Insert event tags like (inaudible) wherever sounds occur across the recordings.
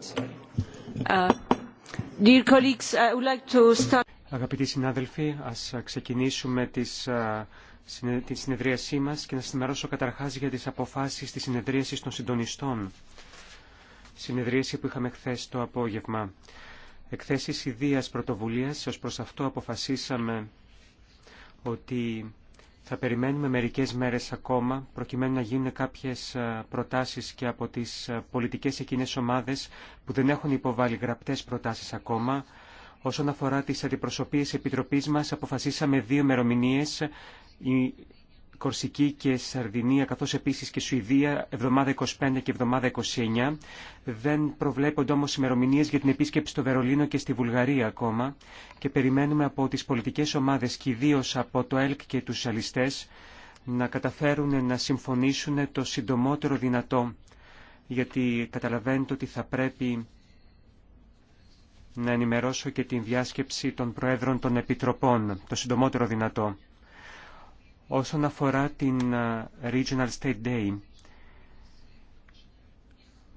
Uh, Αγαπητοί συνάδελφοι, ας ξεκινήσουμε τις, τη συνεδρίασή μας και να σας καταρχάς για τις αποφάσεις της συνεδρίασης των συντονιστών. Συνεδρίαση που είχαμε χθε το απόγευμα. Εκθέσεις ιδίας πρωτοβουλίας, ως προς αυτό αποφασίσαμε ότι θα περιμένουμε μερικές μέρες ακόμα προκειμένου να γίνουν κάποιες ε, προτάσεις και από τις ε, πολιτικές εκείνες ομάδες που δεν έχουν υποβάλει γραπτές προτάσεις ακόμα. Όσον αφορά τις αντιπροσωπείες επιτροπής μας αποφασίσαμε δύο μερομηνίε. Κορσική και Σαρδινία, καθώς επίσης και Σουηδία, εβδομάδα 25 και εβδομάδα 29. Δεν προβλέπονται όμως ημερομηνίες για την επίσκεψη στο Βερολίνο και στη Βουλγαρία ακόμα και περιμένουμε από τις πολιτικές ομάδες και ιδίω από το ΕΛΚ και τους αλιστές να καταφέρουν να συμφωνήσουν το συντομότερο δυνατό γιατί καταλαβαίνετε ότι θα πρέπει να ενημερώσω και την διάσκεψη των Προέδρων των Επιτροπών, το συντομότερο δυνατό όσον αφορά την Regional State Day.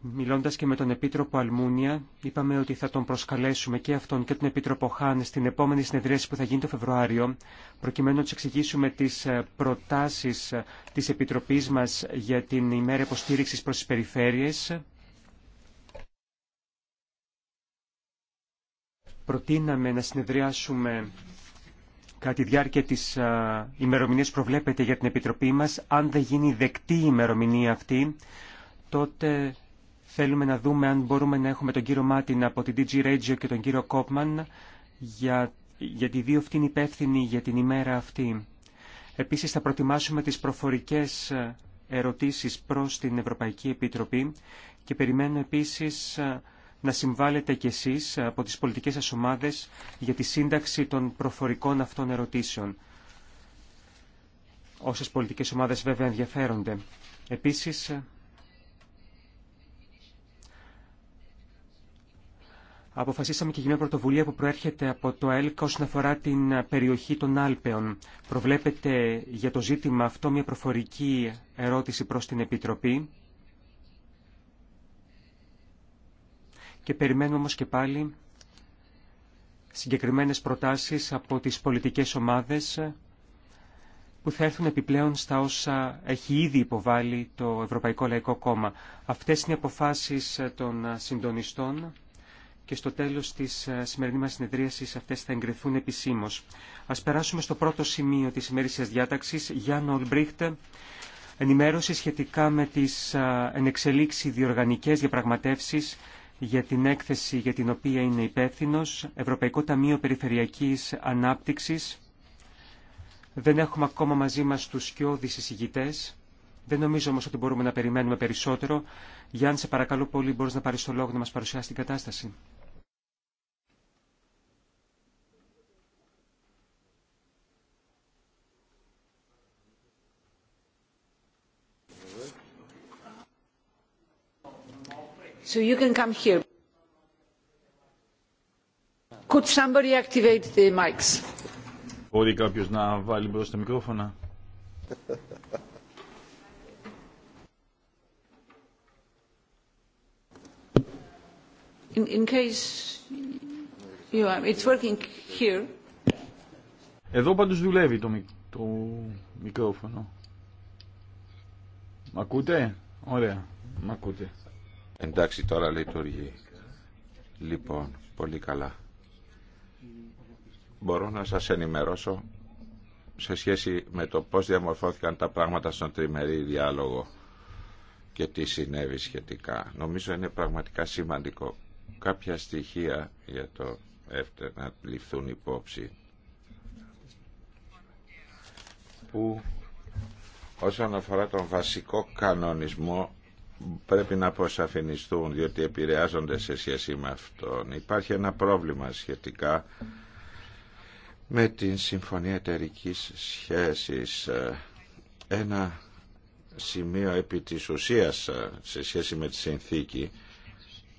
Μιλώντας και με τον Επίτροπο Αλμούνια, είπαμε ότι θα τον προσκαλέσουμε και αυτόν και τον Επίτροπο Χάν στην επόμενη συνεδρίαση που θα γίνει το Φεβρουάριο, προκειμένου να του εξηγήσουμε τις ε, προτάσεις ε, της Επιτροπής μας για την ημέρα υποστήριξης προς τις περιφέρειες. Προτείναμε να συνεδριάσουμε κατά τη διάρκεια της ημερομηνίας προβλέπεται για την Επιτροπή μας. Αν δεν γίνει δεκτή η ημερομηνία αυτή, τότε θέλουμε να δούμε αν μπορούμε να έχουμε τον κύριο Μάτιν από την DG Radio και τον κύριο Κόπμαν για, τη δύο αυτήν υπεύθυνη για την ημέρα αυτή. Επίσης θα προτιμάσουμε τις προφορικές ερωτήσεις προς την Ευρωπαϊκή Επιτροπή και περιμένω επίσης να συμβάλλετε κι εσείς ε, από τις πολιτικές σας ομάδες για τη σύνταξη των προφορικών αυτών ερωτήσεων. Όσες πολιτικές ομάδες βέβαια ενδιαφέρονται. Επίσης, ε, αποφασίσαμε και για πρωτοβουλία που προέρχεται από το ΕΛΚ όσον αφορά την ε, περιοχή των Άλπαιων. Προβλέπετε για το ζήτημα αυτό μια προφορική ερώτηση προς την Επιτροπή και περιμένουμε όμως και πάλι συγκεκριμένες προτάσεις από τις πολιτικές ομάδες που θα έρθουν επιπλέον στα όσα έχει ήδη υποβάλει το Ευρωπαϊκό Λαϊκό Κόμμα. Αυτές είναι οι αποφάσεις των συντονιστών και στο τέλος της σημερινής μας συνεδρίασης αυτές θα εγκριθούν επισήμως. Ας περάσουμε στο πρώτο σημείο της ημέρησιας διάταξης. για Ολμπρίχτ, ενημέρωση σχετικά με τις ε, ενεξελίξει διοργανικές διαπραγματεύσεις για την έκθεση για την οποία είναι υπεύθυνο Ευρωπαϊκό Ταμείο Περιφερειακής Ανάπτυξης. Δεν έχουμε ακόμα μαζί μας τους σκιώδεις εισηγητές. Δεν νομίζω όμως ότι μπορούμε να περιμένουμε περισσότερο. Γιάννη, σε παρακαλώ πολύ, μπορείς να πάρεις το λόγο να μας παρουσιάσει την κατάσταση. So you can come here. Could somebody activate the mics? Μπορεί κάποιος να βάλει μπρος τα μικρόφωνα. In, in case you are, it's working here. Εδώ πάντως δουλεύει το, το μικρόφωνο. Μ' ακούτε? Ωραία, μ' ακούτε. Εντάξει, τώρα λειτουργεί. Λοιπόν, πολύ καλά. Μπορώ να σας ενημερώσω σε σχέση με το πώς διαμορφώθηκαν τα πράγματα στον τριμερή διάλογο και τι συνέβη σχετικά. Νομίζω είναι πραγματικά σημαντικό κάποια στοιχεία για το ΕΦΤΕ να ληφθούν υπόψη που όσον αφορά τον βασικό κανονισμό πρέπει να αποσαφινιστούν διότι επηρεάζονται σε σχέση με αυτόν. Υπάρχει ένα πρόβλημα σχετικά με την Συμφωνία εταιρική Σχέσης. Ένα σημείο επί της ουσίας ε, σε σχέση με τη συνθήκη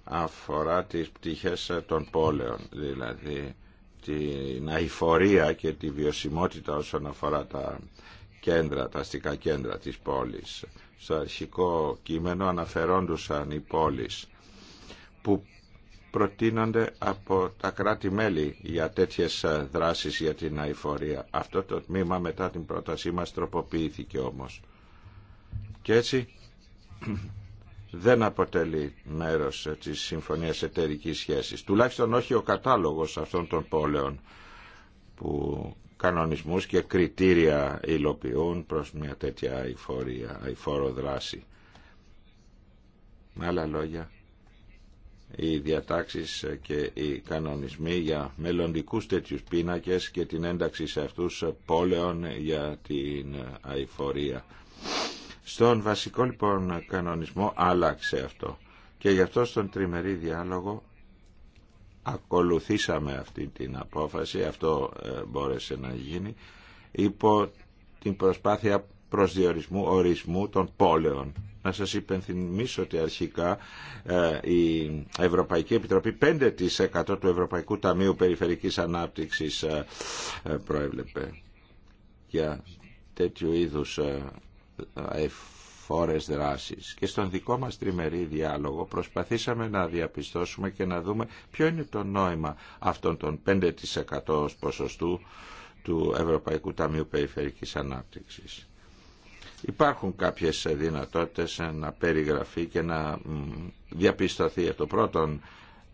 αφορά τις πτυχές ε, των πόλεων, δηλαδή την αηφορία και τη βιωσιμότητα όσον αφορά τα κέντρα, τα αστικά κέντρα της πόλης στο αρχικό κείμενο αναφερόντουσαν οι πόλεις που προτείνονται από τα κράτη-μέλη για τέτοιες ε, δράσεις για την αηφορία. Αυτό το τμήμα μετά την πρότασή μας τροποποιήθηκε όμως. Και έτσι (clears throat) δεν αποτελεί μέρος ε, της Συμφωνίας Εταιρικής Σχέσης. Τουλάχιστον όχι ο κατάλογος αυτών των πόλεων που κανονισμούς και κριτήρια υλοποιούν προς μια τέτοια αηφορία, αηφόρο δράση. Με άλλα λόγια, οι διατάξεις και οι κανονισμοί για μελλοντικούς τέτοιους πίνακες και την ένταξη σε αυτούς πόλεων για την αηφορία. Στον βασικό λοιπόν κανονισμό άλλαξε αυτό και γι' αυτό στον τριμερή διάλογο ακολουθήσαμε αυτή την απόφαση, αυτό ε, μπόρεσε να γίνει, υπό την προσπάθεια προσδιορισμού, ορισμού των πόλεων. Να σας υπενθυμίσω ότι αρχικά ε, η Ευρωπαϊκή Επιτροπή 5% του Ευρωπαϊκού Ταμείου Περιφερικής Ανάπτυξης ε, προέβλεπε για τέτοιου είδους φόρες δράσης. και στον δικό μας τριμερή διάλογο προσπαθήσαμε να διαπιστώσουμε και να δούμε ποιο είναι το νόημα αυτών των 5% ποσοστού του Ευρωπαϊκού Ταμείου Περιφερικής Ανάπτυξης. Υπάρχουν κάποιες δυνατότητες να περιγραφεί και να διαπιστωθεί το Πρώτον,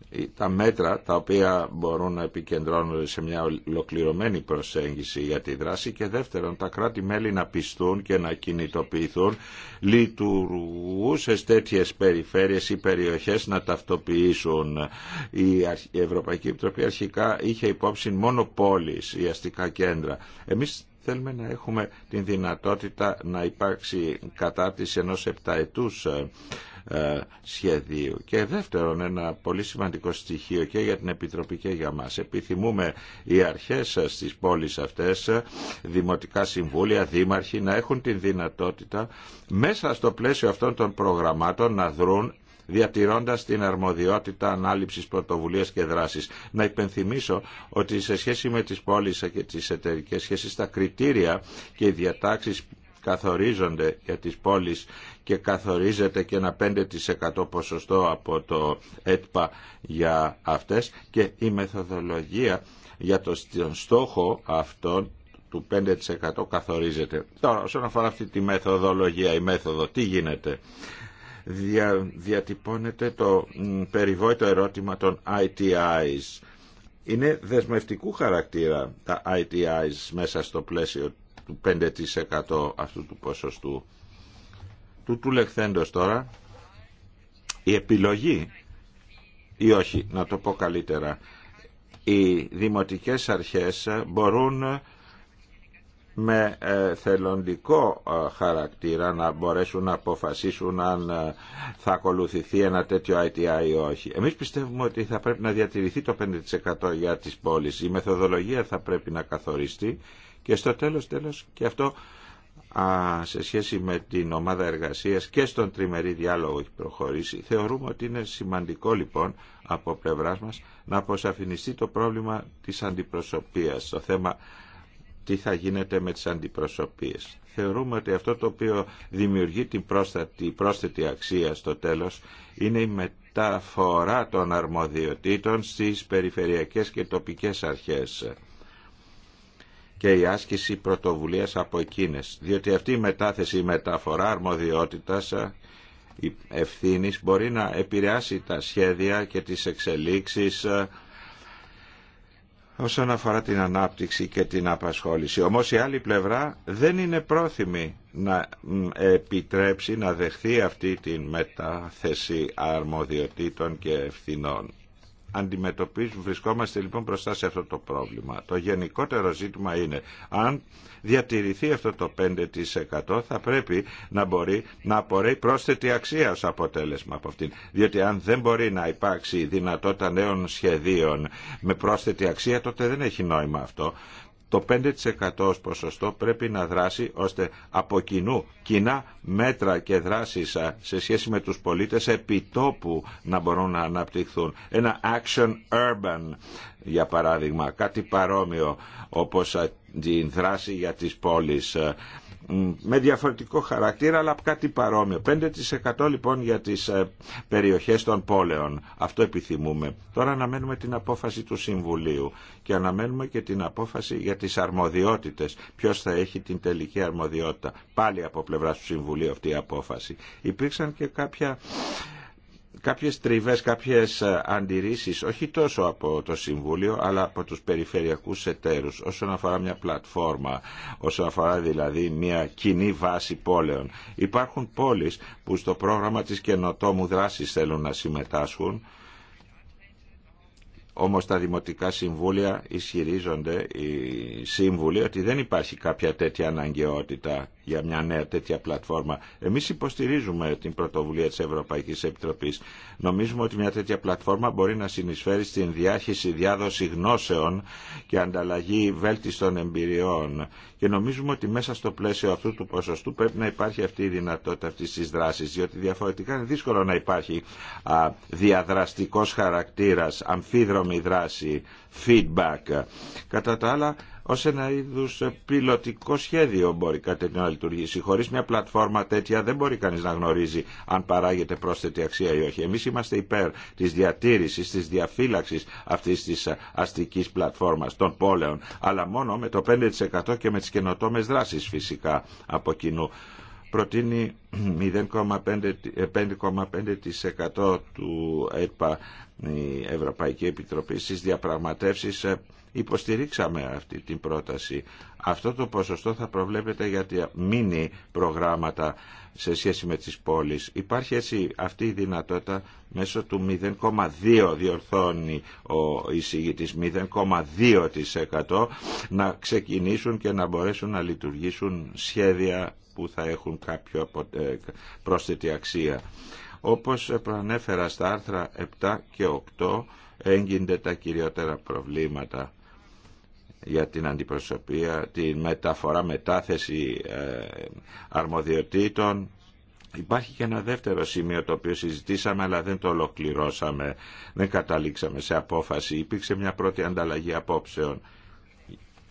ε, τα μέτρα τα οποία μπορούν να επικεντρώνονται σε μια ολοκληρωμένη προσέγγιση για τη δράση και δεύτερον τα κράτη-μέλη να πιστούν και να κινητοποιηθούν λειτουργούσε τέτοιε περιφέρειες ή περιοχές να ταυτοποιήσουν. Η Ευρωπαϊκή Επιτροπή αρχικά είχε υπόψη μόνο πόλεις ή αστικά κέντρα. Εμείς θέλουμε να έχουμε την δυνατότητα να υπάρξει κατάρτιση ενός επταετούς ε, ε, σχεδίου. Και δεύτερον, ένα πολύ σημαντικό στοιχείο και για την Επιτροπή και για μας. Επιθυμούμε οι αρχές στις πόλεις αυτές, δημοτικά συμβούλια, δήμαρχοι, να έχουν την δυνατότητα μέσα στο πλαίσιο αυτών των προγραμμάτων να δρουν διατηρώντα την αρμοδιότητα ανάληψη πρωτοβουλία και δράση. Να υπενθυμίσω ότι σε σχέση με τι πόλει και τι εταιρικέ σχέσει, τα κριτήρια και οι διατάξει καθορίζονται για τις πόλεις και καθορίζεται και ένα 5% ποσοστό από το ΕΤΠΑ για αυτές και η μεθοδολογία για τον στόχο αυτό του 5% καθορίζεται. Τώρα, όσον αφορά αυτή τη μεθοδολογία, η μέθοδο, τι γίνεται. Δια, διατυπώνεται το περιβόητο ερώτημα των ITIs. Είναι δεσμευτικού χαρακτήρα τα ITIs μέσα στο πλαίσιο του 5% αυτού του ποσοστού. Του του λεχθέντος τώρα η επιλογή ή όχι, να το πω καλύτερα, οι δημοτικές αρχές μπορούν με ε, θελοντικό ε, χαρακτήρα να μπορέσουν να αποφασίσουν αν ε, θα ακολουθηθεί ένα τέτοιο ITI ή όχι. Εμείς πιστεύουμε ότι θα πρέπει να διατηρηθεί το 5% για τις πόλεις. Η μεθοδολογία θα πρέπει να καθοριστεί και στο τέλος, τέλος και αυτό σε σχέση με την ομάδα εργασίας και στον τριμερή διάλογο έχει προχωρήσει. Θεωρούμε ότι είναι σημαντικό λοιπόν από πλευράς μας να αποσαφινιστεί το πρόβλημα της αντιπροσωπείας, το θέμα τι θα γίνεται με τις αντιπροσωπείες. Θεωρούμε ότι αυτό το οποίο δημιουργεί την πρόσθετη, πρόσθετη αξία στο τέλος είναι η μεταφορά των αρμοδιοτήτων στις περιφερειακές και τοπικές αρχές και η άσκηση πρωτοβουλίας από εκείνες, διότι αυτή η μετάθεση, η μεταφορά αρμοδιότητας ε, ευθύνη μπορεί να επηρεάσει τα σχέδια και τις εξελίξεις ε, όσον αφορά την ανάπτυξη και την απασχόληση. Όμως η άλλη πλευρά δεν είναι πρόθυμη να επιτρέψει να δεχθεί αυτή την μετάθεση αρμοδιοτήτων και ευθυνών αντιμετωπίζουμε, βρισκόμαστε λοιπόν μπροστά σε αυτό το πρόβλημα. Το γενικότερο ζήτημα είναι αν διατηρηθεί αυτό το 5% θα πρέπει να μπορεί να απορρέει πρόσθετη αξία ως αποτέλεσμα από αυτήν. Διότι αν δεν μπορεί να υπάρξει δυνατότητα νέων σχεδίων με πρόσθετη αξία τότε δεν έχει νόημα αυτό το 5% ως ποσοστό πρέπει να δράσει ώστε από κοινού κοινά μέτρα και δράσεις σε σχέση με τους πολίτες επιτόπου να μπορούν να αναπτυχθούν. Ένα action urban για παράδειγμα, κάτι παρόμοιο όπως την δράση για τις πόλεις με διαφορετικό χαρακτήρα αλλά κάτι παρόμοιο. 5% λοιπόν για τις ε, περιοχές των πόλεων. Αυτό επιθυμούμε. Τώρα αναμένουμε την απόφαση του Συμβουλίου και αναμένουμε και την απόφαση για τις αρμοδιότητες. Ποιος θα έχει την τελική αρμοδιότητα. Πάλι από πλευρά του Συμβουλίου αυτή η απόφαση. Υπήρξαν και κάποια κάποιες τριβές, κάποιες ε, αντιρρήσεις, όχι τόσο από το Συμβούλιο, αλλά από τους περιφερειακούς εταίρους, όσον αφορά μια πλατφόρμα, όσον αφορά δηλαδή μια κοινή βάση πόλεων. Υπάρχουν πόλεις που στο πρόγραμμα της καινοτόμου δράσης θέλουν να συμμετάσχουν, όμως τα Δημοτικά Συμβούλια ισχυρίζονται, οι σύμβουλοι, ότι δεν υπάρχει κάποια τέτοια αναγκαιότητα για μια νέα τέτοια πλατφόρμα. Εμείς υποστηρίζουμε την πρωτοβουλία της Ευρωπαϊκής Επιτροπής. Νομίζουμε ότι μια τέτοια πλατφόρμα μπορεί να συνεισφέρει στην διάχυση διάδοση γνώσεων και ανταλλαγή βέλτιστων εμπειριών. Και νομίζουμε ότι μέσα στο πλαίσιο αυτού του ποσοστού πρέπει να υπάρχει αυτή η δυνατότητα αυτή τη δράση, διότι διαφορετικά είναι δύσκολο να υπάρχει διαδραστικό διαδραστικός χαρακτήρας, αμφίδρομη δράση, feedback. Κατά τα άλλα, Ω ένα είδου πιλωτικό σχέδιο μπορεί κάτι να λειτουργήσει. Χωρί μια πλατφόρμα τέτοια δεν μπορεί κανεί να γνωρίζει αν παράγεται πρόσθετη αξία ή όχι. Εμεί είμαστε υπέρ της διατήρησης, της διαφύλαξης αυτής της αστικής πλατφόρμας των πόλεων, αλλά μόνο με το 5% και με τις καινοτόμε δράσεις φυσικά από κοινού προτείνει 5,5% ε, του ΕΠΑ η Ευρωπαϊκή Επιτροπή στις διαπραγματεύσεις ε, Υποστηρίξαμε αυτή την πρόταση. Αυτό το ποσοστό θα προβλέπεται για τα μίνι προγράμματα σε σχέση με τις πόλεις. Υπάρχει έτσι αυτή η δυνατότητα μέσω του 0,2 διορθώνει ο εισηγητής 0,2% να ξεκινήσουν και να μπορέσουν να λειτουργήσουν σχέδια που θα έχουν κάποιο ε, πρόσθετη αξία. Όπως προανέφερα στα άρθρα 7 και 8 έγκυνται τα κυριότερα προβλήματα για την αντιπροσωπεία, την μεταφορά, μετάθεση ε, αρμοδιοτήτων. Υπάρχει και ένα δεύτερο σημείο το οποίο συζητήσαμε αλλά δεν το ολοκληρώσαμε, δεν καταλήξαμε σε απόφαση. Υπήρξε μια πρώτη ανταλλαγή απόψεων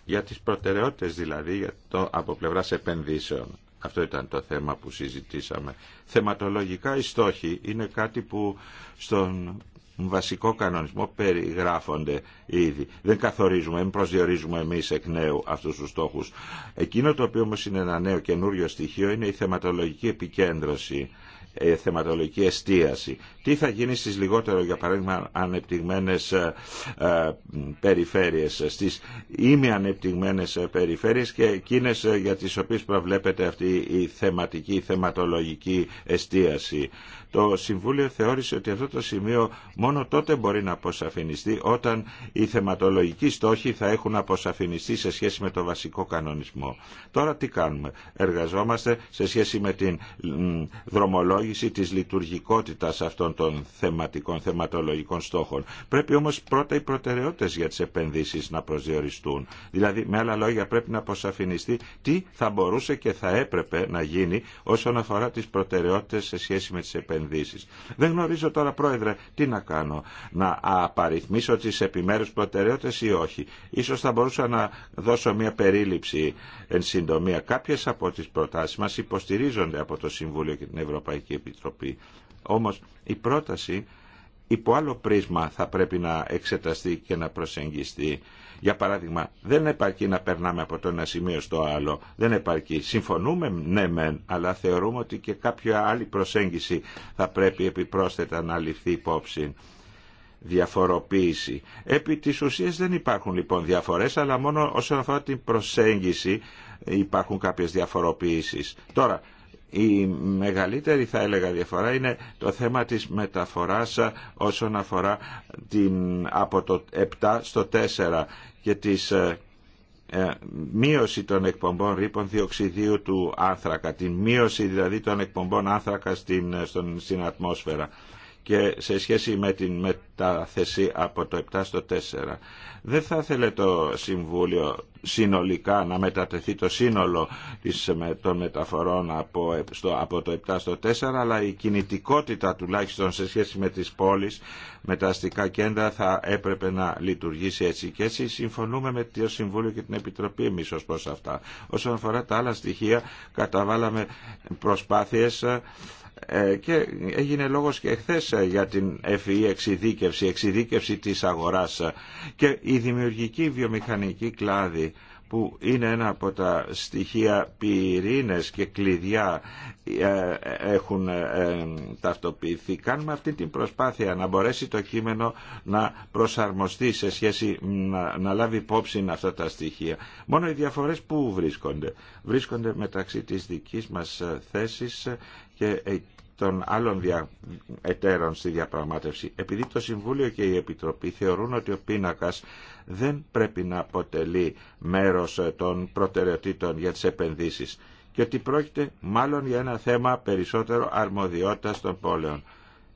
για τις προτεραιότητες δηλαδή το, από πλευράς επενδύσεων. Αυτό ήταν το θέμα που συζητήσαμε. Θεματολογικά οι στόχοι είναι κάτι που στον βασικό κανονισμό περιγράφονται ήδη. Δεν καθορίζουμε, δεν προσδιορίζουμε εμείς εκ νέου αυτούς τους στόχους. Εκείνο το οποίο όμως είναι ένα νέο καινούριο στοιχείο είναι η θεματολογική επικέντρωση ε, θεματολογική εστίαση τι θα γίνει στις λιγότερο, για παράδειγμα, ανεπτυγμένες ε, ε, περιφέρειες, στις ήμι ανεπτυγμένες περιφέρειες και εκείνες ε, για τις οποίες προβλέπεται αυτή η θεματική, θεματολογική εστίαση. Το Συμβούλιο θεώρησε ότι αυτό το σημείο μόνο τότε μπορεί να αποσαφινιστεί όταν οι θεματολογικοί στόχοι θα έχουν αποσαφινιστεί σε σχέση με το βασικό κανονισμό. Τώρα τι κάνουμε. Εργαζόμαστε σε σχέση με την δρομολόγηση της λειτουργικότητας αυτών αυτών των θεματικών, θεματολογικών στόχων. Πρέπει όμως πρώτα οι προτεραιότητες για τις επενδύσεις να προσδιοριστούν. Δηλαδή, με άλλα λόγια, πρέπει να αποσαφινιστεί τι θα μπορούσε και θα έπρεπε να γίνει όσον αφορά τις προτεραιότητες σε σχέση με τις επενδύσεις. Δεν γνωρίζω τώρα, Πρόεδρε, τι να κάνω. Να απαριθμίσω τις επιμέρους προτεραιότητες ή όχι. Ίσως θα μπορούσα να δώσω μια περίληψη εν συντομία. Κάποιες από τις προτάσεις μας υποστηρίζονται από το Συμβούλιο και την Ευρωπαϊκή Επιτροπή. Όμως η πρόταση υπό άλλο πρίσμα θα πρέπει να εξεταστεί και να προσεγγιστεί. Για παράδειγμα, δεν επαρκεί να περνάμε από το ένα σημείο στο άλλο. Δεν επαρκεί. Συμφωνούμε, ναι μεν, αλλά θεωρούμε ότι και κάποια άλλη προσέγγιση θα πρέπει επιπρόσθετα να ληφθεί υπόψη. Διαφοροποίηση. Επί της ουσίας δεν υπάρχουν λοιπόν διαφορές, αλλά μόνο όσον αφορά την προσέγγιση υπάρχουν κάποιες διαφοροποίησεις. Η μεγαλύτερη θα έλεγα διαφορά είναι το θέμα της μεταφοράς όσον αφορά την, από το 7 στο 4 και της ε, ε, μείωση των εκπομπών ρήπων διοξιδίου του άνθρακα, την μείωση δηλαδή των εκπομπών άνθρακα στην, ε, στον, στην ατμόσφαιρα και σε σχέση με την μεταθεσή από το 7 στο 4. Δεν θα ήθελε το Συμβούλιο συνολικά να μετατεθεί το σύνολο της, των μεταφορών από, στο, από το 7 στο 4 αλλά η κινητικότητα τουλάχιστον σε σχέση με τις πόλεις με τα αστικά κέντρα θα έπρεπε να λειτουργήσει έτσι και έτσι συμφωνούμε με το Συμβούλιο και την Επιτροπή εμείς ως προς αυτά. Όσον αφορά τα άλλα στοιχεία καταβάλαμε προσπάθειες ε, ε, και έγινε λόγος και εχθές ε, για την FEE e εξειδίκευση, εξειδίκευση της αγοράς ε, και η δημιουργική βιομηχανική κλάδη που είναι ένα από τα στοιχεία πυρήνες και κλειδιά έχουν ταυτοποιηθεί. Κάνουμε αυτή την προσπάθεια να μπορέσει το κείμενο να προσαρμοστεί σε σχέση να, λάβει υπόψη αυτά τα στοιχεία. Μόνο οι διαφορές που βρίσκονται. Βρίσκονται μεταξύ της δικής μας θέσης και ε, των άλλων δια... εταίρων στη διαπραγμάτευση. Επειδή το Συμβούλιο και η Επιτροπή θεωρούν ότι ο πίνακας δεν πρέπει να αποτελεί μέρος ε, των προτεραιοτήτων για τις επενδύσεις και ότι πρόκειται μάλλον για ένα θέμα περισσότερο αρμοδιότητας των πόλεων.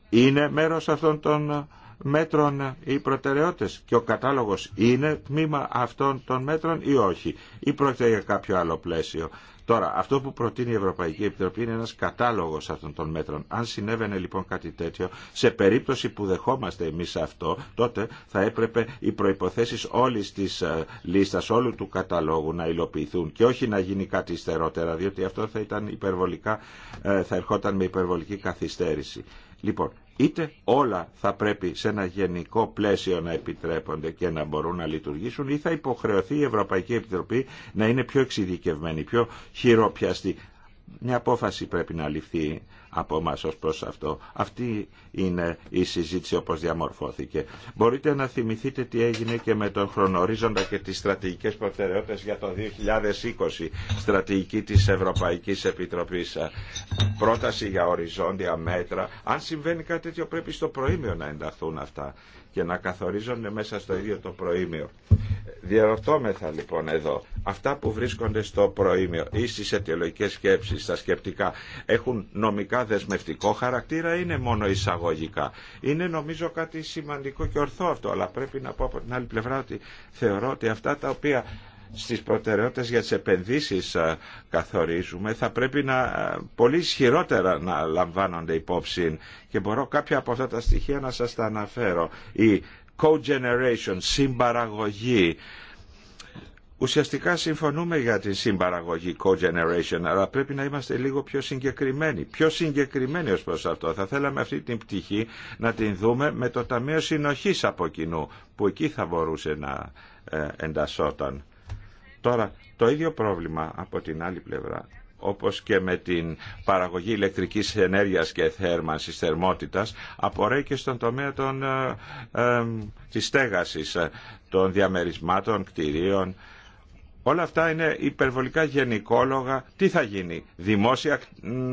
Είναι μέρος αυτών των ε, μέτρων οι προτεραιότητες και ο κατάλογος είναι τμήμα αυτών των μέτρων ή όχι ή πρόκειται για κάποιο άλλο πλαίσιο. Τώρα, αυτό που προτείνει η Ευρωπαϊκή Επιτροπή είναι ένας κατάλογος αυτών των μέτρων. Αν συνέβαινε λοιπόν κάτι τέτοιο, σε περίπτωση που δεχόμαστε εμείς αυτό, τότε θα έπρεπε οι προϋποθέσεις όλης της ε, λίστας, όλου του καταλόγου να υλοποιηθούν και όχι να γίνει κάτι υστερότερα, διότι αυτό θα, ήταν υπερβολικά, ε, θα ερχόταν με υπερβολική καθυστέρηση. Λοιπόν, είτε όλα θα πρέπει σε ένα γενικό πλαίσιο να επιτρέπονται και να μπορούν να λειτουργήσουν ή θα υποχρεωθεί η Ευρωπαϊκή Επιτροπή να είναι πιο εξειδικευμένη, πιο χειροπιαστή μια απόφαση πρέπει να ληφθεί από μας ως προς αυτό. Αυτή είναι η συζήτηση όπως διαμορφώθηκε. Μπορείτε να θυμηθείτε τι έγινε και με τον χρονορίζοντα και τις στρατηγικές προτεραιότητες για το 2020, στρατηγική της Ευρωπαϊκής Επιτροπής, πρόταση για οριζόντια μέτρα. Αν συμβαίνει κάτι τέτοιο πρέπει στο προήμιο να ενταχθούν αυτά και να καθορίζονται μέσα στο ίδιο το προήμιο. Διαρωτώμεθα λοιπόν εδώ, αυτά που βρίσκονται στο προήμιο ή στις αιτιολογικές σκέψεις, στα σκεπτικά, έχουν νομικά δεσμευτικό χαρακτήρα ή είναι μόνο εισαγωγικά. Είναι νομίζω κάτι σημαντικό και ορθό αυτό, αλλά πρέπει να πω από την άλλη πλευρά ότι θεωρώ ότι αυτά τα οποία στις προτεραιότητες για τις επενδύσεις καθορίζουμε θα πρέπει να πολύ ισχυρότερα να λαμβάνονται υπόψη και μπορώ κάποια από αυτά τα στοιχεία να σας τα αναφέρω. Η co-generation, συμπαραγωγή, Ουσιαστικά συμφωνούμε για την συμπαραγωγή co-generation, αλλά πρέπει να είμαστε λίγο πιο συγκεκριμένοι. Πιο συγκεκριμένοι ως προς αυτό. Θα θέλαμε αυτή την πτυχή να την δούμε με το Ταμείο Συνοχής από κοινού, που εκεί θα μπορούσε να ε, εντασσόταν. Τώρα, το ίδιο πρόβλημα από την άλλη πλευρά όπως και με την παραγωγή ηλεκτρικής ενέργειας και θέρμανσης θερμότητας, απορρέει και στον τομέα των, ε, ε της στέγασης ε, των διαμερισμάτων, κτηρίων Όλα αυτά είναι υπερβολικά γενικόλογα. Τι θα γίνει, δημόσια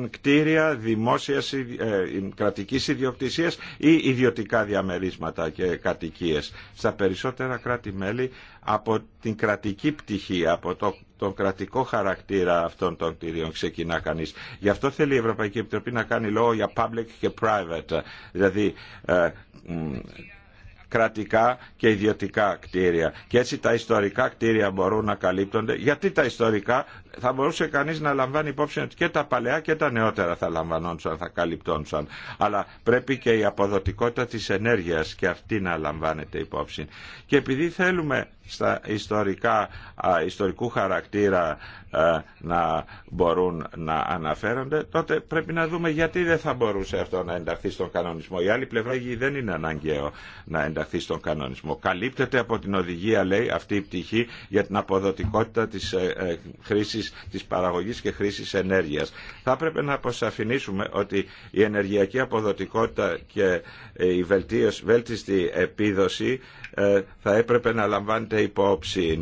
κτίρια, δημόσια ε, κρατικής ιδιοκτησίας ή ιδιωτικά διαμερίσματα και κατοικίες. Στα περισσότερα κράτη-μέλη από την κρατική πτυχή, από το τον κρατικό χαρακτήρα αυτών των κτιριων ξεκινά κανεί. Γι' αυτό θέλει η Ευρωπαϊκή Επιτροπή να κάνει λόγο για public και private, δηλαδή ε, κρατικά και ιδιωτικά κτίρια. Και έτσι τα ιστορικά κτίρια μπορούν να καλύπτονται. Γιατί τα ιστορικά, θα μπορούσε κανείς να λαμβάνει υπόψη ότι και τα παλαιά και τα νεότερα θα λαμβανόντουσαν, θα καλυπτόντουσαν. Αλλά πρέπει και η αποδοτικότητα της ενέργειας και αυτή να λαμβάνεται υπόψη. Και επειδή θέλουμε στα ιστορικά, ιστορικού χαρακτήρα να μπορούν να αναφέρονται, τότε πρέπει να δούμε γιατί δεν θα μπορούσε αυτό να ενταχθεί στον κανονισμό. Η άλλη πλευρά δεν είναι αναγκαίο να ενταχθεί στον κανονισμό. Καλύπτεται από την οδηγία, λέει, αυτή η πτυχή για την αποδοτικότητα της ε, ε Τη της παραγωγής και χρήσης ενέργειας. Θα πρέπει να αποσαφηνίσουμε ότι η ενεργειακή αποδοτικότητα και ε, η βελτίωση, βέλτιστη επίδοση ε, θα έπρεπε να λαμβάνεται υπόψη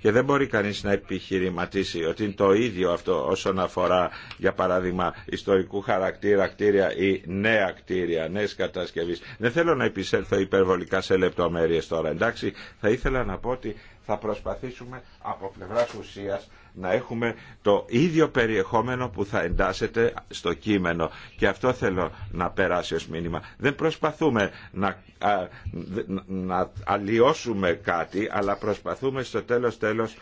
και δεν μπορεί κανείς να επιχειρηματίσει ότι είναι το ίδιο αυτό όσον αφορά για παράδειγμα ιστορικού χαρακτήρα κτίρια ή νέα κτίρια, νέες κατασκευής. Δεν θέλω να επισέλθω υπερβολικά σε λεπτομέρειες τώρα, εντάξει. Θα ήθελα να πω ότι θα προσπαθήσουμε από πλευράς ουσίας να έχουμε το ίδιο περιεχόμενο που θα εντάσσεται στο κείμενο. Και αυτό θέλω να περάσει ως μήνυμα. Δεν προσπαθούμε να, αλλοιώσουμε κάτι, αλλά προσπαθούμε στο τέλος τέλος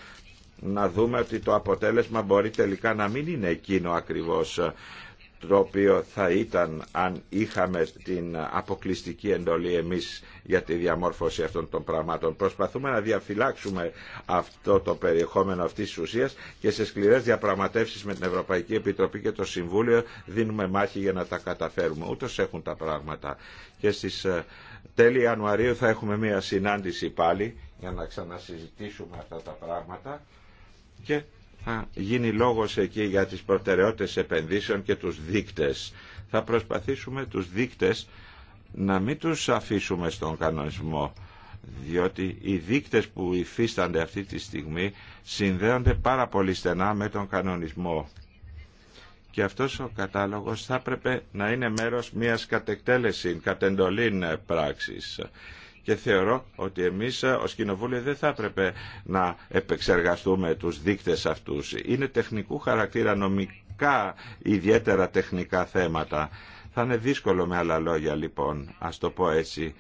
να δούμε ότι το αποτέλεσμα μπορεί τελικά να μην είναι εκείνο ακριβώς το οποίο θα ήταν αν είχαμε την αποκλειστική εντολή εμείς για τη διαμόρφωση αυτών των πραγμάτων. Προσπαθούμε να διαφυλάξουμε αυτό το περιεχόμενο αυτής της ουσίας και σε σκληρές διαπραγματεύσεις με την Ευρωπαϊκή Επιτροπή και το Συμβούλιο δίνουμε μάχη για να τα καταφέρουμε. Ούτως έχουν τα πράγματα. Και στις ε, τέλη Ιανουαρίου θα έχουμε μια συνάντηση πάλι για να ξανασυζητήσουμε αυτά τα πράγματα και θα γίνει λόγος εκεί για τις προτεραιότητες επενδύσεων και τους δείκτες. Θα προσπαθήσουμε τους δείκτες να μην τους αφήσουμε στον κανονισμό διότι οι δείκτες που υφίστανται αυτή τη στιγμή συνδέονται πάρα πολύ στενά με τον κανονισμό. Και αυτός ο κατάλογος θα έπρεπε να είναι μέρος μιας κατεκτέλεσης, κατεντολήν πράξης και θεωρώ ότι εμείς ως Κοινοβούλιο δεν θα έπρεπε να επεξεργαστούμε τους δείκτες αυτούς. Είναι τεχνικού χαρακτήρα νομικά ιδιαίτερα τεχνικά θέματα. Θα είναι δύσκολο με άλλα λόγια λοιπόν, ας το πω έτσι,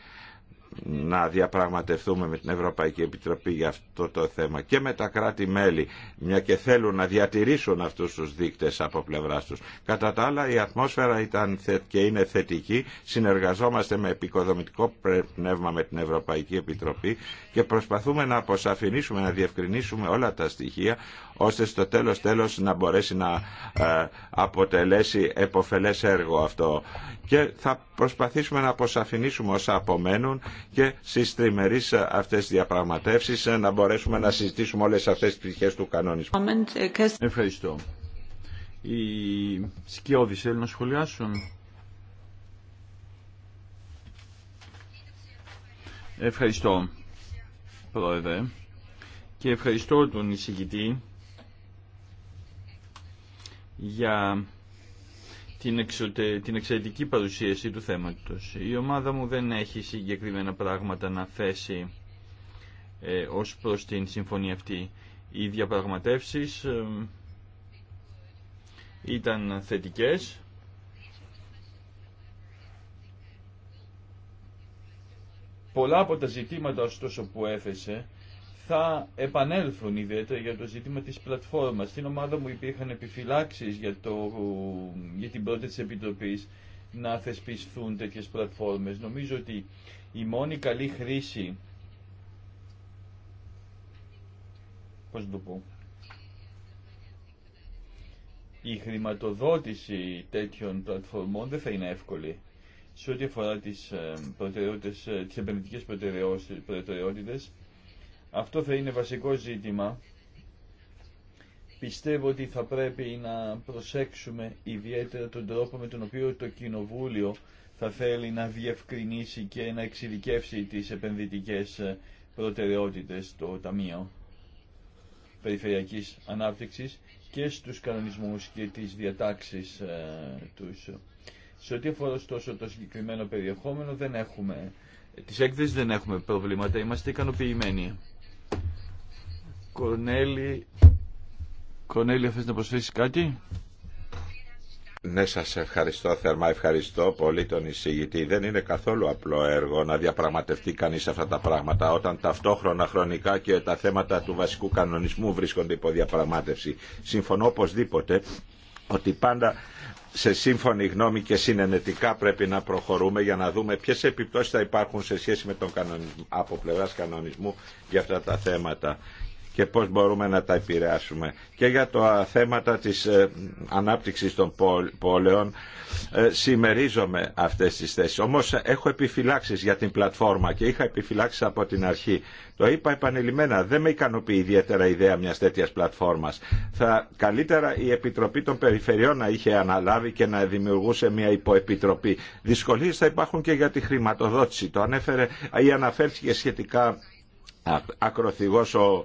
να διαπραγματευτούμε με την Ευρωπαϊκή Επιτροπή για αυτό το θέμα και με τα κράτη-μέλη, μια και θέλουν να διατηρήσουν αυτούς τους δείκτες από πλευρά τους. Κατά τα άλλα η ατμόσφαιρα ήταν και είναι θετική, συνεργαζόμαστε με επικοδομητικό πνεύμα με την Ευρωπαϊκή Επιτροπή και προσπαθούμε να αποσαφηνίσουμε, να διευκρινίσουμε όλα τα στοιχεία ώστε στο τέλος τέλος να μπορέσει να ε, αποτελέσει εποφελές έργο αυτό. Και θα προσπαθήσουμε να αποσαφηνίσουμε όσα απομένουν και στις τριμερείς αυτές διαπραγματεύσεις ε, να μπορέσουμε να συζητήσουμε όλες αυτές τις πτυχές του κανονισμού. Ευχαριστώ. Οι σκιώδεις θέλουν να σχολιάσουν. Ευχαριστώ, Πρόεδρε, και ευχαριστώ τον εισηγητή για την, την εξαιρετική παρουσίαση του θέματος. Η ομάδα μου δεν έχει συγκεκριμένα πράγματα να θέσει ε, ως προς την συμφωνία αυτή. Οι διαπραγματεύσεις ε, ήταν θετικές. Πολλά από τα ζητήματα ωστόσο που έθεσε θα επανέλθουν ιδιαίτερα για το ζήτημα της πλατφόρμας. Στην ομάδα μου υπήρχαν επιφυλάξεις για, το, για την πρώτη της Επιτροπής να θεσπιστούν τέτοιες πλατφόρμες. Νομίζω ότι η μόνη καλή χρήση πώς το πω η χρηματοδότηση τέτοιων πλατφορμών δεν θα είναι εύκολη σε ό,τι αφορά τις, ε, προτεραιότητες, ε, τις προτεραιότητες αυτό θα είναι βασικό ζήτημα. Πιστεύω ότι θα πρέπει να προσέξουμε ιδιαίτερα τον τρόπο με τον οποίο το Κοινοβούλιο θα θέλει να διευκρινίσει και να εξειδικεύσει τις επενδυτικές προτεραιότητες στο Ταμείο Περιφερειακής Ανάπτυξης και στους κανονισμούς και τις διατάξεις ε, τους. Σε ό,τι αφορά ωστόσο το συγκεκριμένο περιεχόμενο δεν έχουμε, ε, τις δεν έχουμε προβλήματα, είμαστε ικανοποιημένοι. Κονέλη, Κορνέλη θες να προσθέσει κάτι? Ναι, σας ευχαριστώ θερμά, ευχαριστώ πολύ τον εισηγητή. Δεν είναι καθόλου απλό έργο να διαπραγματευτεί κανείς αυτά τα πράγματα όταν ταυτόχρονα χρονικά και τα θέματα του βασικού κανονισμού βρίσκονται υπό διαπραγμάτευση. Συμφωνώ οπωσδήποτε ότι πάντα σε σύμφωνη γνώμη και συνενετικά πρέπει να προχωρούμε για να δούμε ποιες επιπτώσεις θα υπάρχουν σε σχέση με τον κανονισμό, από πλευράς κανονισμού για αυτά τα θέματα και πώς μπορούμε να τα επηρεάσουμε. Και για τα θέματα της ε, ανάπτυξης των πόλεων ε, συμμερίζομαι αυτές τις θέσεις. Όμως ε, έχω επιφυλάξεις για την πλατφόρμα και είχα επιφυλάξεις από την αρχή. Το είπα επανειλημμένα, δεν με ικανοποιεί ιδιαίτερα η ιδέα μιας τέτοιας πλατφόρμας. Θα καλύτερα η Επιτροπή των Περιφερειών να είχε αναλάβει και να δημιουργούσε μια υποεπιτροπή. Δυσκολίες θα υπάρχουν και για τη χρηματοδότηση. Το ανέφερε ή αναφέρθηκε σχετικά ακροθυγός ο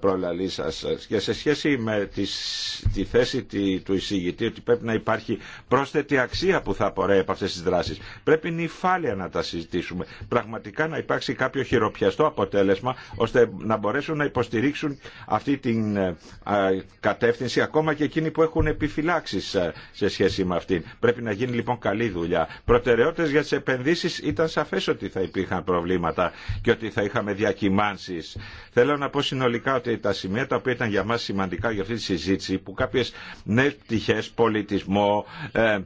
προλαλής σας και σε σχέση με τη, τη θέση τη, του εισηγητή ότι πρέπει να υπάρχει πρόσθετη αξία που θα απορρέει από αυτές τις δράσεις πρέπει νυφάλια να τα συζητήσουμε πραγματικά να υπάρξει κάποιο χειροπιαστό αποτέλεσμα ώστε να μπορέσουν να υποστηρίξουν αυτή την ε, κατεύθυνση ακόμα και εκείνοι που έχουν επιφυλάξει ε, σε σχέση με αυτήν πρέπει να γίνει λοιπόν καλή δουλειά προτεραιότητες για τις επενδύσεις ήταν σαφές ότι θα υπήρχαν προβλήματα και ότι θα είχαμε διακυμάνσεις Θέλω να πω συνολικά ότι τα σημεία τα οποία ήταν για μα σημαντικά για αυτή τη συζήτηση που κάποιε νέες πτυχέ, πολιτισμό, ε,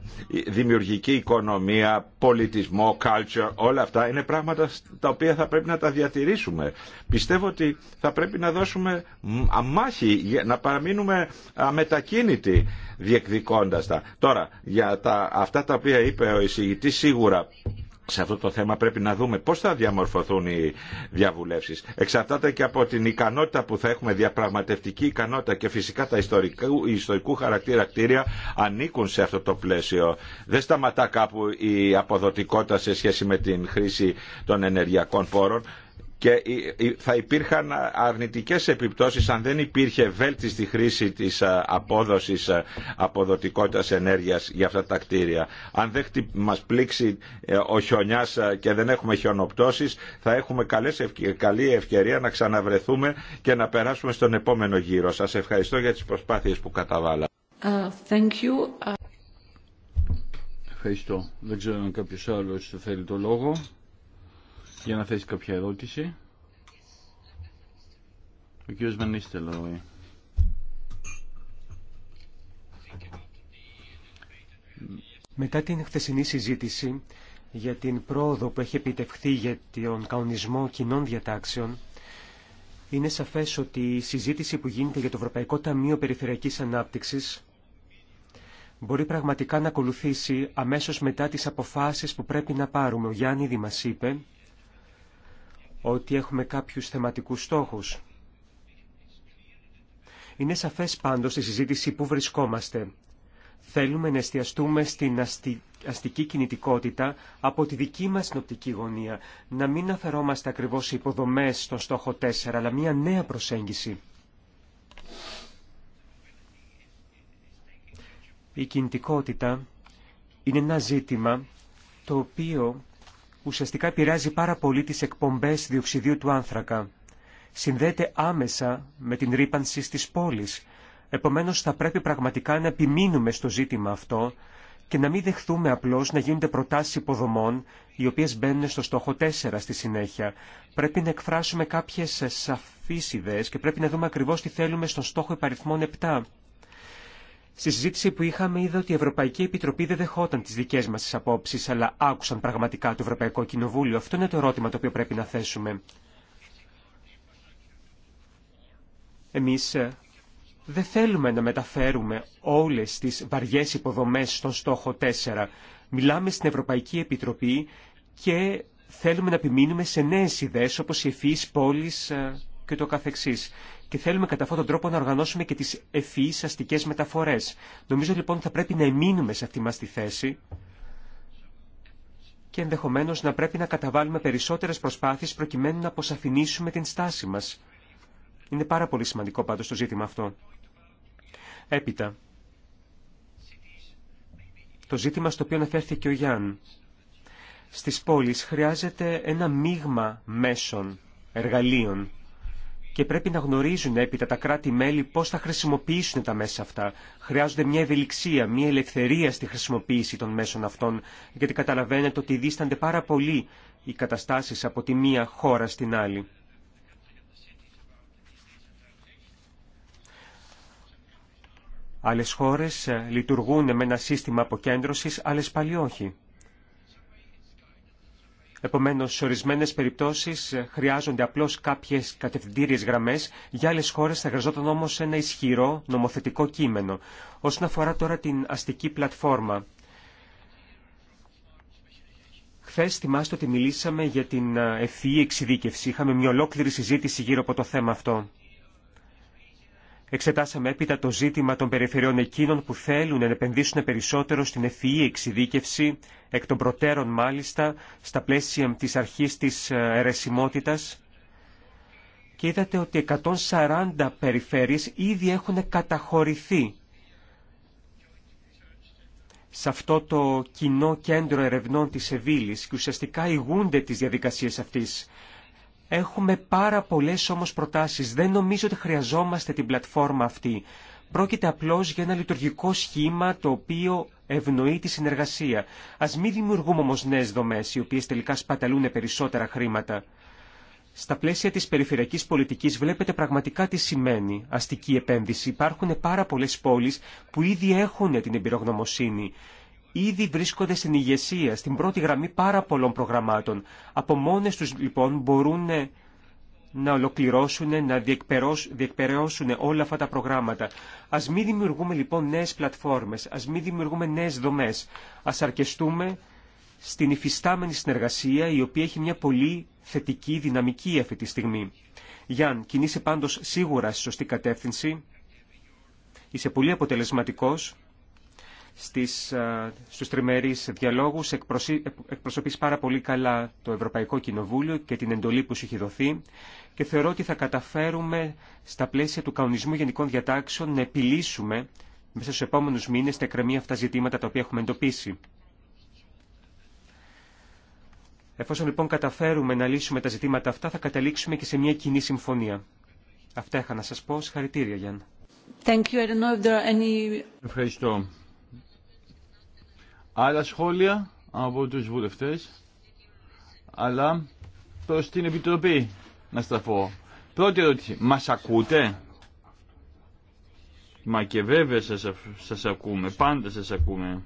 δημιουργική οικονομία, πολιτισμό, culture, όλα αυτά είναι πράγματα τα οποία θα πρέπει να τα διατηρήσουμε. Πιστεύω ότι θα πρέπει να δώσουμε αμάχη, να παραμείνουμε αμετακίνητοι διεκδικώντας τα. Τώρα, για τα, αυτά τα οποία είπε ο εισηγητή, σίγουρα σε αυτό το θέμα πρέπει να δούμε πώς θα διαμορφωθούν οι διαβουλεύσεις. Εξαρτάται και από την ικανότητα που θα έχουμε, διαπραγματευτική ικανότητα και φυσικά τα ιστορικού, ιστορικού χαρακτήρα κτίρια ανήκουν σε αυτό το πλαίσιο. Δεν σταματά κάπου η αποδοτικότητα σε σχέση με την χρήση των ενεργειακών πόρων και θα υπήρχαν αρνητικές επιπτώσεις αν δεν υπήρχε βέλτιστη χρήση της ε, απόδοσης ε, αποδοτικότητας ενέργειας για αυτά τα κτίρια. Αν δεν μας πλήξει ε, ο χιονιάς και δεν έχουμε χιονοπτώσεις θα έχουμε καλές, καλή ευκαιρία να ξαναβρεθούμε και να περάσουμε στον επόμενο γύρο. Σας ευχαριστώ για τις προσπάθειες που καταβάλα. Ευχαριστώ. Δεν ξέρω αν θέλει το λόγο για να θέσει κάποια ερώτηση. Ο κύριος Μετά την χθεσινή συζήτηση για την πρόοδο που έχει επιτευχθεί για τον καονισμό κοινών διατάξεων, είναι σαφές ότι η συζήτηση που γίνεται για το Ευρωπαϊκό Ταμείο Περιφερειακής Ανάπτυξης μπορεί πραγματικά να ακολουθήσει αμέσως μετά τις αποφάσεις που πρέπει να πάρουμε. Ο Γιάννη μας ότι έχουμε κάποιους θεματικούς στόχους. Είναι σαφές πάντως στη συζήτηση που βρισκόμαστε. Θέλουμε να εστιαστούμε στην αστική κινητικότητα από τη δική μας νοπτική γωνία, να μην αφαιρόμαστε ακριβώς υποδομές στο στόχο 4, αλλά μια νέα προσέγγιση. Η κινητικότητα είναι ένα ζήτημα το οποίο ουσιαστικά επηρεάζει πάρα πολύ τις εκπομπές διοξιδίου του άνθρακα. Συνδέεται άμεσα με την ρήπανση στις πόλεις. Επομένως θα πρέπει πραγματικά να επιμείνουμε στο ζήτημα αυτό και να μην δεχθούμε απλώς να γίνονται προτάσεις υποδομών οι οποίες μπαίνουν στο στόχο 4 στη συνέχεια. Πρέπει να εκφράσουμε κάποιες σαφείς ιδέες και πρέπει να δούμε ακριβώς τι θέλουμε στον στόχο υπαριθμών 7. Στη συζήτηση που είχαμε είδα ότι η Ευρωπαϊκή Επιτροπή δεν δεχόταν τις δικές μας τις απόψεις, αλλά άκουσαν πραγματικά το Ευρωπαϊκό Κοινοβούλιο. Αυτό είναι το ερώτημα το οποίο πρέπει να θέσουμε. Εμείς ε, δεν θέλουμε να μεταφέρουμε όλες τις βαριές υποδομές στον στόχο 4. Μιλάμε στην Ευρωπαϊκή Επιτροπή και θέλουμε να επιμείνουμε σε νέες ιδέες όπως η ευφύης πόλης ε, και το καθεξής και θέλουμε κατά αυτόν τον τρόπο να οργανώσουμε και τις ευφυείς αστικές μεταφορές. Νομίζω λοιπόν θα πρέπει να εμείνουμε σε αυτή μας τη θέση και ενδεχομένως να πρέπει να καταβάλουμε περισσότερες προσπάθειες προκειμένου να αποσαφηνίσουμε την στάση μας. Είναι πάρα πολύ σημαντικό πάντως το ζήτημα αυτό. Έπειτα, το ζήτημα στο οποίο αναφέρθηκε ο Γιάνν. Στις πόλεις χρειάζεται ένα μείγμα μέσων, εργαλείων και πρέπει να γνωρίζουν έπειτα τα κράτη-μέλη πώς θα χρησιμοποιήσουν τα μέσα αυτά. Χρειάζονται μια ευελιξία, μια ελευθερία στη χρησιμοποίηση των μέσων αυτών, γιατί καταλαβαίνετε ότι δίστανται πάρα πολύ οι καταστάσεις από τη μία χώρα στην άλλη. Άλλες χώρες ε, λειτουργούν με ένα σύστημα αποκέντρωσης, άλλες πάλι όχι. Επομένως, σε ορισμένες περιπτώσεις ε, χρειάζονται απλώς κάποιες κατευθυντήριες γραμμές, για άλλες χώρες θα χρειαζόταν όμως ένα ισχυρό νομοθετικό κείμενο. Όσον αφορά τώρα την αστική πλατφόρμα, Χθε θυμάστε ότι μιλήσαμε για την ε, ευφυή εξειδίκευση. Είχαμε μια ολόκληρη συζήτηση γύρω από το θέμα αυτό. Εξετάσαμε έπειτα το ζήτημα των περιφερειών εκείνων που θέλουν να επενδύσουν περισσότερο στην ευφυή εξειδίκευση, εκ των προτέρων μάλιστα, στα πλαίσια της αρχής της ε, αιρεσιμότητας. Και είδατε ότι 140 περιφέρειες ήδη έχουν καταχωρηθεί σε αυτό το κοινό κέντρο ερευνών της Σεβίλης και ουσιαστικά ηγούνται τις διαδικασίες αυτής. Έχουμε πάρα πολλές όμως προτάσεις. Δεν νομίζω ότι χρειαζόμαστε την πλατφόρμα αυτή. Πρόκειται απλώς για ένα λειτουργικό σχήμα το οποίο ευνοεί τη συνεργασία. Ας μην δημιουργούμε όμως νέες δομές οι οποίες τελικά σπαταλούν περισσότερα χρήματα. Στα πλαίσια της περιφερειακής πολιτικής βλέπετε πραγματικά τι σημαίνει αστική επένδυση. Υπάρχουν πάρα πολλές πόλεις που ήδη έχουν την εμπειρογνωμοσύνη ήδη βρίσκονται στην ηγεσία, στην πρώτη γραμμή πάρα πολλών προγραμμάτων. Από μόνες τους λοιπόν μπορούν να ολοκληρώσουν, να διεκπαιρεώσουν όλα αυτά τα προγράμματα. Ας μην δημιουργούμε λοιπόν νέες πλατφόρμες, ας μην δημιουργούμε νέες δομές. Ας αρκεστούμε στην υφιστάμενη συνεργασία η οποία έχει μια πολύ θετική δυναμική αυτή τη στιγμή. Γιάν, κινείσαι πάντως σίγουρα στη σωστή κατεύθυνση, είσαι πολύ αποτελεσματικός στις, στους τριμερείς διαλόγους εκπροσωπείς πάρα πολύ καλά το Ευρωπαϊκό Κοινοβούλιο και την εντολή που σου έχει δοθεί και θεωρώ ότι θα καταφέρουμε στα πλαίσια του κανονισμού γενικών διατάξεων να επιλύσουμε μέσα στους επόμενους μήνες τα εκκρεμή αυτά ζητήματα τα οποία έχουμε εντοπίσει. Εφόσον λοιπόν καταφέρουμε να λύσουμε τα ζητήματα αυτά θα καταλήξουμε και σε μια κοινή συμφωνία. Αυτά είχα να σας πω. Συγχαρητήρια Γιάννα. Thank you. I if there are any άλλα σχόλια από τους βουλευτές, αλλά προς την Επιτροπή να στραφώ. Πρώτη ερώτηση, μας ακούτε? Μα και βέβαια σας, ακούμε, πάντα σας ακούμε.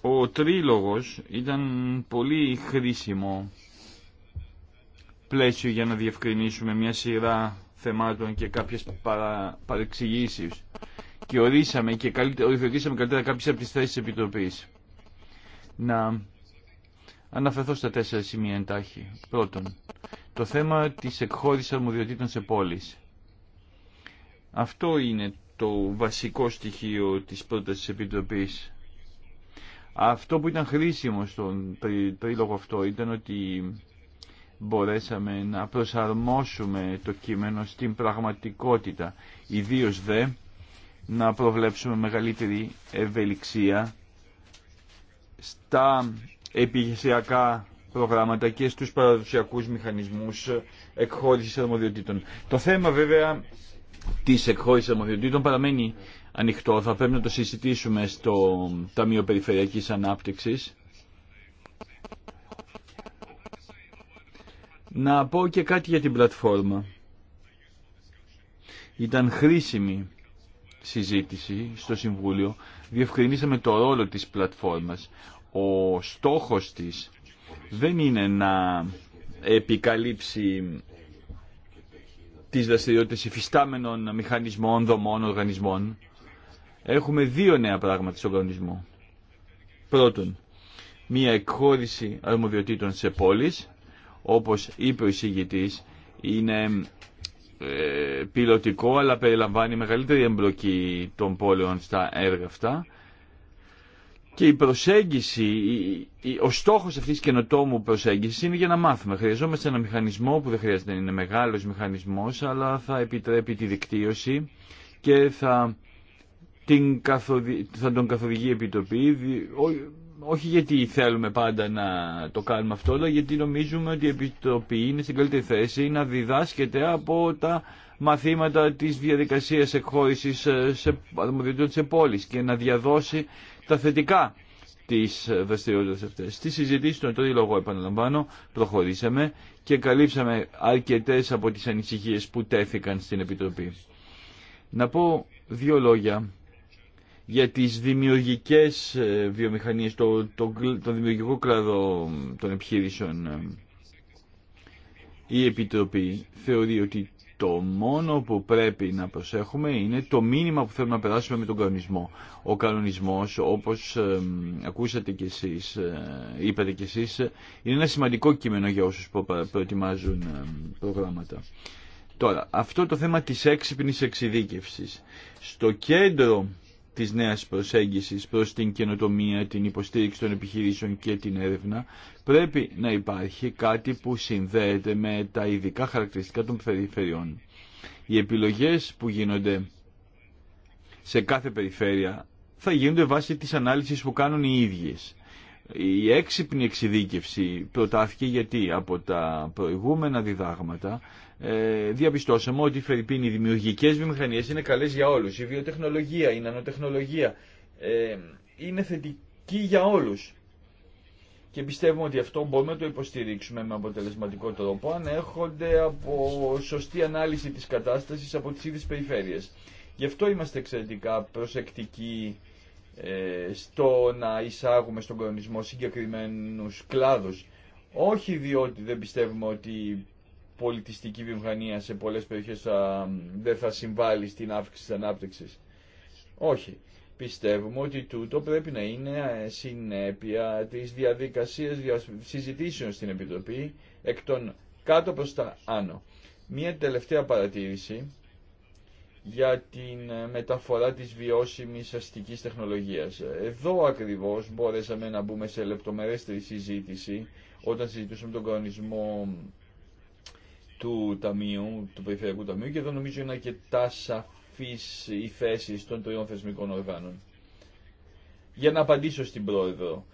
Ο τρίλογος ήταν πολύ χρήσιμο πλαίσιο για να διευκρινίσουμε μια σειρά θεμάτων και κάποιες παρα, παρεξηγήσεις και ορίσαμε και καλύτερα, ορίσαμε καλύτερα κάποιες από τις θέσεις Να αναφερθώ στα τέσσερα σημεία εντάχει. Πρώτον, το θέμα της εκχώρησης αρμοδιοτήτων σε πόλεις. Αυτό είναι το βασικό στοιχείο της πρότασης της Επιτροπής. Αυτό που ήταν χρήσιμο στον περίλογο αυτό ήταν ότι μπορέσαμε να προσαρμόσουμε το κείμενο στην πραγματικότητα, ιδίως δε να προβλέψουμε μεγαλύτερη ευελιξία στα επιχειρησιακά προγράμματα και στους παραδοσιακούς μηχανισμούς εκχώρησης αρμοδιοτήτων. Το θέμα βέβαια της εκχώρησης αρμοδιοτήτων παραμένει ανοιχτό. Θα πρέπει να το συζητήσουμε στο Ταμείο Περιφερειακής Ανάπτυξης Να πω και κάτι για την πλατφόρμα. Ήταν χρήσιμη συζήτηση στο Συμβούλιο. Διευκρινίσαμε το ρόλο της πλατφόρμας. Ο στόχος της δεν είναι να επικαλύψει τις δραστηριότητες υφιστάμενων μηχανισμών, δομών, οργανισμών. Έχουμε δύο νέα πράγματα στον οργανισμό. Πρώτον, μία εκχώρηση αρμοδιοτήτων σε πόλεις όπως είπε ο εισηγητής, είναι ε, πιλωτικό αλλά περιλαμβάνει μεγαλύτερη εμπλοκή των πόλεων στα έργα αυτά και η προσέγγιση, ο στόχος αυτής της καινοτόμου προσέγγισης είναι για να μάθουμε. Χρειαζόμαστε ένα μηχανισμό που δεν χρειάζεται να είναι μεγάλος μηχανισμός αλλά θα επιτρέπει τη δικτύωση και θα, την τον καθοδηγεί επιτροπή όχι γιατί θέλουμε πάντα να το κάνουμε αυτό, αλλά γιατί νομίζουμε ότι η Επιτροπή είναι στην καλύτερη θέση να διδάσκεται από τα μαθήματα της διαδικασίας εκχώρησης ε, σε αρμοδιότητα και να διαδώσει τα θετικά τις δραστηριότητες αυτές. Στη συζητήση των λόγο επαναλαμβάνω προχωρήσαμε και καλύψαμε αρκετές από τις ανησυχίες που τέθηκαν στην Επιτροπή. Να πω δύο λόγια για τις δημιουργικές ε, βιομηχανίες, το, το, δημιουργικό κλάδο των επιχειρήσεων. Η Επιτροπή θεωρεί ότι το μόνο που πρέπει να προσέχουμε είναι το μήνυμα που θέλουμε να περάσουμε με τον κανονισμό. Ο κανονισμός, όπως ακούσατε κι εσείς, ε, είπατε κι εσείς, είναι ένα σημαντικό κείμενο για όσους προετοιμάζουν προγράμματα. Τώρα, αυτό το θέμα της έξυπνης εξειδίκευσης. Στο κέντρο της νέας προσέγγισης προς την καινοτομία, την υποστήριξη των επιχειρήσεων και την έρευνα, πρέπει να υπάρχει κάτι που συνδέεται με τα ειδικά χαρακτηριστικά των περιφερειών. Οι επιλογές που γίνονται σε κάθε περιφέρεια θα γίνονται βάσει της ανάλυσης που κάνουν οι ίδιες. Η έξυπνη εξειδίκευση προτάθηκε γιατί από τα προηγούμενα διδάγματα ε, διαπιστώσαμε ότι οι δημιουργικέ βιομηχανίε είναι καλέ για όλου. Η βιοτεχνολογία, η νανοτεχνολογία ε, είναι θετική για όλου. Και πιστεύουμε ότι αυτό μπορούμε να το υποστηρίξουμε με αποτελεσματικό τρόπο αν έρχονται από σωστή ανάλυση τη κατάσταση από τι ίδιε περιφέρειε. Γι' αυτό είμαστε εξαιρετικά προσεκτικοί ε, στο να εισάγουμε στον κορονομισμό συγκεκριμένου κλάδου, Όχι διότι δεν πιστεύουμε ότι πολιτιστική βιομηχανία σε πολλές περιοχές δεν θα συμβάλλει στην αύξηση της ανάπτυξης. Όχι. Πιστεύουμε ότι τούτο πρέπει να είναι ε, συνέπεια της διαδικασίας συζητήσεων στην Επιτροπή εκ των κάτω προς τα άνω. Μία τελευταία παρατήρηση για την ε, μεταφορά της βιώσιμης αστικής τεχνολογίας. Εδώ ακριβώς μπορέσαμε να μπούμε σε λεπτομερέστερη συζήτηση όταν συζητούσαμε τον κανονισμό του Ταμείου, του Περιφερειακού Ταμείου και εδώ νομίζω είναι αρκετά σαφή η θέση των τριών θεσμικών οργάνων. Για να απαντήσω στην Πρόεδρο,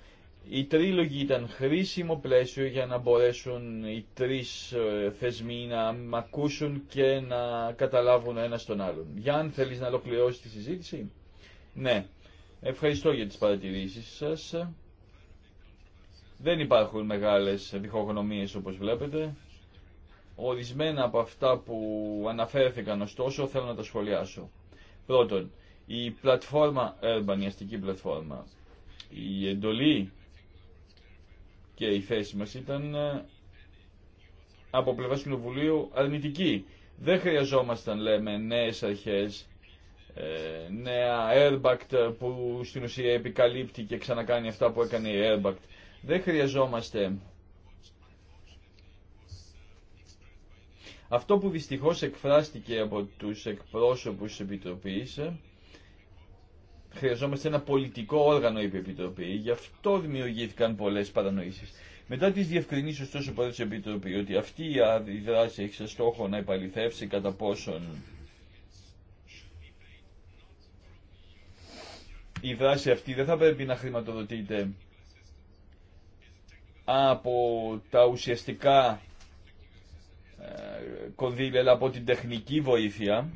η τρίλογη ήταν χρήσιμο πλαίσιο για να μπορέσουν οι τρεις ε, θεσμοί να μ' ακούσουν και να καταλάβουν ένα τον άλλον. Για αν θέλεις να ολοκληρώσει τη συζήτηση? Ναι. Ευχαριστώ για τις παρατηρήσεις σας. Δεν υπάρχουν μεγάλες διχογνωμίες όπως βλέπετε. Ορισμένα από αυτά που αναφέρθηκαν ωστόσο θέλω να τα σχολιάσω. Πρώτον, η πλατφόρμα Urban, η αστική πλατφόρμα, η εντολή και η θέση μας ήταν ε, από πλευρά Κοινοβουλίου αρνητική. Δεν χρειαζόμασταν, λέμε, νέες αρχές, ε, νέα Airbact που στην ουσία επικαλύπτει και ξανακάνει αυτά που έκανε η Airbact. Δεν χρειαζόμαστε Αυτό που δυστυχώς εκφράστηκε από τους εκπρόσωπους της Επιτροπής, χρειαζόμαστε ένα πολιτικό όργανο η Επιτροπή, γι' αυτό δημιουργήθηκαν πολλές παρανοήσεις. Μετά τις διευκρινήσεις ωστόσο από την Επιτροπή ότι αυτή η δράση έχει σε στόχο να επαληθεύσει κατά πόσον η δράση αυτή δεν θα πρέπει να χρηματοδοτείται από τα ουσιαστικά κονδύλια από την τεχνική βοήθεια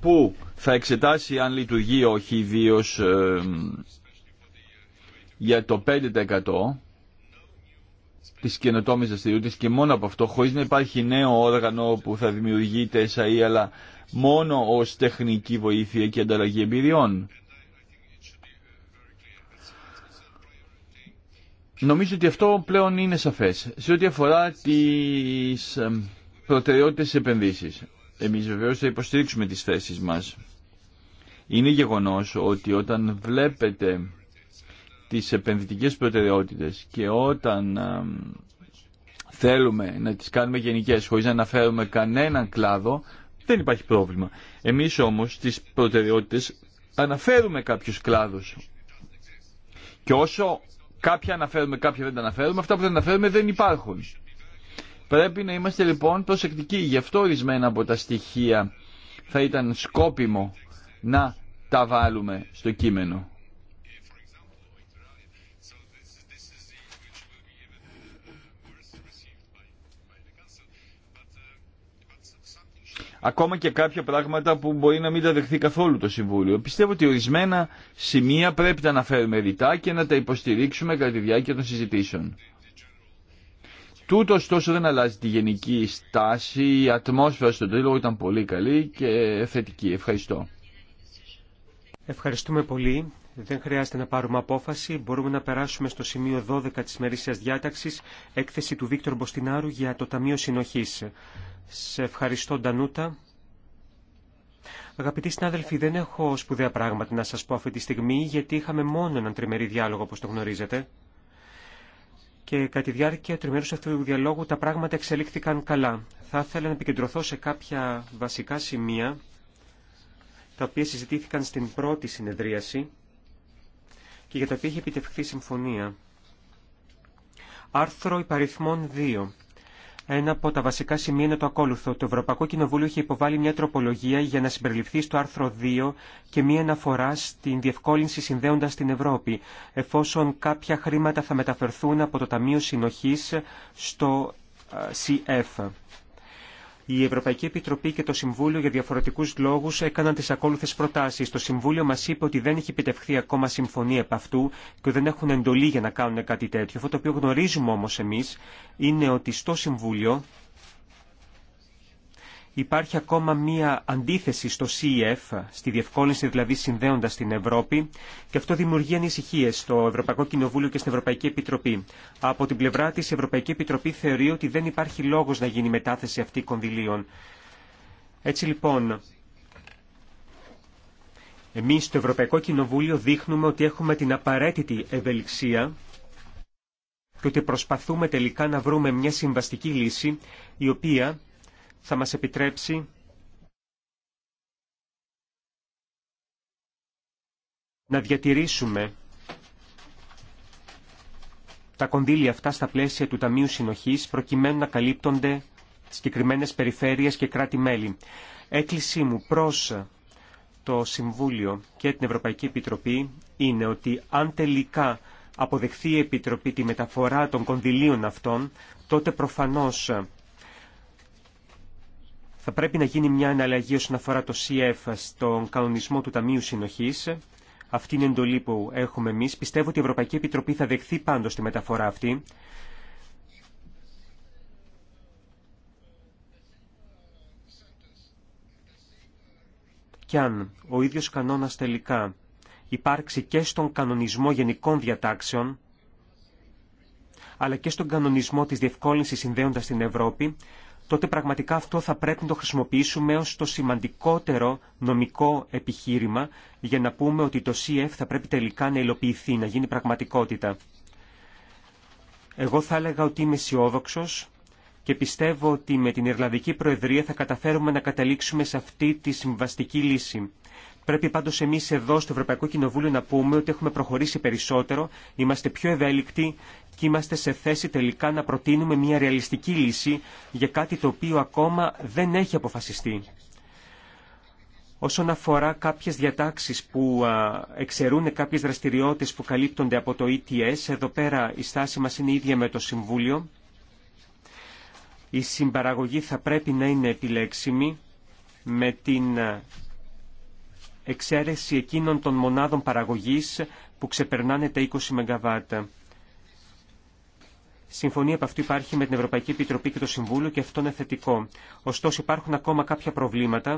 που θα εξετάσει αν λειτουργεί όχι ιδίω ε, για το 5% της καινοτόμης δραστηριότητας και μόνο από αυτό χωρίς να υπάρχει νέο όργανο που θα δημιουργείται ΣΑΗ αλλά μόνο ως τεχνική βοήθεια και ανταλλαγή εμπειριών. Νομίζω ότι αυτό πλέον είναι σαφές. Σε ό,τι αφορά τις προτεραιότητες επενδύσεις, εμείς βεβαίως θα υποστηρίξουμε τις θέσεις μας. Είναι γεγονός ότι όταν βλέπετε τις επενδυτικές προτεραιότητες και όταν θέλουμε να τις κάνουμε γενικές χωρίς να αναφέρουμε κανέναν κλάδο, δεν υπάρχει πρόβλημα. Εμείς όμως τις προτεραιότητες αναφέρουμε κάποιους κλάδους. Και όσο Κάποια αναφέρουμε, κάποια δεν τα αναφέρουμε. Αυτά που δεν αναφέρουμε δεν υπάρχουν. Πρέπει να είμαστε λοιπόν προσεκτικοί. Γι' αυτό ορισμένα από τα στοιχεία θα ήταν σκόπιμο να τα βάλουμε στο κείμενο. ακόμα και κάποια πράγματα που μπορεί να μην τα δεχθεί καθόλου το Συμβούλιο. Πιστεύω ότι ορισμένα σημεία πρέπει να αναφέρουμε ρητά και να τα υποστηρίξουμε κατά τη διάρκεια των συζητήσεων. Τούτο ωστόσο δεν αλλάζει τη γενική στάση, η ατμόσφαιρα στον τρίλογο ήταν πολύ καλή και θετική. Ευχαριστώ. Ευχαριστούμε πολύ. Δεν χρειάζεται να πάρουμε απόφαση. Μπορούμε να περάσουμε στο σημείο 12 της μερίσιας διάταξης, έκθεση του Βίκτορ Μποστινάρου για το Ταμείο Συνοχής. Σε ευχαριστώ, Ντανούτα. Αγαπητοί συνάδελφοι, δεν έχω σπουδαία πράγματα να σας πω αυτή τη στιγμή, γιατί είχαμε μόνο έναν τριμερή διάλογο, όπως το γνωρίζετε. Και κατά τη διάρκεια του τριμερούς αυτού του διαλόγου τα πράγματα εξελίχθηκαν καλά. Θα ήθελα να επικεντρωθώ σε κάποια βασικά σημεία, τα οποία συζητήθηκαν στην πρώτη συνεδρίαση και για τα οποία είχε επιτευχθεί συμφωνία. Άρθρο υπαριθμών 2. Ένα από τα βασικά σημεία είναι το ακόλουθο. Το Ευρωπαϊκό Κοινοβούλιο είχε υποβάλει μια τροπολογία για να συμπεριληφθεί στο άρθρο 2 και μια αναφορά στην διευκόλυνση συνδέοντα την Ευρώπη, εφόσον κάποια χρήματα θα μεταφερθούν από το Ταμείο Συνοχή στο ε, CF η Ευρωπαϊκή Επιτροπή και το Συμβούλιο για διαφορετικούς λόγου έκαναν τις ακόλουθες προτάσεις. Το Συμβούλιο μας είπε ότι δεν έχει επιτευχθεί ακόμα συμφωνία επ' αυτού και δεν έχουν εντολή για να κάνουν κάτι τέτοιο. Αυτό το οποίο γνωρίζουμε όμως εμείς είναι ότι στο Συμβούλιο υπάρχει ακόμα μία αντίθεση στο CEF, στη διευκόλυνση δηλαδή συνδέοντας την Ευρώπη, και αυτό δημιουργεί ανησυχίε στο Ευρωπαϊκό Κοινοβούλιο και στην Ευρωπαϊκή Επιτροπή. Από την πλευρά της, η Ευρωπαϊκή Επιτροπή θεωρεί ότι δεν υπάρχει λόγος να γίνει μετάθεση αυτή κονδυλίων. Έτσι λοιπόν, εμείς στο Ευρωπαϊκό Κοινοβούλιο δείχνουμε ότι έχουμε την απαραίτητη ευελιξία και ότι προσπαθούμε τελικά να βρούμε μια συμβαστική λύση η οποία θα μας επιτρέψει να διατηρήσουμε τα κονδύλια αυτά στα πλαίσια του Ταμείου Συνοχής προκειμένου να καλύπτονται συγκεκριμένες περιφέρειες και κράτη-μέλη. Έκκλησή μου προς το Συμβούλιο και την Ευρωπαϊκή Επιτροπή είναι ότι αν τελικά αποδεχθεί η Επιτροπή τη μεταφορά των κονδυλίων αυτών, τότε προφανώς θα πρέπει να γίνει μια αναλλαγή όσον αφορά το CF στον κανονισμό του Ταμείου Συνοχή, Αυτή είναι η εντολή που έχουμε εμεί, Πιστεύω ότι η Ευρωπαϊκή Επιτροπή θα δεχθεί πάντω τη μεταφορά αυτή. Κι αν ο ίδιος κανόνας τελικά υπάρξει και στον κανονισμό γενικών διατάξεων, αλλά και στον κανονισμό της διευκόλυνσης συνδέοντας την Ευρώπη, τότε πραγματικά αυτό θα πρέπει να το χρησιμοποιήσουμε ως το σημαντικότερο νομικό επιχείρημα για να πούμε ότι το CF θα πρέπει τελικά να υλοποιηθεί, να γίνει πραγματικότητα. Εγώ θα έλεγα ότι είμαι αισιόδοξο και πιστεύω ότι με την Ιρλανδική Προεδρία θα καταφέρουμε να καταλήξουμε σε αυτή τη συμβαστική λύση. Πρέπει πάντω εμεί εδώ στο Ευρωπαϊκό Κοινοβούλιο να πούμε ότι έχουμε προχωρήσει περισσότερο, είμαστε πιο ευέλικτοι και είμαστε σε θέση τελικά να προτείνουμε μια ρεαλιστική λύση για κάτι το οποίο ακόμα δεν έχει αποφασιστεί. Όσον αφορά κάποιες διατάξεις που εξαιρούν κάποιες δραστηριότητε που καλύπτονται από το ETS, εδώ πέρα η στάση μα είναι ίδια με το Συμβούλιο. Η συμπαραγωγή θα πρέπει να είναι επιλέξιμη με την εξαίρεση εκείνων των μονάδων παραγωγής που ξεπερνάνε τα 20 ΜΒ. Συμφωνία από αυτού υπάρχει με την Ευρωπαϊκή Επιτροπή και το Συμβούλιο και αυτό είναι θετικό. Ωστόσο υπάρχουν ακόμα κάποια προβλήματα,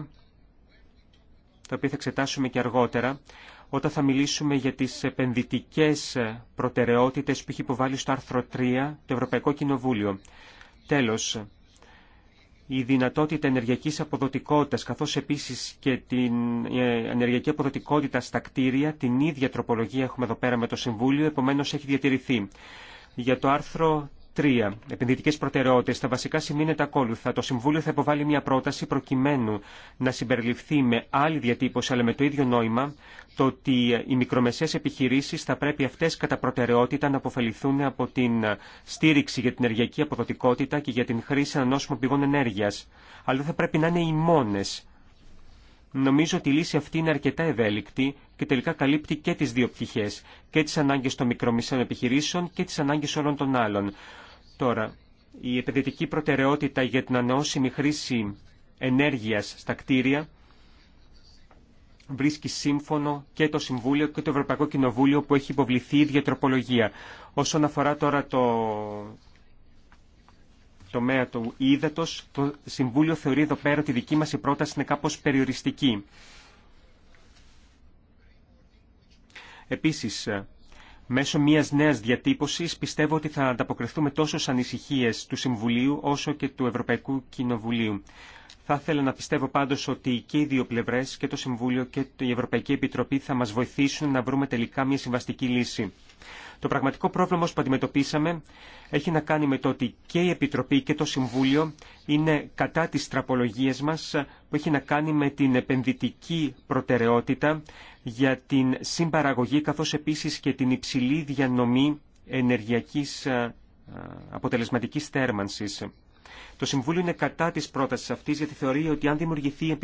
τα οποία θα εξετάσουμε και αργότερα, όταν θα μιλήσουμε για τις επενδυτικές προτεραιότητες που έχει υποβάλει στο άρθρο 3 το Ευρωπαϊκό Κοινοβούλιο. Τέλος, η δυνατότητα ενεργειακής αποδοτικότητας, καθώς επίσης και την ε, ενεργειακή αποδοτικότητα στα κτίρια, την ίδια τροπολογία έχουμε εδώ πέρα με το Συμβούλιο, επομένως έχει διατηρηθεί. Για το άρθρο 3. Επενδυτικέ προτεραιότητε. Τα βασικά σημεία είναι τα ακόλουθα. Το Συμβούλιο θα υποβάλει μια πρόταση προκειμένου να συμπεριληφθεί με άλλη διατύπωση αλλά με το ίδιο νόημα το ότι οι μικρομεσαίε επιχειρήσει θα πρέπει αυτέ κατά προτεραιότητα να αποφεληθούν από την στήριξη για την ενεργειακή αποδοτικότητα και για την χρήση ανανόσιμων πηγών ενέργεια. Αλλά δεν θα πρέπει να είναι οι μόνες. Νομίζω ότι η λύση αυτή είναι αρκετά ευέλικτη και τελικά καλύπτει και τις δύο πτυχές, και τις ανάγκες των μικρομεσαίων επιχειρήσεων και τις ανάγκες όλων των άλλων. Τώρα, η επενδυτική προτεραιότητα για την ανανεώσιμη χρήση ενέργειας στα κτίρια βρίσκει σύμφωνο και το Συμβούλιο και το Ευρωπαϊκό Κοινοβούλιο που έχει υποβληθεί η ίδια τροπολογία. Όσον αφορά τώρα το τομέα του ύδατος, το Συμβούλιο θεωρεί εδώ πέρα ότι η δική μας πρόταση είναι κάπως περιοριστική. Επίσης, Μέσω μια νέα διατύπωση πιστεύω ότι θα ανταποκριθούμε τόσο στι ανησυχίε του Συμβουλίου όσο και του Ευρωπαϊκού Κοινοβουλίου. Θα ήθελα να πιστεύω πάντω ότι και οι δύο πλευρέ, και το Συμβούλιο και η Ευρωπαϊκή Επιτροπή, θα μα βοηθήσουν να βρούμε τελικά μια συμβαστική λύση. Το πραγματικό πρόβλημα που αντιμετωπίσαμε έχει να κάνει με το ότι και η Επιτροπή και το Συμβούλιο είναι κατά τις τραπολογίες μας που έχει να κάνει με την επενδυτική προτεραιότητα για την συμπαραγωγή καθώς επίσης και την υψηλή διανομή ενεργειακής ε, ε, αποτελεσματικής θέρμανσης. Το Συμβούλιο είναι κατά τη πρόταση αυτή γιατί θεωρεί ότι αν δημιουργηθεί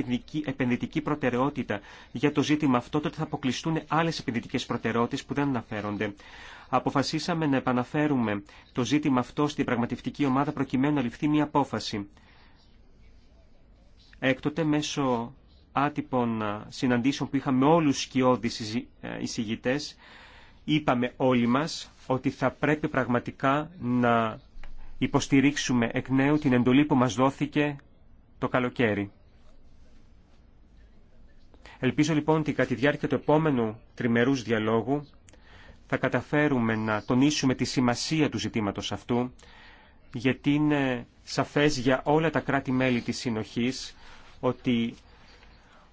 επενδυτική προτεραιότητα για το ζήτημα αυτό, τότε θα αποκλειστούν άλλε επενδυτικέ προτεραιότητε που δεν αναφέρονται. Αποφασίσαμε να επαναφέρουμε το ζήτημα αυτό στην πραγματευτική ομάδα προκειμένου να ληφθεί μια απόφαση. Έκτοτε, μέσω άτυπων συναντήσεων που είχαμε όλους σκιώδεις ε, εισηγητές, είπαμε όλοι μας ότι θα πρέπει πραγματικά να υποστηρίξουμε εκ νέου την εντολή που μας δόθηκε το καλοκαίρι. Ελπίζω λοιπόν ότι κατά τη διάρκεια του επόμενου τριμερούς διαλόγου θα καταφέρουμε να τονίσουμε τη σημασία του ζητήματος αυτού, γιατί είναι σαφές για όλα τα κράτη-μέλη της συνοχής ότι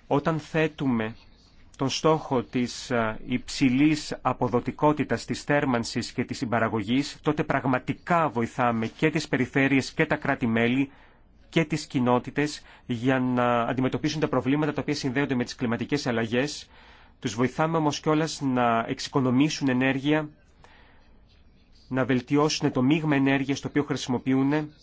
όταν θέτουμε τον στόχο της ε, υψηλής αποδοτικότητας της θέρμανσης και της συμπαραγωγής, τότε πραγματικά βοηθάμε και τις περιφέρειες και τα κράτη-μέλη και τις κοινότητες για να αντιμετωπίσουν τα προβλήματα τα οποία συνδέονται με τις κλιματικές αλλαγές. Τους βοηθάμε όμως κιόλας να εξοικονομήσουν ενέργεια, να βελτιώσουν το μείγμα ενέργειας το οποίο χρησιμοποιούν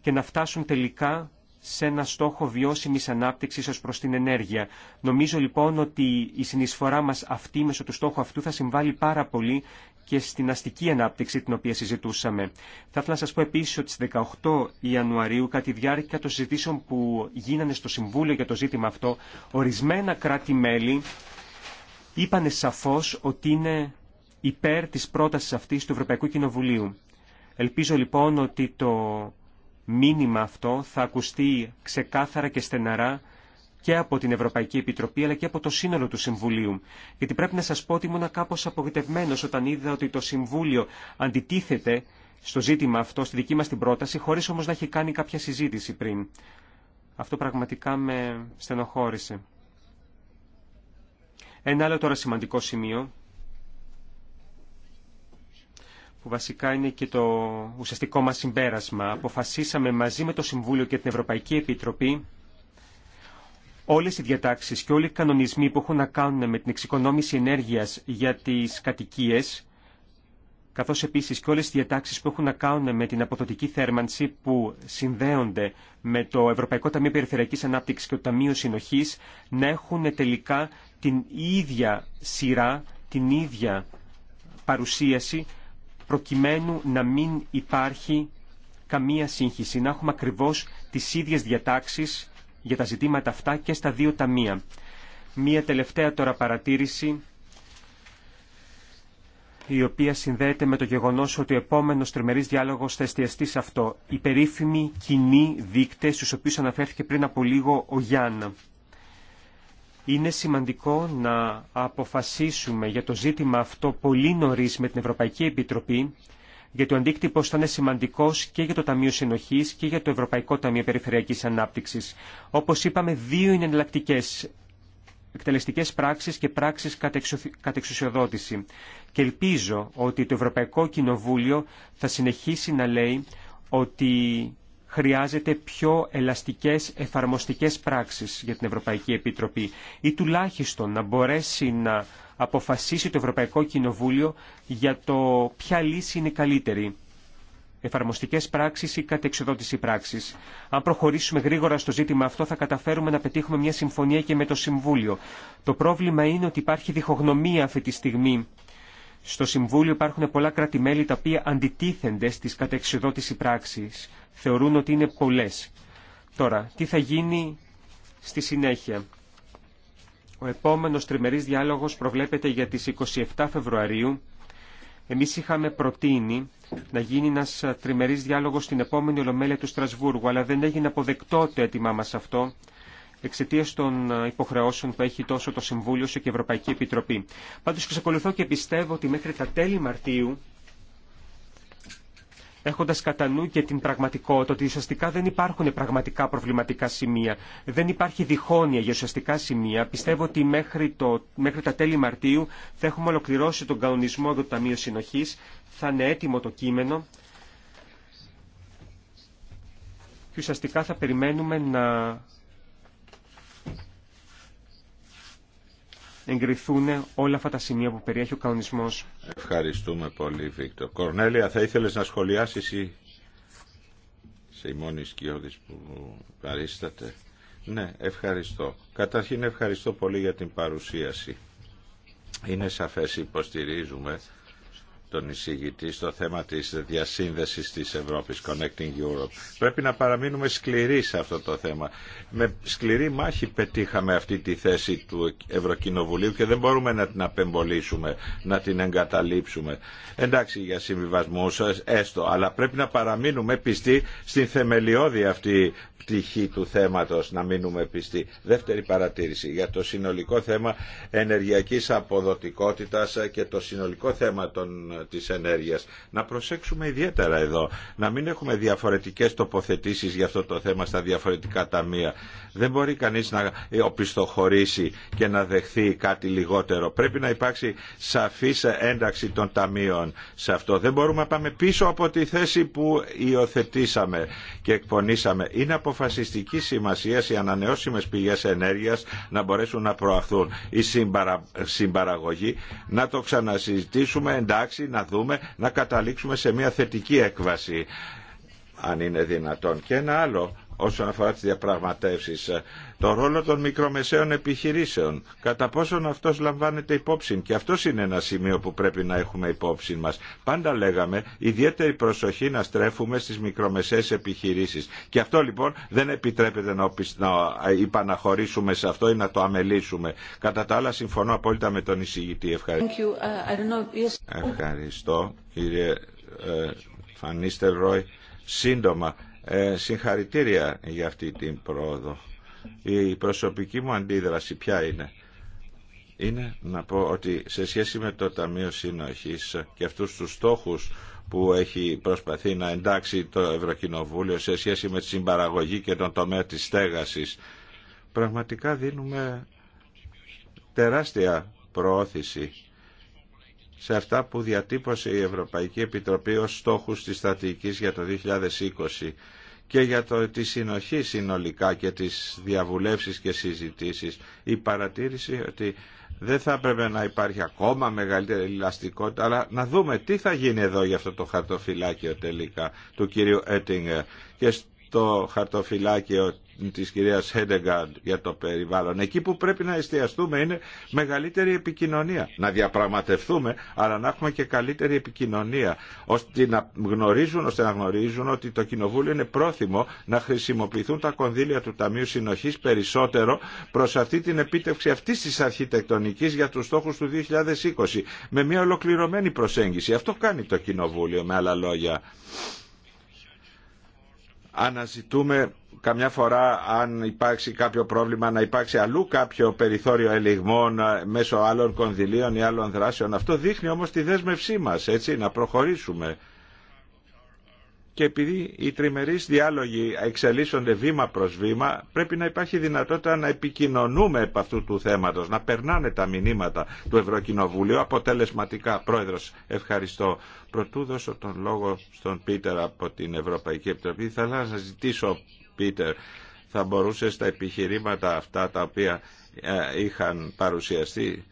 και να φτάσουν τελικά σε ένα στόχο βιώσιμης ανάπτυξης ως προς την ενέργεια. Νομίζω λοιπόν ότι η συνεισφορά μας αυτή μέσω του στόχου αυτού θα συμβάλλει πάρα πολύ και στην αστική ανάπτυξη την οποία συζητούσαμε. Θα ήθελα να σας πω επίσης ότι στις 18 Ιανουαρίου, κατά τη διάρκεια των συζητήσεων που γίνανε στο Συμβούλιο για το ζήτημα αυτό, ορισμένα κράτη-μέλη είπανε σαφώς ότι είναι υπέρ της πρότασης αυτής του Ευρωπαϊκού Κοινοβουλίου. Ελπίζω λοιπόν ότι το μήνυμα αυτό θα ακουστεί ξεκάθαρα και στεναρά και από την Ευρωπαϊκή Επιτροπή αλλά και από το σύνολο του Συμβουλίου. Γιατί πρέπει να σας πω ότι ήμουν κάπως απογοητευμένος όταν είδα ότι το Συμβούλιο αντιτίθεται στο ζήτημα αυτό, στη δική μας την πρόταση, χωρίς όμως να έχει κάνει κάποια συζήτηση πριν. Αυτό πραγματικά με στενοχώρησε. Ένα άλλο τώρα σημαντικό σημείο που βασικά είναι και το ουσιαστικό μας συμπέρασμα. Αποφασίσαμε μαζί με το Συμβούλιο και την Ευρωπαϊκή Επιτροπή όλες οι διατάξεις και όλοι οι κανονισμοί που έχουν να κάνουν με την εξοικονόμηση ενέργειας για τις κατοικίες καθώς επίσης και όλες οι διατάξεις που έχουν να κάνουν με την αποδοτική θέρμανση που συνδέονται με το Ευρωπαϊκό Ταμείο Περιφερειακής Ανάπτυξης και το Ταμείο Συνοχής να έχουν τελικά την ίδια σειρά, την ίδια παρουσίαση προκειμένου να μην υπάρχει καμία σύγχυση, να έχουμε ακριβώς τις ίδιες διατάξεις για τα ζητήματα αυτά και στα δύο ταμεία. Μία τελευταία τώρα παρατήρηση, η οποία συνδέεται με το γεγονός ότι ο επόμενος τριμερής διάλογος θα εστιαστεί σε αυτό. Οι περίφημοι κοινοί δείκτες, στους οποίους αναφέρθηκε πριν από λίγο ο Γιάννα είναι σημαντικό να αποφασίσουμε για το ζήτημα αυτό πολύ νωρίς με την Ευρωπαϊκή Επιτροπή, γιατί ο αντίκτυπος θα είναι σημαντικός και για το Ταμείο Συνοχής και για το Ευρωπαϊκό Ταμείο Περιφερειακής Ανάπτυξης. Όπως είπαμε, δύο είναι εναλλακτικέ εκτελεστικές πράξεις και πράξεις εξουσιοδότηση. Και ελπίζω ότι το Ευρωπαϊκό Κοινοβούλιο θα συνεχίσει να λέει ότι χρειάζεται πιο ελαστικές εφαρμοστικές πράξεις για την Ευρωπαϊκή Επιτροπή ή τουλάχιστον να μπορέσει να αποφασίσει το Ευρωπαϊκό Κοινοβούλιο για το ποια λύση είναι καλύτερη Εφαρμοστικές πράξει ή κατεξοδότηση πράξη. Αν προχωρήσουμε γρήγορα στο ζήτημα αυτό, θα καταφέρουμε να πετύχουμε μια συμφωνία και με το Συμβούλιο. Το πρόβλημα είναι ότι υπάρχει διχογνωμία αυτή τη στιγμή στο Συμβούλιο υπάρχουν κρατημέλη τα οποία αντιτίθενται στις κατεξοδότηση πράξεις. Θεωρούν ότι είναι πολλές. Τώρα, τι θα γίνει στη συνέχεια. Ο επόμενος τριμερής διάλογος προβλέπεται για τις 27 Φεβρουαρίου. Εμείς είχαμε προτείνει να γίνει ένας ε, τριμερής διάλογος στην επόμενη Ολομέλεια του Στρασβούργου, αλλά δεν έγινε αποδεκτό το αίτημά μας αυτό εξαιτία των ε, υποχρεώσεων που έχει τόσο το Συμβούλιο όσο και η Ευρωπαϊκή Επιτροπή. Πάντω, ξεκολουθώ και πιστεύω ότι μέχρι τα τέλη Μαρτίου έχοντα κατά νου και την πραγματικότητα ότι ουσιαστικά δεν υπάρχουν πραγματικά προβληματικά σημεία, δεν υπάρχει διχόνοια για ουσιαστικά σημεία, πιστεύω ότι μέχρι, το, μέχρι τα τέλη Μαρτίου θα έχουμε ολοκληρώσει τον κανονισμό του Ταμείου Συνοχή, θα είναι έτοιμο το κείμενο και ουσιαστικά θα περιμένουμε να εγκριθούν όλα αυτά τα σημεία που περιέχει ο κανονισμό. Ευχαριστούμε πολύ, Βίκτο. Κορνέλια, θα ήθελε να σχολιάσει η μόνη σκιώδη που παρίσταται. Ναι, ευχαριστώ. Καταρχήν ευχαριστώ πολύ για την παρουσίαση. Είναι σαφές υποστηρίζουμε τον εισηγητή στο θέμα της διασύνδεσης της Ευρώπης, Connecting Europe. Πρέπει να παραμείνουμε σκληροί σε αυτό το θέμα. Με σκληρή μάχη πετύχαμε αυτή τη θέση του Ευρωκοινοβουλίου και δεν μπορούμε να την απεμπολίσουμε, να την εγκαταλείψουμε. Εντάξει για συμβιβασμού, έστω, αλλά πρέπει να παραμείνουμε πιστοί στην θεμελιώδη αυτή πτυχή του θέματος, να μείνουμε πιστοί. Δεύτερη παρατήρηση για το συνολικό θέμα ενεργειακής αποδοτικότητας και το συνολικό θέμα των της ενέργειας. Να προσέξουμε ιδιαίτερα εδώ, να μην έχουμε διαφορετικές τοποθετήσεις για αυτό το θέμα στα διαφορετικά ταμεία. Δεν μπορεί κανείς να οπισθοχωρήσει και να δεχθεί κάτι λιγότερο. Πρέπει να υπάρξει σαφής ένταξη των ταμείων σε αυτό. Δεν μπορούμε να πάμε πίσω από τη θέση που υιοθετήσαμε και εκπονήσαμε. Είναι αποφασιστική σημασία οι ανανεώσιμες πηγές ενέργειας να μπορέσουν να προαχθούν. Η συμπαρα... συμπαραγωγή να το ξανασυζητήσουμε εντάξει, να δούμε, να καταλήξουμε σε μια θετική έκβαση αν είναι δυνατόν. Και ένα άλλο όσον αφορά τις διαπραγματεύσεις το ρόλο των μικρομεσαίων επιχειρήσεων. Κατά πόσον αυτός λαμβάνεται υπόψη και αυτό είναι ένα σημείο που πρέπει να έχουμε υπόψη μας. Πάντα λέγαμε ιδιαίτερη προσοχή να στρέφουμε στις μικρομεσαίες επιχειρήσεις. Και αυτό λοιπόν δεν επιτρέπεται να υπαναχωρήσουμε σε αυτό ή να το αμελήσουμε. Κατά τα άλλα συμφωνώ απόλυτα με τον εισηγητή. Ευχαριστώ. Uh, Ευχαριστώ κύριε ε, Φανίστερ Ρόι. Σύντομα ε, συγχαρητήρια για αυτή την πρόοδο. Η προσωπική μου αντίδραση ποια είναι. Είναι να πω ότι σε σχέση με το Ταμείο Συνοχής και αυτούς τους στόχους που έχει προσπαθεί να εντάξει το Ευρωκοινοβούλιο σε σχέση με τη συμπαραγωγή και τον τομέα της στέγασης, πραγματικά δίνουμε τεράστια προώθηση σε αυτά που διατύπωσε η Ευρωπαϊκή Επιτροπή ως στόχους της στρατηγικής για το 2020 και για το, τη συνοχή συνολικά και τις διαβουλεύσεις και συζητήσεις. Η παρατήρηση ότι δεν θα έπρεπε να υπάρχει ακόμα μεγαλύτερη ελαστικότητα, αλλά να δούμε τι θα γίνει εδώ για αυτό το χαρτοφυλάκιο τελικά του κυρίου Έτιγκερ. Και στο χαρτοφυλάκιο της κυρίας Χέντεγκαντ για το περιβάλλον. Εκεί που πρέπει να εστιαστούμε είναι μεγαλύτερη επικοινωνία. Να διαπραγματευτούμε, αλλά να έχουμε και καλύτερη επικοινωνία, ώστε να γνωρίζουν, ώστε να γνωρίζουν ότι το Κοινοβούλιο είναι πρόθυμο να χρησιμοποιηθούν τα κονδύλια του Ταμείου Συνοχής περισσότερο προς αυτή την επίτευξη αυτής της αρχιτεκτονικής για τους στόχους του 2020, με μια ολοκληρωμένη προσέγγιση. Αυτό κάνει το Κοινοβούλιο, με άλλα λόγια αναζητούμε καμιά φορά αν υπάρξει κάποιο πρόβλημα να υπάρξει αλλού κάποιο περιθώριο ελιγμών ε, μέσω άλλων κονδυλίων ή άλλων δράσεων. Αυτό δείχνει όμως τη δέσμευσή μας, έτσι, να προχωρήσουμε. Και επειδή οι τριμερείς διάλογοι εξελίσσονται βήμα προς βήμα, πρέπει να υπάρχει δυνατότητα να επικοινωνούμε επ' αυτού του θέματος, να περνάνε τα μηνύματα του Ευρωκοινοβουλίου αποτελεσματικά. Πρόεδρος, ευχαριστώ. Προτού δώσω τον λόγο στον Πίτερ από την Ευρωπαϊκή Επιτροπή, θα ήθελα να ζητήσω Πίτερ, θα μπορούσε στα επιχειρήματα αυτά τα οποία ε, είχαν παρουσιαστεί,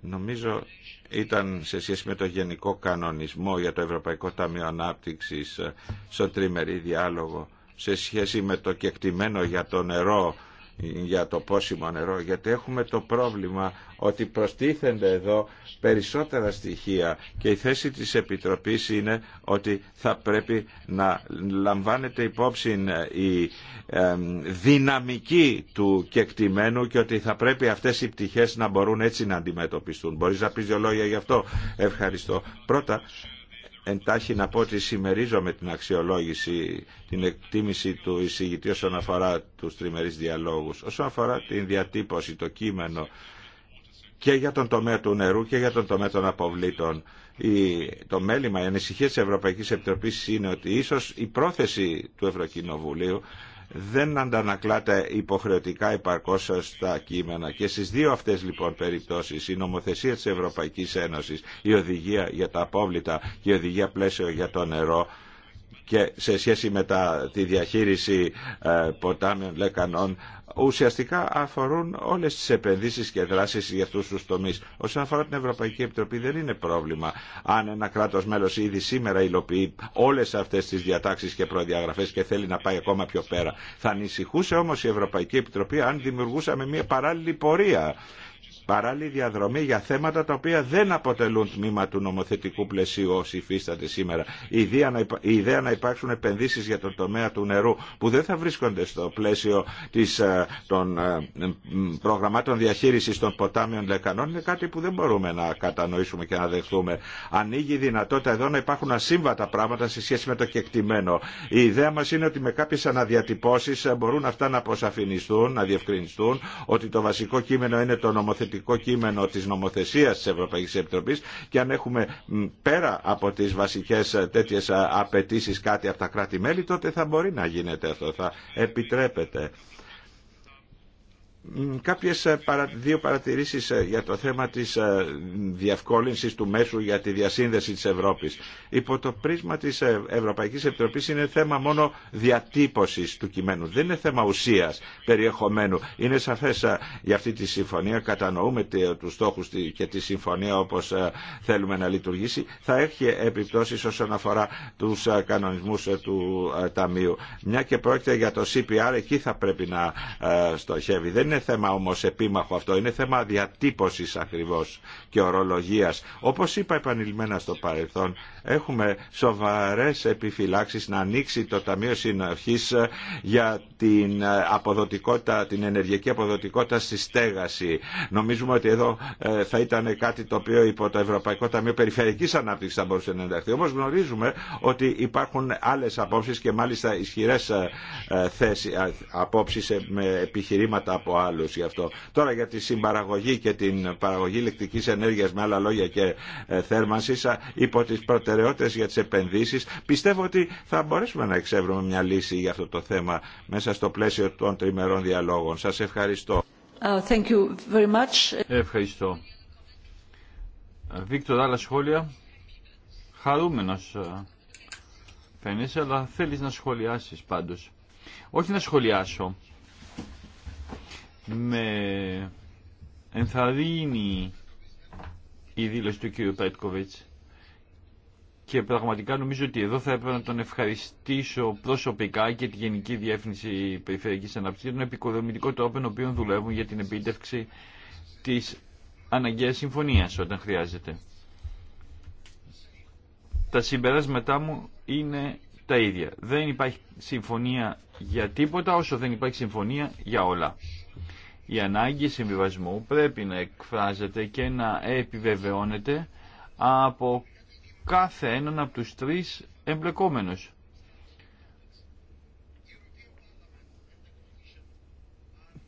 νομίζω ήταν σε σχέση με το γενικό κανονισμό για το Ευρωπαϊκό Ταμείο Ανάπτυξης ε, στο τριμερή διάλογο, σε σχέση με το κεκτημένο για το νερό για το πόσιμο νερό γιατί έχουμε το πρόβλημα ότι προστίθενται εδώ περισσότερα στοιχεία και η θέση της Επιτροπής είναι ότι θα πρέπει να λαμβάνεται υπόψη ε, η ε, δυναμική του κεκτημένου και ότι θα πρέπει αυτές οι πτυχές να μπορούν έτσι να αντιμετωπιστούν. Μπορείς να πεις δύο λόγια γι' αυτό. Ευχαριστώ. Πρώτα εντάχει να πω ότι συμμερίζομαι την αξιολόγηση, την εκτίμηση του εισηγητή όσον αφορά τους τριμερείς διαλόγους, όσον αφορά την διατύπωση, το κείμενο και για τον τομέα του νερού και για τον τομέα των αποβλήτων. Η, το μέλημα, η ανησυχία της Ευρωπαϊκής Επιτροπής είναι ότι ίσως η πρόθεση του Ευρωκοινοβουλίου δεν αντανακλάται υποχρεωτικά υπαρκώς στα κείμενα. Και στις δύο αυτές λοιπόν περιπτώσεις, η νομοθεσία της Ευρωπαϊκής Ένωσης, η οδηγία για τα απόβλητα και η οδηγία πλαίσιο για το νερό, και σε σχέση με τα, τη διαχείριση ε, ποτάμιων, λεκανών ουσιαστικά αφορούν όλες τις επενδύσεις και δράσεις για αυτούς τους τομείς. Όσον αφορά την Ευρωπαϊκή Επιτροπή δεν είναι πρόβλημα αν ένα κράτος μέλος ήδη σήμερα υλοποιεί όλες αυτές τις διατάξεις και προδιαγραφές και θέλει να πάει ακόμα πιο πέρα. Θα ανησυχούσε όμως η Ευρωπαϊκή Επιτροπή αν δημιουργούσαμε μια παράλληλη πορεία παράλληλη διαδρομή για θέματα τα οποία δεν αποτελούν τμήμα του νομοθετικού πλαισίου όσοι υφίσταται σήμερα. Η ιδέα να υπάρξουν επενδύσεις για τον τομέα του νερού που δεν θα βρίσκονται στο πλαίσιο της, ε, των ε, προγραμμάτων διαχείρισης των ποτάμιων λεκανών είναι κάτι που δεν μπορούμε να κατανοήσουμε και να δεχθούμε. Ανοίγει η δυνατότητα εδώ να υπάρχουν ασύμβατα πράγματα σε σχέση με το κεκτημένο. Η ιδέα μας είναι ότι με κάποιες αναδιατυπώσεις ε, μπορούν αυτά να αποσαφινιστούν, να διευκρινιστούν, ότι το βασικό κείμενο είναι το νομοθετικό σχετικό κείμενο της νομοθεσίας της Ευρωπαϊκής Επιτροπής και αν έχουμε πέρα από τις βασικές ε, τέτοιες ε, απαιτήσει κάτι από τα κράτη-μέλη τότε θα μπορεί να γίνεται αυτό, θα επιτρέπεται. Κάποιες ε, δύο παρατηρήσεις ε, για το θέμα της ε, διευκόλυνσης του μέσου για τη διασύνδεση της Ευρώπης. Υπό το πρίσμα της Ευρωπαϊκής Επιτροπής είναι θέμα μόνο διατύπωσης του κειμένου. Δεν είναι θέμα ουσίας περιεχομένου. Είναι σαφές για αυτή τη συμφωνία, κατανοούμε τους στόχους και τη συμφωνία όπως θέλουμε να λειτουργήσει. Θα έχει επιπτώσεις όσον αφορά τους κανονισμούς του Ταμείου. Μια και πρόκειται για το CPR, εκεί θα πρέπει να στοχεύει. Δεν είναι θέμα όμως επίμαχο αυτό, είναι θέμα διατύπωσης ακριβώς και ορολογίας. Όπως είπα επανειλημμένα στο παρελθόν, έχουμε σοβαρές επιφυλάξεις να ανοίξει το Ταμείο Συνοχής για την, αποδοτικότητα, την ενεργειακή αποδοτικότητα στη στέγαση. Νομίζουμε ότι εδώ ε, θα ήταν κάτι το οποίο υπό το Ευρωπαϊκό Ταμείο Περιφερειακής Ανάπτυξης θα μπορούσε να ενταχθεί. Όμως γνωρίζουμε ότι υπάρχουν άλλες απόψεις και μάλιστα ισχυρές ε, ε, θέσεις, απόψεις με επιχειρήματα από άλλους γι' αυτό. Τώρα για τη συμπαραγωγή και την παραγωγή ηλεκτρικής ενέργειας με άλλα λόγια και θέρμανσης υπό τις προτεραιότητες προτεραιότητε για τι επενδύσει, Πιστεύω ότι θα μπορέσουμε να εξεύρουμε μια λύση για αυτό το θέμα μέσα στο πλαίσιο των τριμερών διαλόγων. Σας ευχαριστώ. Uh, thank you very much. Ευχαριστώ. Βίκτορ, άλλα σχόλια. Χαρούμενος ε, φαίνεσαι, αλλά θέλεις να σχολιάσεις πάντως. Όχι να σχολιάσω. Με ενθαρρύνει η δήλωση του κ. Πέτκοβιτς και πραγματικά νομίζω ότι εδώ θα έπρεπε να τον ευχαριστήσω προσωπικά και τη Γενική Διεύθυνση περιφερειακή Αναπτύξη για τον επικοδομητικό τρόπο τον οποίο δουλεύουν για την επίτευξη της αναγκαία συμφωνίας όταν χρειάζεται. Τα συμπεράσματά μου είναι τα ίδια. Δεν υπάρχει συμφωνία για τίποτα όσο δεν υπάρχει συμφωνία για όλα. Η ανάγκη συμβιβασμού πρέπει να εκφράζεται και να επιβεβαιώνεται από κάθε έναν από τους τρεις εμπλεκόμενους.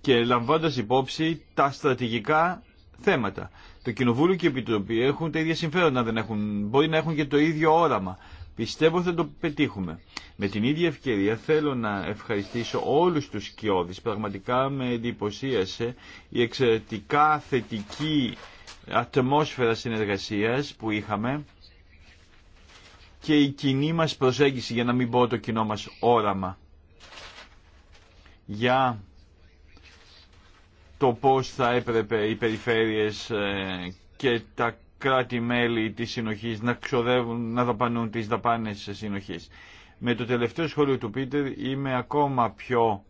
Και λαμβάνοντα υπόψη τα στρατηγικά θέματα. Το Κοινοβούλιο και η Επιτροπή έχουν τα ίδια συμφέροντα, δεν έχουν, μπορεί να έχουν και το ίδιο όραμα. Πιστεύω θα το πετύχουμε. Με την ίδια ευκαιρία θέλω να ευχαριστήσω όλους τους σκιώδεις. Πραγματικά με εντυπωσίασε η εξαιρετικά θετική ατμόσφαιρα συνεργασίας που είχαμε και η κοινή μας προσέγγιση, για να μην πω το κοινό μας όραμα, για το πώς θα έπρεπε οι περιφέρειες ε, και τα κράτη-μέλη της συνοχής να ξοδεύουν, να δαπανούν τις δαπάνες της συνοχής. Με το τελευταίο σχόλιο του Πίτερ είμαι ακόμα πιο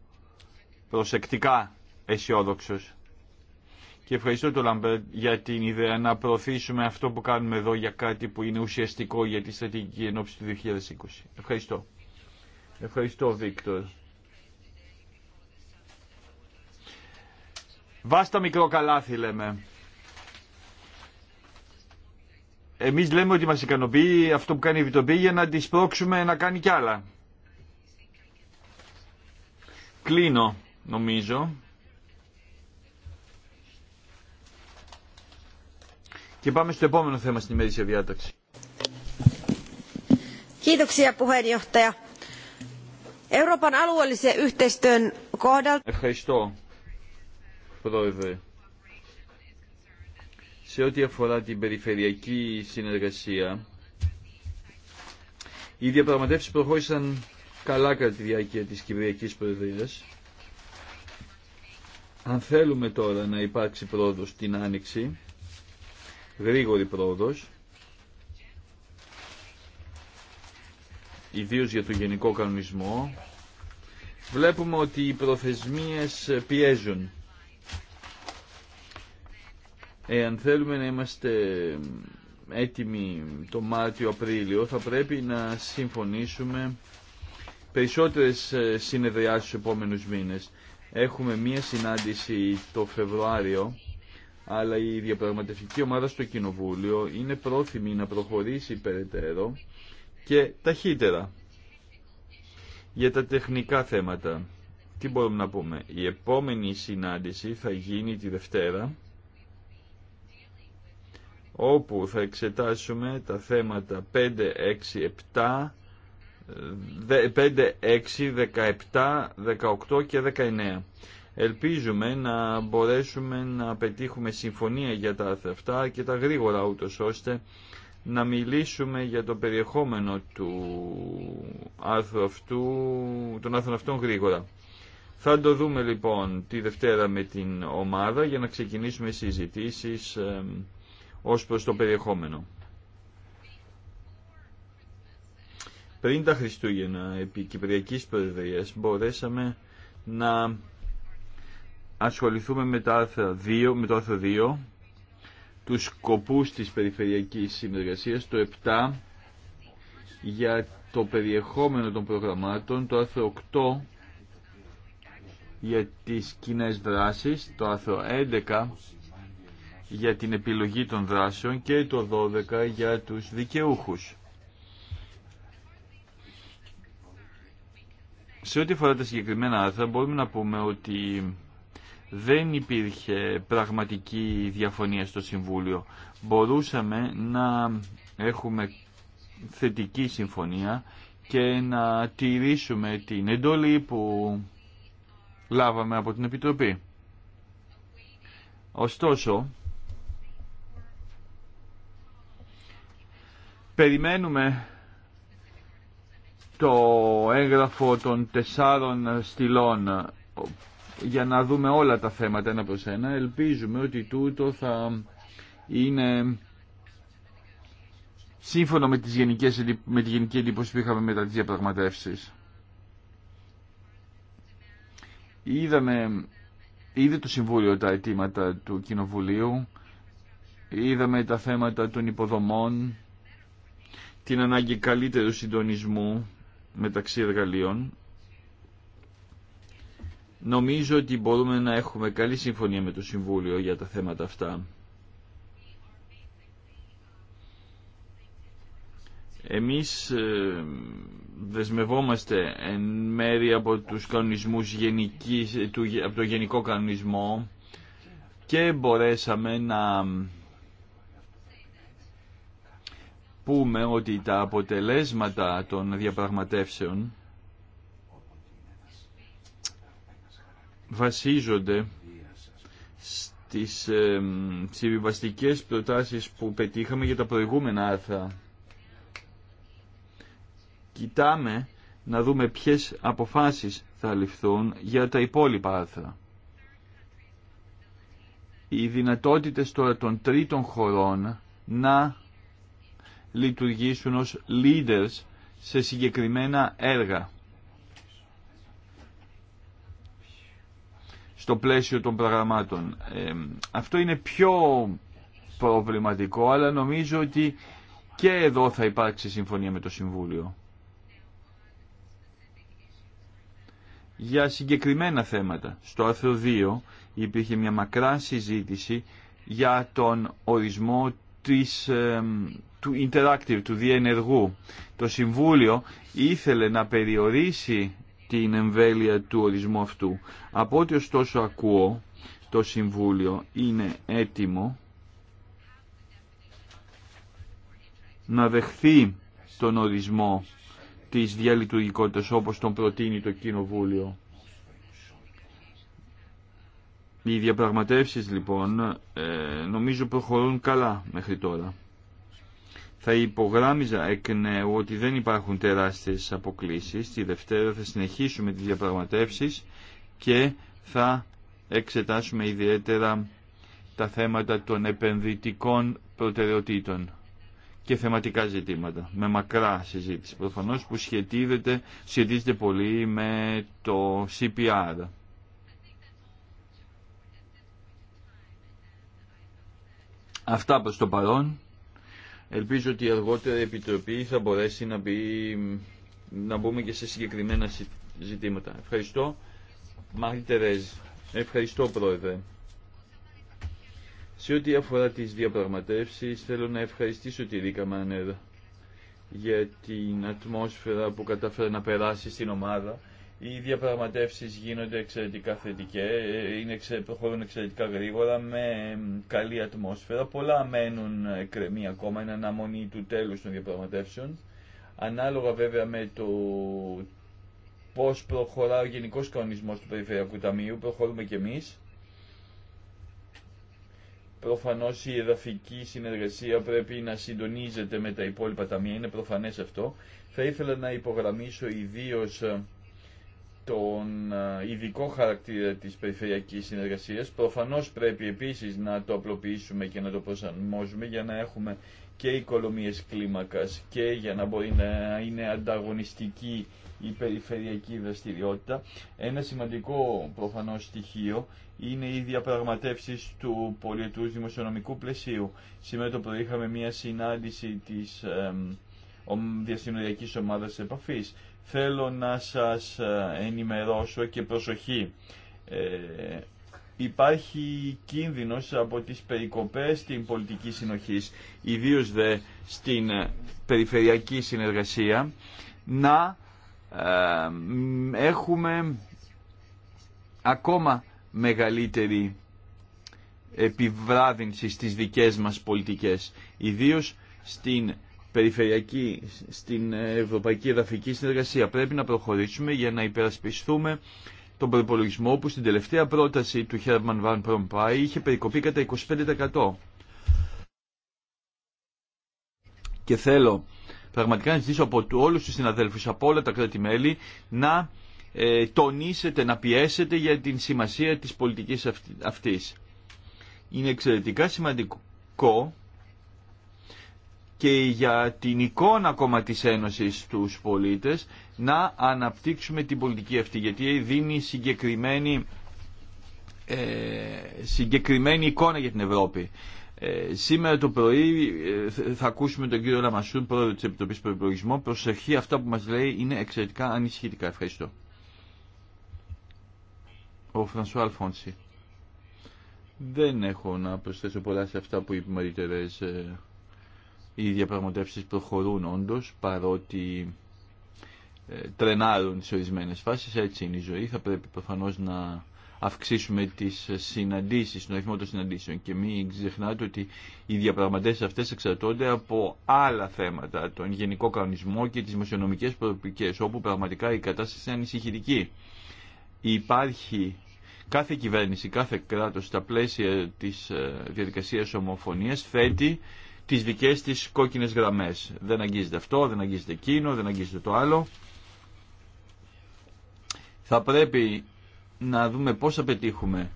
προσεκτικά αισιόδοξο και ευχαριστώ τον Λαμπέρτ για την ιδέα να προωθήσουμε αυτό που κάνουμε εδώ για κάτι που είναι ουσιαστικό για τη στρατηγική ενόψη του 2020. Ευχαριστώ. Ευχαριστώ Βίκτορ. Βάστα μικρό καλάθι λέμε. Εμείς λέμε ότι μας ικανοποιεί αυτό που κάνει η Βιτοπή για να τη σπρώξουμε να κάνει κι άλλα. Κλείνω νομίζω. Και πάμε στο επόμενο θέμα στην ημερήσια διάταξη. Ευχαριστώ, Πρόεδρε. Σε ό,τι αφορά την περιφερειακή συνεργασία, οι διαπραγματεύσεις προχώρησαν καλά κατά τη διάρκεια της Κυπριακής Προεδρίας. Αν θέλουμε τώρα να υπάρξει πρόοδος στην Άνοιξη, γρήγορη πρόοδος, ιδίως για το γενικό κανονισμό, βλέπουμε ότι οι προθεσμίες πιέζουν. Εάν θέλουμε να είμαστε έτοιμοι το Μάρτιο-Απρίλιο, θα πρέπει να συμφωνήσουμε περισσότερες ε, συνεδριάσεις στους επόμενους μήνες. Έχουμε μία συνάντηση το Φεβρουάριο αλλά η διαπραγματευτική ομάδα στο Κοινοβούλιο είναι πρόθυμη να προχωρήσει περαιτέρω και ταχύτερα για τα τεχνικά θέματα. Τι μπορούμε να πούμε. Η επόμενη συνάντηση θα γίνει τη Δευτέρα όπου θα εξετάσουμε τα θέματα 5, 6, 7, 5, 6, 17, 18 και 19. Ελπίζουμε να μπορέσουμε να πετύχουμε συμφωνία για τα άρθρα αυτά και τα γρήγορα ούτως ώστε να μιλήσουμε για το περιεχόμενο του άρθρου αυτού, των άρθρων αυτών γρήγορα. Θα το δούμε λοιπόν τη Δευτέρα με την ομάδα για να ξεκινήσουμε συζητήσεις ε, ως προς το περιεχόμενο. Πριν τα Χριστούγεννα επί Κυπριακής Προεδρίας μπορέσαμε να ασχοληθούμε με το άρθρο 2, με το άρθρο 2 τους σκοπούς της περιφερειακής συνεργασίας, το 7 για το περιεχόμενο των προγραμμάτων, το άρθρο 8 για τις κοινέ δράσεις, το άρθρο 11 για την επιλογή των δράσεων και το 12 για τους δικαιούχους. Σε ό,τι αφορά τα συγκεκριμένα άρθρα μπορούμε να πούμε ότι δεν υπήρχε πραγματική διαφωνία στο Συμβούλιο. Μπορούσαμε να έχουμε θετική συμφωνία και να τηρήσουμε την εντολή που λάβαμε από την Επιτροπή. Ωστόσο, περιμένουμε το έγγραφο των τεσσάρων στυλών για να δούμε όλα τα θέματα ένα προς ένα. Ελπίζουμε ότι τούτο θα είναι σύμφωνο με, τις γενικές, με τη γενική εντύπωση που είχαμε μετά τις διαπραγματεύσεις. Είδαμε, είδε το Συμβούλιο τα αιτήματα του Κοινοβουλίου, είδαμε τα θέματα των υποδομών, την ανάγκη καλύτερου συντονισμού μεταξύ εργαλείων, Νομίζω ότι μπορούμε να έχουμε καλή συμφωνία με το Συμβούλιο για τα θέματα αυτά. Εμείς ε, δεσμευόμαστε εν μέρη από τους κανονισμούς γενικής, του, από το γενικό κανονισμό και μπορέσαμε να πούμε ότι τα αποτελέσματα των διαπραγματεύσεων βασίζονται στις ε, συμβιβαστικές προτάσεις που πετύχαμε για τα προηγούμενα άρθρα. Κοιτάμε να δούμε ποιες αποφάσεις θα ληφθούν για τα υπόλοιπα άρθρα. Οι δυνατότητες τώρα των τρίτων χωρών να λειτουργήσουν ως leaders σε συγκεκριμένα έργα. στο πλαίσιο των προγραμμάτων. Ε, αυτό είναι πιο προβληματικό, αλλά νομίζω ότι και εδώ θα υπάρξει συμφωνία με το Συμβούλιο. Για συγκεκριμένα θέματα, στο άρθρο 2 υπήρχε μια μακρά συζήτηση για τον ορισμό της, ε, του interactive, του διενεργού. Το Συμβούλιο ήθελε να περιορίσει την εμβέλεια του ορισμού αυτού. Από ό,τι ωστόσο ακούω, το Συμβούλιο είναι έτοιμο να δεχθεί τον ορισμό της διαλειτουργικότητας όπως τον προτείνει το Κοινοβούλιο. Οι διαπραγματεύσεις λοιπόν ε, νομίζω προχωρούν καλά μέχρι τώρα. Θα υπογράμμιζα εκ νέου ότι δεν υπάρχουν τεράστιες αποκλήσεις. Τη Δευτέρα θα συνεχίσουμε τις διαπραγματεύσεις και θα εξετάσουμε ιδιαίτερα τα θέματα των επενδυτικών προτεραιοτήτων και θεματικά ζητήματα, με μακρά συζήτηση προφανώς που σχετίζεται, σχετίζεται πολύ με το CPR. Αυτά προς το παρόν. Ελπίζω ότι η αργότερη επιτροπή θα μπορέσει να, μπει, να μπούμε και σε συγκεκριμένα ζητήματα. Ευχαριστώ. Μάρι Τερέζ. Ευχαριστώ Πρόεδρε. Σε ό,τι αφορά τις διαπραγματεύσεις θέλω να ευχαριστήσω τη Ρίκα Μανέρα για την ατμόσφαιρα που κατάφερε να περάσει στην ομάδα οι διαπραγματεύσεις γίνονται εξαιρετικά θετικέ, ε, είναι, προχωρούν εξαιρετικά γρήγορα, με καλή ατμόσφαιρα. Πολλά μένουν εκκρεμή ακόμα, είναι αναμονή του τέλους των διαπραγματεύσεων. Ανάλογα βέβαια με το πώς προχωρά ο γενικός κανονισμός του Περιφερειακού Ταμείου, προχωρούμε και εμείς. Προφανώς η εδαφική συνεργασία πρέπει να συντονίζεται με τα υπόλοιπα ταμεία, είναι προφανές αυτό. Θα ήθελα να υπογραμμίσω ιδίως ε, τον ε, ειδικό χαρακτήρα της περιφερειακής συνεργασίας. Προφανώς πρέπει επίσης να το απλοποιήσουμε και να το προσαρμόζουμε για να έχουμε και οικονομίες κλίμακας και για να μπορεί να είναι ανταγωνιστική η περιφερειακή δραστηριότητα. Ένα σημαντικό προφανώς στοιχείο είναι οι διαπραγματεύσεις του πολιετούς δημοσιονομικού πλαισίου. Σήμερα το πρωί είχαμε μια συνάντηση της ε, διασυνοριακής ομάδας επαφής θέλω να σας ε, ενημερώσω και προσοχή. Ε, υπάρχει κίνδυνος από τις περικοπές στην πολιτική συνοχής, ιδίως δε στην ε, περιφερειακή συνεργασία, να ε, έχουμε ακόμα μεγαλύτερη επιβράδυνση στις δικές μας πολιτικές, ιδίως στην περιφερειακή, στην ευρωπαϊκή εδαφική συνεργασία. Πρέπει να προχωρήσουμε για να υπερασπιστούμε τον προπολογισμό που στην τελευταία πρόταση του Χέρμαν Βαν Προμπάι είχε περικοπεί κατά 25%. Και θέλω πραγματικά να ζητήσω από όλους τους συναδέλφους, από όλα τα κράτη-μέλη, να ε, τονίσετε, να πιέσετε για την σημασία της πολιτικής αυτής. Είναι εξαιρετικά σημαντικό και για την εικόνα ακόμα της Ένωσης στους πολίτες να αναπτύξουμε την πολιτική αυτή γιατί δίνει συγκεκριμένη, ε, συγκεκριμένη εικόνα για την Ευρώπη. Ε, σήμερα το πρωί ε, θα ακούσουμε τον κύριο Λαμασούν, πρόεδρο της Επιτροπής Προϋπολογισμών. Προσοχή, αυτά που μας λέει είναι εξαιρετικά ανησυχητικά. Ευχαριστώ. Ο Φρανσουά Αλφόνση. Δεν έχω να προσθέσω πολλά σε αυτά που είπε η Μαρή οι διαπραγματεύσεις προχωρούν όντως παρότι ε, τρενάρουν σε ορισμένες φάσεις, έτσι είναι η ζωή. Θα πρέπει προφανώς να αυξήσουμε τις συναντήσεις, τον αριθμό των συναντήσεων και μην ξεχνάτε ότι οι διαπραγματεύσεις αυτές εξαρτώνται από άλλα θέματα, τον γενικό κανονισμό και τις δημοσιονομικές προοπτικές, όπου πραγματικά η κατάσταση είναι ανησυχητική. Υπάρχει κάθε κυβέρνηση, κάθε κράτος στα πλαίσια της ε, διαδικασίας ομοφωνίας θέτει τις δικές της κόκκινες γραμμές. Δεν αγγίζεται αυτό, δεν αγγίζεται εκείνο, δεν αγγίζεται το άλλο. Θα πρέπει να δούμε πώς θα πετύχουμε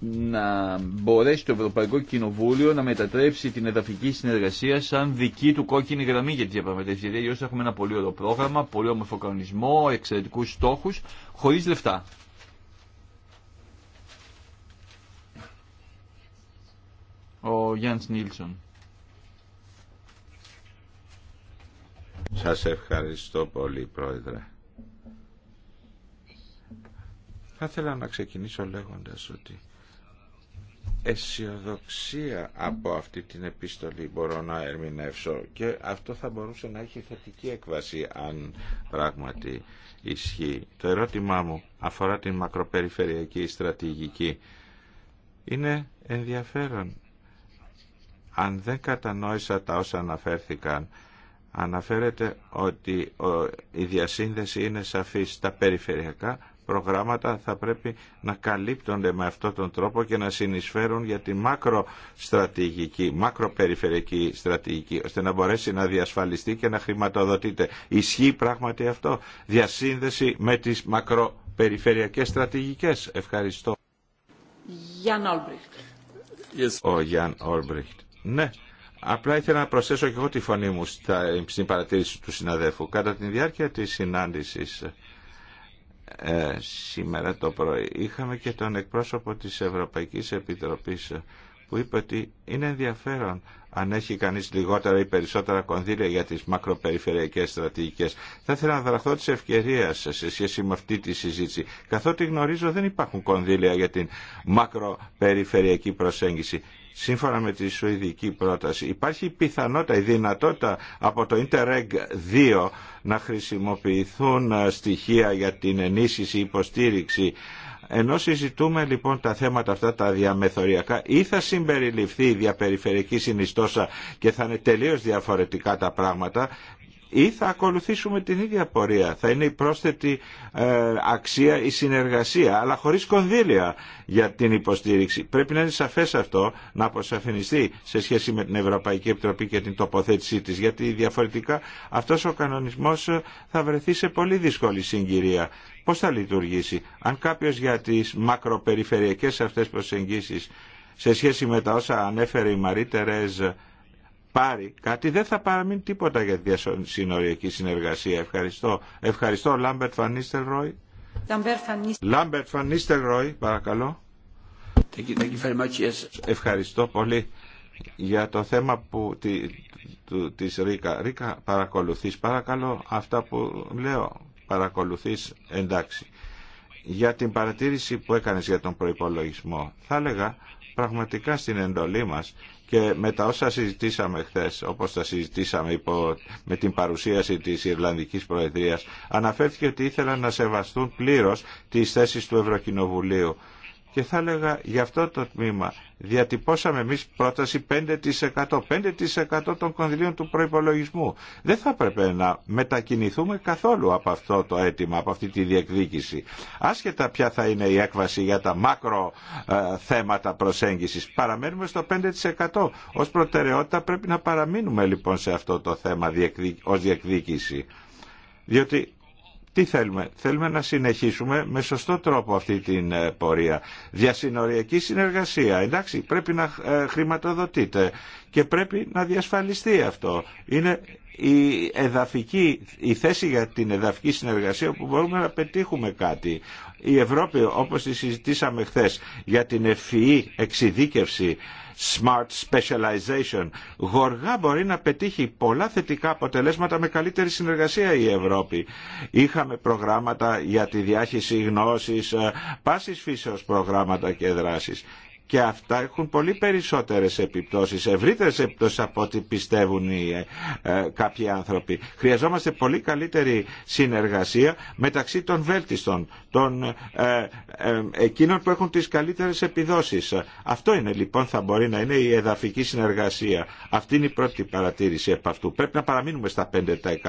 να μπορέσει το Ευρωπαϊκό Κοινοβούλιο να μετατρέψει την εδαφική συνεργασία σαν δική του κόκκινη γραμμή για τη διαπραγματεύσει. Γιατί αλλιώ έχουμε ένα πολύ ωραίο πρόγραμμα, πολύ όμορφο κανονισμό, εξαιρετικού στόχου, χωρί λεφτά. Ο Γιάννη Νίλσον. Σας ευχαριστώ πολύ, Πρόεδρε. Θα ήθελα να ξεκινήσω λέγοντας ότι αισιοδοξία από αυτή την επίστολη μπορώ να ερμηνεύσω και αυτό θα μπορούσε να έχει θετική έκβαση αν πράγματι ισχύει. Το ερώτημά μου αφορά την μακροπεριφερειακή στρατηγική. Είναι ενδιαφέρον. Αν δεν κατανόησα τα όσα αναφέρθηκαν Αναφέρεται ότι η διασύνδεση είναι σαφή στα περιφερειακά προγράμματα θα πρέπει να καλύπτονται με αυτόν τον τρόπο και να συνεισφέρουν για τη μακροστρατηγική, μακροπεριφερειακή στρατηγική, ώστε να μπορέσει να διασφαλιστεί και να χρηματοδοτείται. Ισχύει πράγματι αυτό. Διασύνδεση με τις μακροπεριφερειακές στρατηγικές. Ευχαριστώ. Ναι, Απλά ήθελα να προσθέσω και εγώ τη φωνή μου στην παρατήρηση του συναδέλφου. Κατά τη διάρκεια της συνάντησης ε, σήμερα το πρωί είχαμε και τον εκπρόσωπο της Ευρωπαϊκής Επιτροπής ε, που είπε ότι είναι ενδιαφέρον αν έχει κανείς λιγότερα ή περισσότερα κονδύλια για τις μακροπεριφερειακές στρατηγικές. Θα ήθελα να δραχθώ της ευκαιρία σε σχέση με αυτή τη συζήτηση. Καθότι γνωρίζω δεν υπάρχουν κονδύλια για την μακροπεριφερειακή προσέγγιση σύμφωνα με τη σουηδική πρόταση υπάρχει πιθανότητα, η δυνατότητα από το Interreg 2 να χρησιμοποιηθούν ε, στοιχεία για την ενίσχυση, υποστήριξη ενώ συζητούμε λοιπόν τα θέματα αυτά τα διαμεθοριακά ή θα συμπεριληφθεί η διαπεριφερειακή διαπεριφερικη συνιστοσα και θα είναι τελείως διαφορετικά τα πράγματα ή θα ακολουθήσουμε την ίδια πορεία. Θα είναι η πρόσθετη ε, αξία η συνεργασία, αλλά χωρίς κονδύλια για την υποστήριξη. Πρέπει να είναι σαφές αυτό, να αποσαφινιστεί σε σχέση με την Ευρωπαϊκή Επιτροπή και την τοποθέτησή της, γιατί διαφορετικά αυτός ο κανονισμός ε, θα βρεθεί σε πολύ δύσκολη συγκυρία. Πώς θα λειτουργήσει, αν κάποιος για τις μακροπεριφερειακές αυτές προσεγγίσεις σε σχέση με τα όσα ανέφερε η Μαρή Τερέζ πάρει κάτι δεν θα παραμείνει τίποτα για τη διασυνοριακή συνεργασία. Ευχαριστώ. Ευχαριστώ Λάμπερτ Φανίστερ Ρόι. Λάμπερτ Φανίστερ Ρόι, παρακαλώ. Thank you, thank you very much, Ευχαριστώ πολύ για το θέμα που, τη, της Ρίκα. Ρίκα παρακολουθείς παρακαλώ αυτά που λέω. Παρακολουθείς εντάξει. Για την παρατήρηση που έκανες για τον προϋπολογισμό θα έλεγα πραγματικά στην εντολή μας και με τα όσα συζητήσαμε χθε, όπως τα συζητήσαμε υπό, με την παρουσίαση της Ιρλανδικής Προεδρίας, αναφέρθηκε ότι ήθελαν να σεβαστούν πλήρως τις θέσεις του Ευρωκοινοβουλίου. Και θα έλεγα για αυτό το τμήμα διατυπώσαμε εμείς πρόταση 5%. 5% των κονδυλίων του προϋπολογισμού. Δεν θα έπρεπε να μετακινηθούμε καθόλου από αυτό το αίτημα, από αυτή τη διεκδίκηση. Άσχετα ποια θα είναι η έκβαση για τα μάκρο ε, θέματα προσέγγισης. Παραμένουμε στο 5%. Ως προτεραιότητα πρέπει να παραμείνουμε λοιπόν σε αυτό το θέμα ως διεκδίκηση. Διότι τι θέλουμε. Θέλουμε να συνεχίσουμε με σωστό τρόπο αυτή την ε, πορεία. Διασυνοριακή συνεργασία. Εντάξει, πρέπει να ε, χρηματοδοτείται και πρέπει να διασφαλιστεί αυτό. Είναι η, εδαφική, η θέση για την εδαφική συνεργασία που μπορούμε να πετύχουμε κάτι. Η Ευρώπη, όπως τη συζητήσαμε χθε για την ευφυή εξειδίκευση, smart specialization. Γοργά μπορεί να πετύχει πολλά θετικά αποτελέσματα με καλύτερη συνεργασία η Ευρώπη. Είχαμε προγράμματα για τη διάχυση γνώσης, ε, πάσης φύσεως προγράμματα και δράσεις και αυτά έχουν πολύ περισσότερες επιπτώσεις, ευρύτερες επιπτώσεις από ό,τι πιστεύουν οι, ε, ε κάποιοι άνθρωποι. Χρειαζόμαστε πολύ καλύτερη συνεργασία μεταξύ των βέλτιστων, των ε, ε, ε, εκείνων που έχουν τις καλύτερες επιδόσεις. Αυτό είναι λοιπόν θα μπορεί να είναι η εδαφική συνεργασία. Αυτή είναι η πρώτη παρατήρηση από αυτού. Πρέπει να παραμείνουμε στα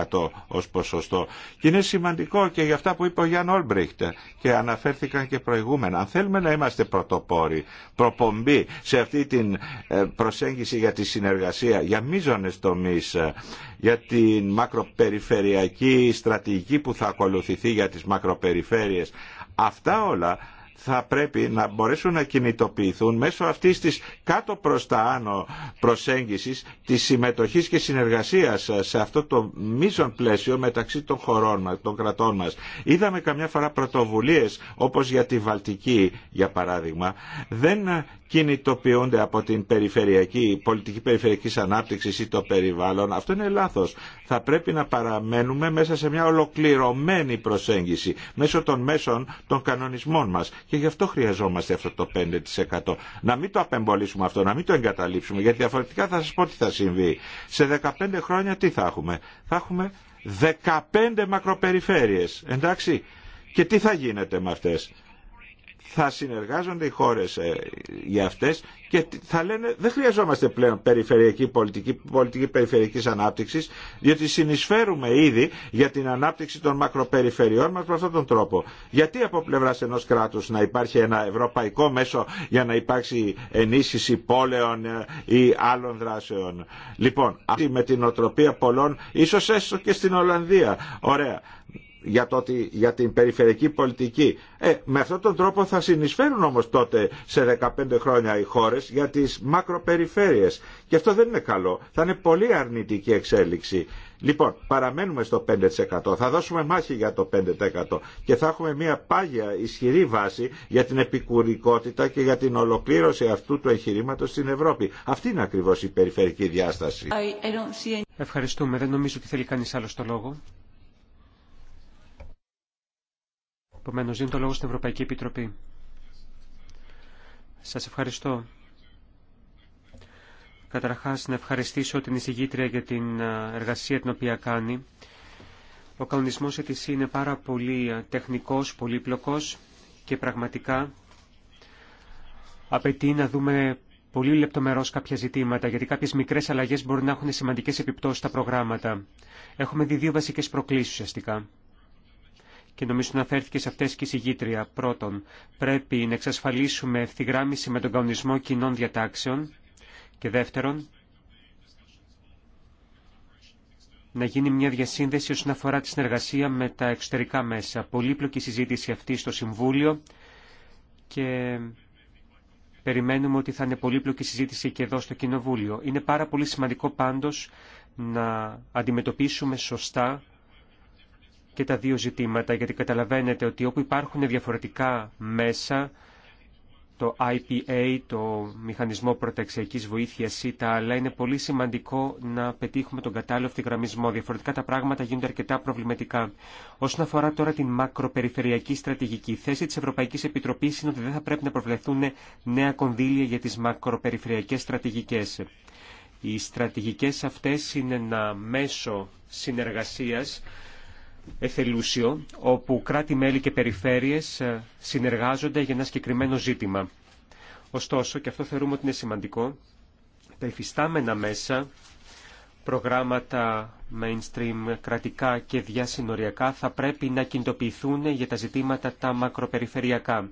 5% ως ποσοστό. Και είναι σημαντικό και για αυτά που είπε ο Γιάνν Όλμπριχτ και αναφέρθηκαν και προηγούμενα. Αν θέλουμε να είμαστε πρωτοπόροι, προπομπή σε αυτή την ε, προσέγγιση για τη συνεργασία για μείζονες τομείς ε, για την μακροπεριφερειακή στρατηγική που θα ακολουθηθεί για τις μακροπεριφέρειες αυτά όλα θα πρέπει να μπορέσουν να κινητοποιηθούν μέσω αυτή της κάτω προς τα άνω προσέγγισης της συμμετοχής και συνεργασίας σε αυτό το μείζον πλαίσιο μεταξύ των χωρών μας, των κρατών μας. Είδαμε καμιά φορά πρωτοβουλίες όπως για τη Βαλτική για παράδειγμα δεν κινητοποιούνται από την περιφερειακή, πολιτική περιφερειακή ανάπτυξη ή το περιβάλλον. Αυτό είναι λάθος. Θα πρέπει να παραμένουμε μέσα σε μια ολοκληρωμένη προσέγγιση μέσω των μέσων των κανονισμών μας και γι' αυτό χρειαζόμαστε αυτό το 5%. Να μην το απεμπολίσουμε αυτό, να μην το εγκαταλείψουμε, γιατί διαφορετικά θα σας πω τι θα συμβεί. Σε 15 χρόνια τι θα έχουμε. Θα έχουμε 15 μακροπεριφέρειες, εντάξει. Και τι θα γίνεται με αυτές θα συνεργάζονται οι χώρες ε, για αυτές και θα λένε δεν χρειαζόμαστε πλέον περιφερειακή πολιτική, πολιτική περιφερειακής ανάπτυξης διότι συνεισφέρουμε ήδη για την ανάπτυξη των μακροπεριφερειών μας με αυτόν τον τρόπο. Γιατί από πλευράς ενός κράτους να υπάρχει ένα ευρωπαϊκό μέσο για να υπάρξει ενίσχυση πόλεων ε, ή άλλων δράσεων. Λοιπόν, αυτή με την οτροπία πολλών, ίσως έστω και στην Ολλανδία. Ωραία για, το για την περιφερειακή πολιτική. Ε, με αυτόν τον τρόπο θα συνεισφέρουν όμως τότε σε 15 χρόνια οι χώρες για τις μακροπεριφέρειες. Και αυτό δεν είναι καλό. Θα είναι πολύ αρνητική εξέλιξη. Λοιπόν, παραμένουμε στο 5%. Θα δώσουμε μάχη για το 5% και θα έχουμε μια πάγια ισχυρή βάση για την επικουρικότητα και για την ολοκλήρωση αυτού του εγχειρήματο στην Ευρώπη. Αυτή είναι ακριβώ η περιφερειακή διάσταση. Ευχαριστούμε. Δεν νομίζω ότι θέλει κανεί άλλο το λόγο. Επομένω, δίνω το λόγο στην Ευρωπαϊκή Επιτροπή. Σα ευχαριστώ. Καταρχά, να ευχαριστήσω την εισηγήτρια για την εργασία την οποία κάνει. Ο κανονισμό τη είναι πάρα πολύ τεχνικό, πολύπλοκο και πραγματικά απαιτεί να δούμε πολύ λεπτομερώς κάποια ζητήματα, γιατί κάποιες μικρές αλλαγές μπορεί να έχουν σημαντικές επιπτώσεις στα προγράμματα. Έχουμε δει δύο βασικές προκλήσεις ουσιαστικά και νομίζω να φέρθηκε σε αυτές και η συγγήτρια. Πρώτον, πρέπει να εξασφαλίσουμε ευθυγράμμιση με τον κανονισμό κοινών διατάξεων και δεύτερον, να γίνει μια διασύνδεση όσον αφορά τη συνεργασία με τα εξωτερικά μέσα. Πολύπλοκη συζήτηση αυτή στο Συμβούλιο και περιμένουμε ότι θα είναι πολύπλοκη συζήτηση και εδώ στο Κοινοβούλιο. Είναι πάρα πολύ σημαντικό πάντως να αντιμετωπίσουμε σωστά και τα δύο ζητήματα, γιατί καταλαβαίνετε ότι όπου υπάρχουν διαφορετικά μέσα, το IPA, το Μηχανισμό Προταξιακής Βοήθειας ή τα άλλα, είναι πολύ σημαντικό να πετύχουμε τον κατάλληλο ευθυγραμμισμό. Διαφορετικά τα πράγματα γίνονται αρκετά προβληματικά. Όσον αφορά τώρα την μακροπεριφερειακή στρατηγική, η θέση της Ευρωπαϊκής Επιτροπής είναι ότι δεν θα πρέπει να προβλεφθούν νέα κονδύλια για τις μακροπεριφερειακές στρατηγικές. Οι στρατηγικές αυτές είναι ένα μέσο συνεργασία εθελούσιο, όπου κράτη-μέλη και περιφέρειες ε, συνεργάζονται για ένα συγκεκριμένο ζήτημα. Ωστόσο, και αυτό θεωρούμε ότι είναι σημαντικό, τα υφιστάμενα μέσα, προγράμματα mainstream, κρατικά και διασυνοριακά, θα πρέπει να κινητοποιηθούν για τα ζητήματα τα μακροπεριφερειακά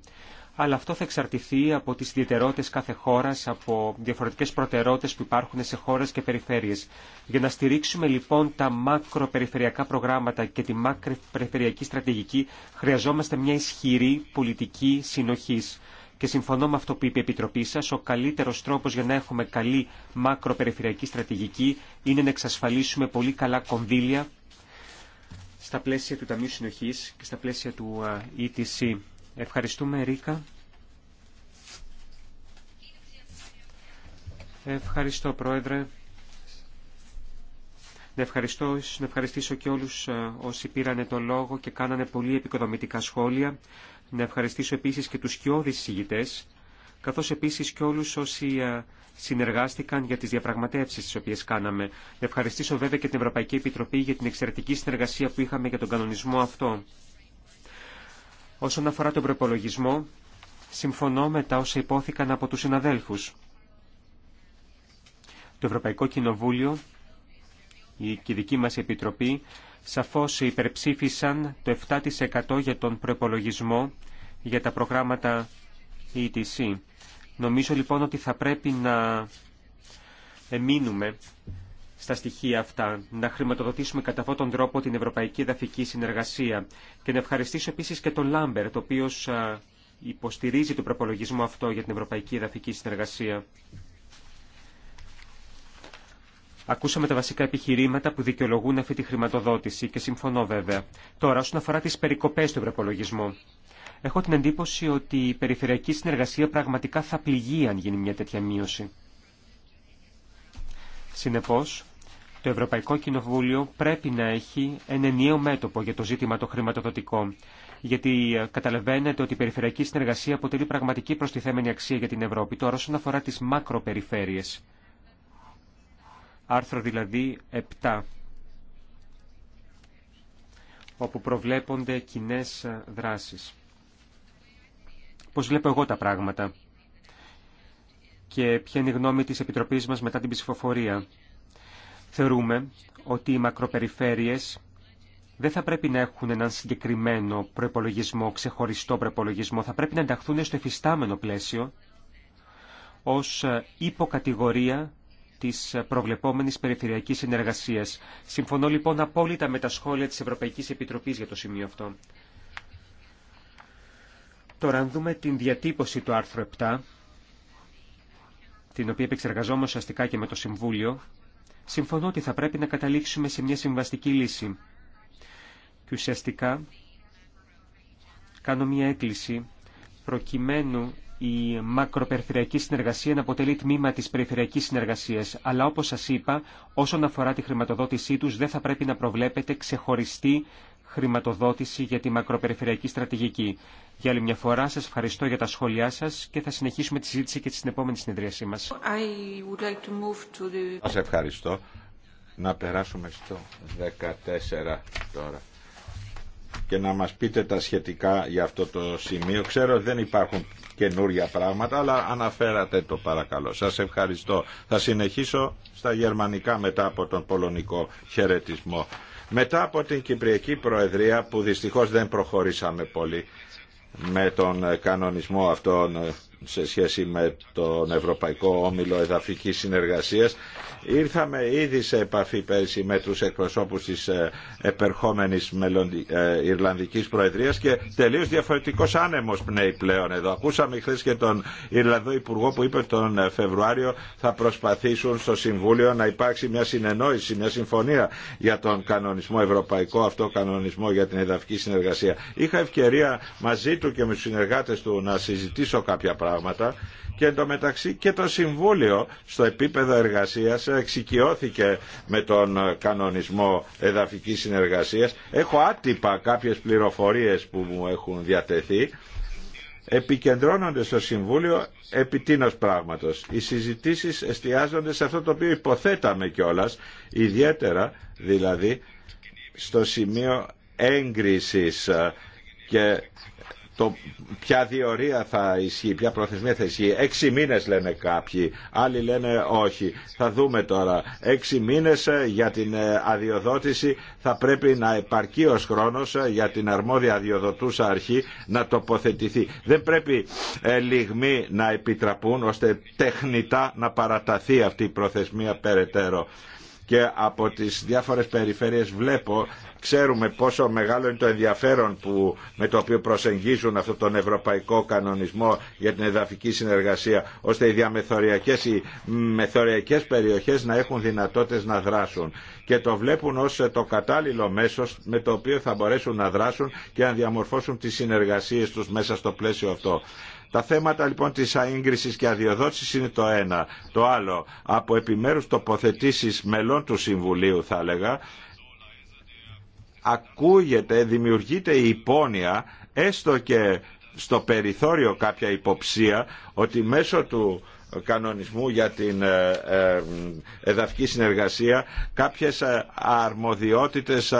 αλλά αυτό θα εξαρτηθεί από τις ιδιαιτερότητες κάθε χώρα, από διαφορετικές προτεραιότητες που υπάρχουν σε χώρες και περιφέρειες. Για να στηρίξουμε λοιπόν τα μακροπεριφερειακά προγράμματα και τη μακροπεριφερειακή στρατηγική, χρειαζόμαστε μια ισχυρή πολιτική συνοχής. Και συμφωνώ με αυτό που είπε η Επιτροπή σα, ο καλύτερος τρόπος για να έχουμε καλή μακροπεριφερειακή στρατηγική είναι να εξασφαλίσουμε πολύ καλά κονδύλια στα πλαίσια του Ταμείου Συνοχή και στα πλαίσια του ETC. Ευχαριστούμε, Ρίκα. Ευχαριστώ, Πρόεδρε. Να, ευχαριστώ, να ευχαριστήσω και όλους ε, όσοι πήραν το λόγο και κάνανε πολύ επικοδομητικά σχόλια. Να ευχαριστήσω επίσης και τους σκιώδεις συγητές, καθώς επίσης και όλους όσοι ε, συνεργάστηκαν για τις διαπραγματεύσεις τις οποίες κάναμε. Να ευχαριστήσω βέβαια και την Ευρωπαϊκή Επιτροπή για την εξαιρετική συνεργασία που είχαμε για τον κανονισμό αυτό. Όσον αφορά τον προπολογισμό, συμφωνώ με τα όσα υπόθηκαν από τους συναδέλφους. Το Ευρωπαϊκό Κοινοβούλιο και η δική μας Επιτροπή σαφώς υπερψήφισαν το 7% για τον προπολογισμό για τα προγράμματα ETC. Νομίζω λοιπόν ότι θα πρέπει να εμείνουμε στα στοιχεία αυτά, να χρηματοδοτήσουμε κατά αυτόν τον τρόπο την Ευρωπαϊκή Εδαφική Συνεργασία και να ευχαριστήσω επίσης και τον Λάμπερ, το οποίο υποστηρίζει τον προπολογισμό αυτό για την Ευρωπαϊκή Εδαφική Συνεργασία. Ακούσαμε τα βασικά επιχειρήματα που δικαιολογούν αυτή τη χρηματοδότηση και συμφωνώ βέβαια. Τώρα, όσον αφορά τι περικοπέ του προπολογισμού, έχω την εντύπωση ότι η περιφερειακή συνεργασία πραγματικά θα πληγεί αν γίνει μια τέτοια μείωση. Συνεπώς, το Ευρωπαϊκό Κοινοβούλιο πρέπει να έχει ένα ενιαίο μέτωπο για το ζήτημα το χρηματοδοτικό. Γιατί ε, καταλαβαίνετε ότι η περιφερειακή συνεργασία αποτελεί πραγματική προστιθέμενη αξία για την Ευρώπη. Τώρα, όσον αφορά τις μακροπεριφέρειες Άρθρο δηλαδή 7 όπου προβλέπονται κοινέ ε, δράσεις. Πώς βλέπω εγώ τα πράγματα και ποια είναι η γνώμη της Επιτροπής μας μετά την ψηφοφορία. Θεωρούμε ότι οι μακροπεριφέρειες δεν θα πρέπει να έχουν έναν συγκεκριμένο προπολογισμό, ξεχωριστό προπολογισμό. Θα πρέπει να ενταχθούν στο εφιστάμενο πλαίσιο ως υποκατηγορία της προβλεπόμενης περιφερειακής συνεργασίας. Συμφωνώ λοιπόν απόλυτα με τα σχόλια της Ευρωπαϊκής Επιτροπής για το σημείο αυτό. Τώρα, αν δούμε την διατύπωση του άρθρου 7, την οποία επεξεργαζόμαστε αστικά και με το Συμβούλιο, συμφωνώ ότι θα πρέπει να καταλήξουμε σε μια συμβαστική λύση. Και ουσιαστικά κάνω μια έκκληση προκειμένου η μακροπεριφερειακή συνεργασία να αποτελεί τμήμα της περιφερειακής συνεργασίας, αλλά όπως σας είπα, όσον αφορά τη χρηματοδότησή τους δεν θα πρέπει να προβλέπεται ξεχωριστή χρηματοδότηση για τη μακροπεριφερειακή στρατηγική. Για άλλη μια φορά σας ευχαριστώ για τα σχόλιά σας και θα συνεχίσουμε τη συζήτηση και στην επόμενη συνεδρίασή μας. Like the... Σας ευχαριστώ. Να περάσουμε στο 14 τώρα και να μας πείτε τα σχετικά για αυτό το σημείο. Ξέρω ότι δεν υπάρχουν καινούρια πράγματα, αλλά αναφέρατε το παρακαλώ. Σας ευχαριστώ. Θα συνεχίσω στα γερμανικά μετά από τον πολωνικό χαιρετισμό. Μετά από την Κυπριακή Προεδρία, που δυστυχώς δεν προχωρήσαμε πολύ, με τον κανονισμό αυτόν σε σχέση με τον Ευρωπαϊκό Όμιλο Εδαφικής Συνεργασίας. Ήρθαμε ήδη σε επαφή πέρσι με τους εκπροσώπους της ε, επερχόμενης ε, Ιρλανδικής Προεδρίας και τελείως διαφορετικός άνεμος πνέει πλέον εδώ. Ακούσαμε χθε και τον Ιρλανδό Υπουργό που είπε τον ε, Φεβρουάριο θα προσπαθήσουν στο Συμβούλιο να υπάρξει μια συνεννόηση, μια συμφωνία για τον κανονισμό ευρωπαϊκό αυτό κανονισμό για την εδαφική συνεργασία. Είχα ευκαιρία μαζί του και με τους συνεργάτες του να συζητήσω κάποια πράγματα πράγματα και μεταξύ και το Συμβούλιο στο επίπεδο εργασίας εξοικειώθηκε με τον κανονισμό εδαφικής συνεργασίας. Έχω άτυπα κάποιες πληροφορίες που μου έχουν διατεθεί επικεντρώνονται στο Συμβούλιο επί τίνος πράγματος. Οι συζητήσεις εστιάζονται σε αυτό το οποίο υποθέταμε κιόλας, ιδιαίτερα δηλαδή στο σημείο έγκρισης και το ποια διορία θα ισχύει, ποια προθεσμία θα ισχύει. Έξι μήνες λένε κάποιοι, άλλοι λένε όχι. Θα δούμε τώρα. Έξι μήνες ε, για την ε, αδειοδότηση θα πρέπει να επαρκεί ως χρόνος ε, για την αρμόδια αδειοδοτούσα αρχή να τοποθετηθεί. Δεν πρέπει λιγμοί να επιτραπούν ώστε τεχνητά να παραταθεί αυτή η προθεσμία περαιτέρω και από τις διάφορες περιφέρειες βλέπω ξέρουμε πόσο μεγάλο είναι το ενδιαφέρον που, με το οποίο προσεγγίζουν αυτόν τον ευρωπαϊκό κανονισμό για την εδαφική συνεργασία, ώστε οι διαμεθοριακές, οι μεθοριακές περιοχές να έχουν δυνατότητες να δράσουν και το βλέπουν ως το κατάλληλο μέσο με το οποίο θα μπορέσουν να δράσουν και να διαμορφώσουν τις συνεργασίες τους μέσα στο πλαίσιο αυτό. Τα θέματα λοιπόν της αίγκρισης και αδειοδότησης είναι το ένα. Το άλλο, από επιμέρους τοποθετήσεις μελών του Συμβουλίου θα έλεγα, ακούγεται, δημιουργείται η υπόνοια, έστω και στο περιθώριο κάποια υποψία, ότι μέσω του κανονισμού για την ε, ε, εδαφική συνεργασία κάποιες ε, αρμοδιότητες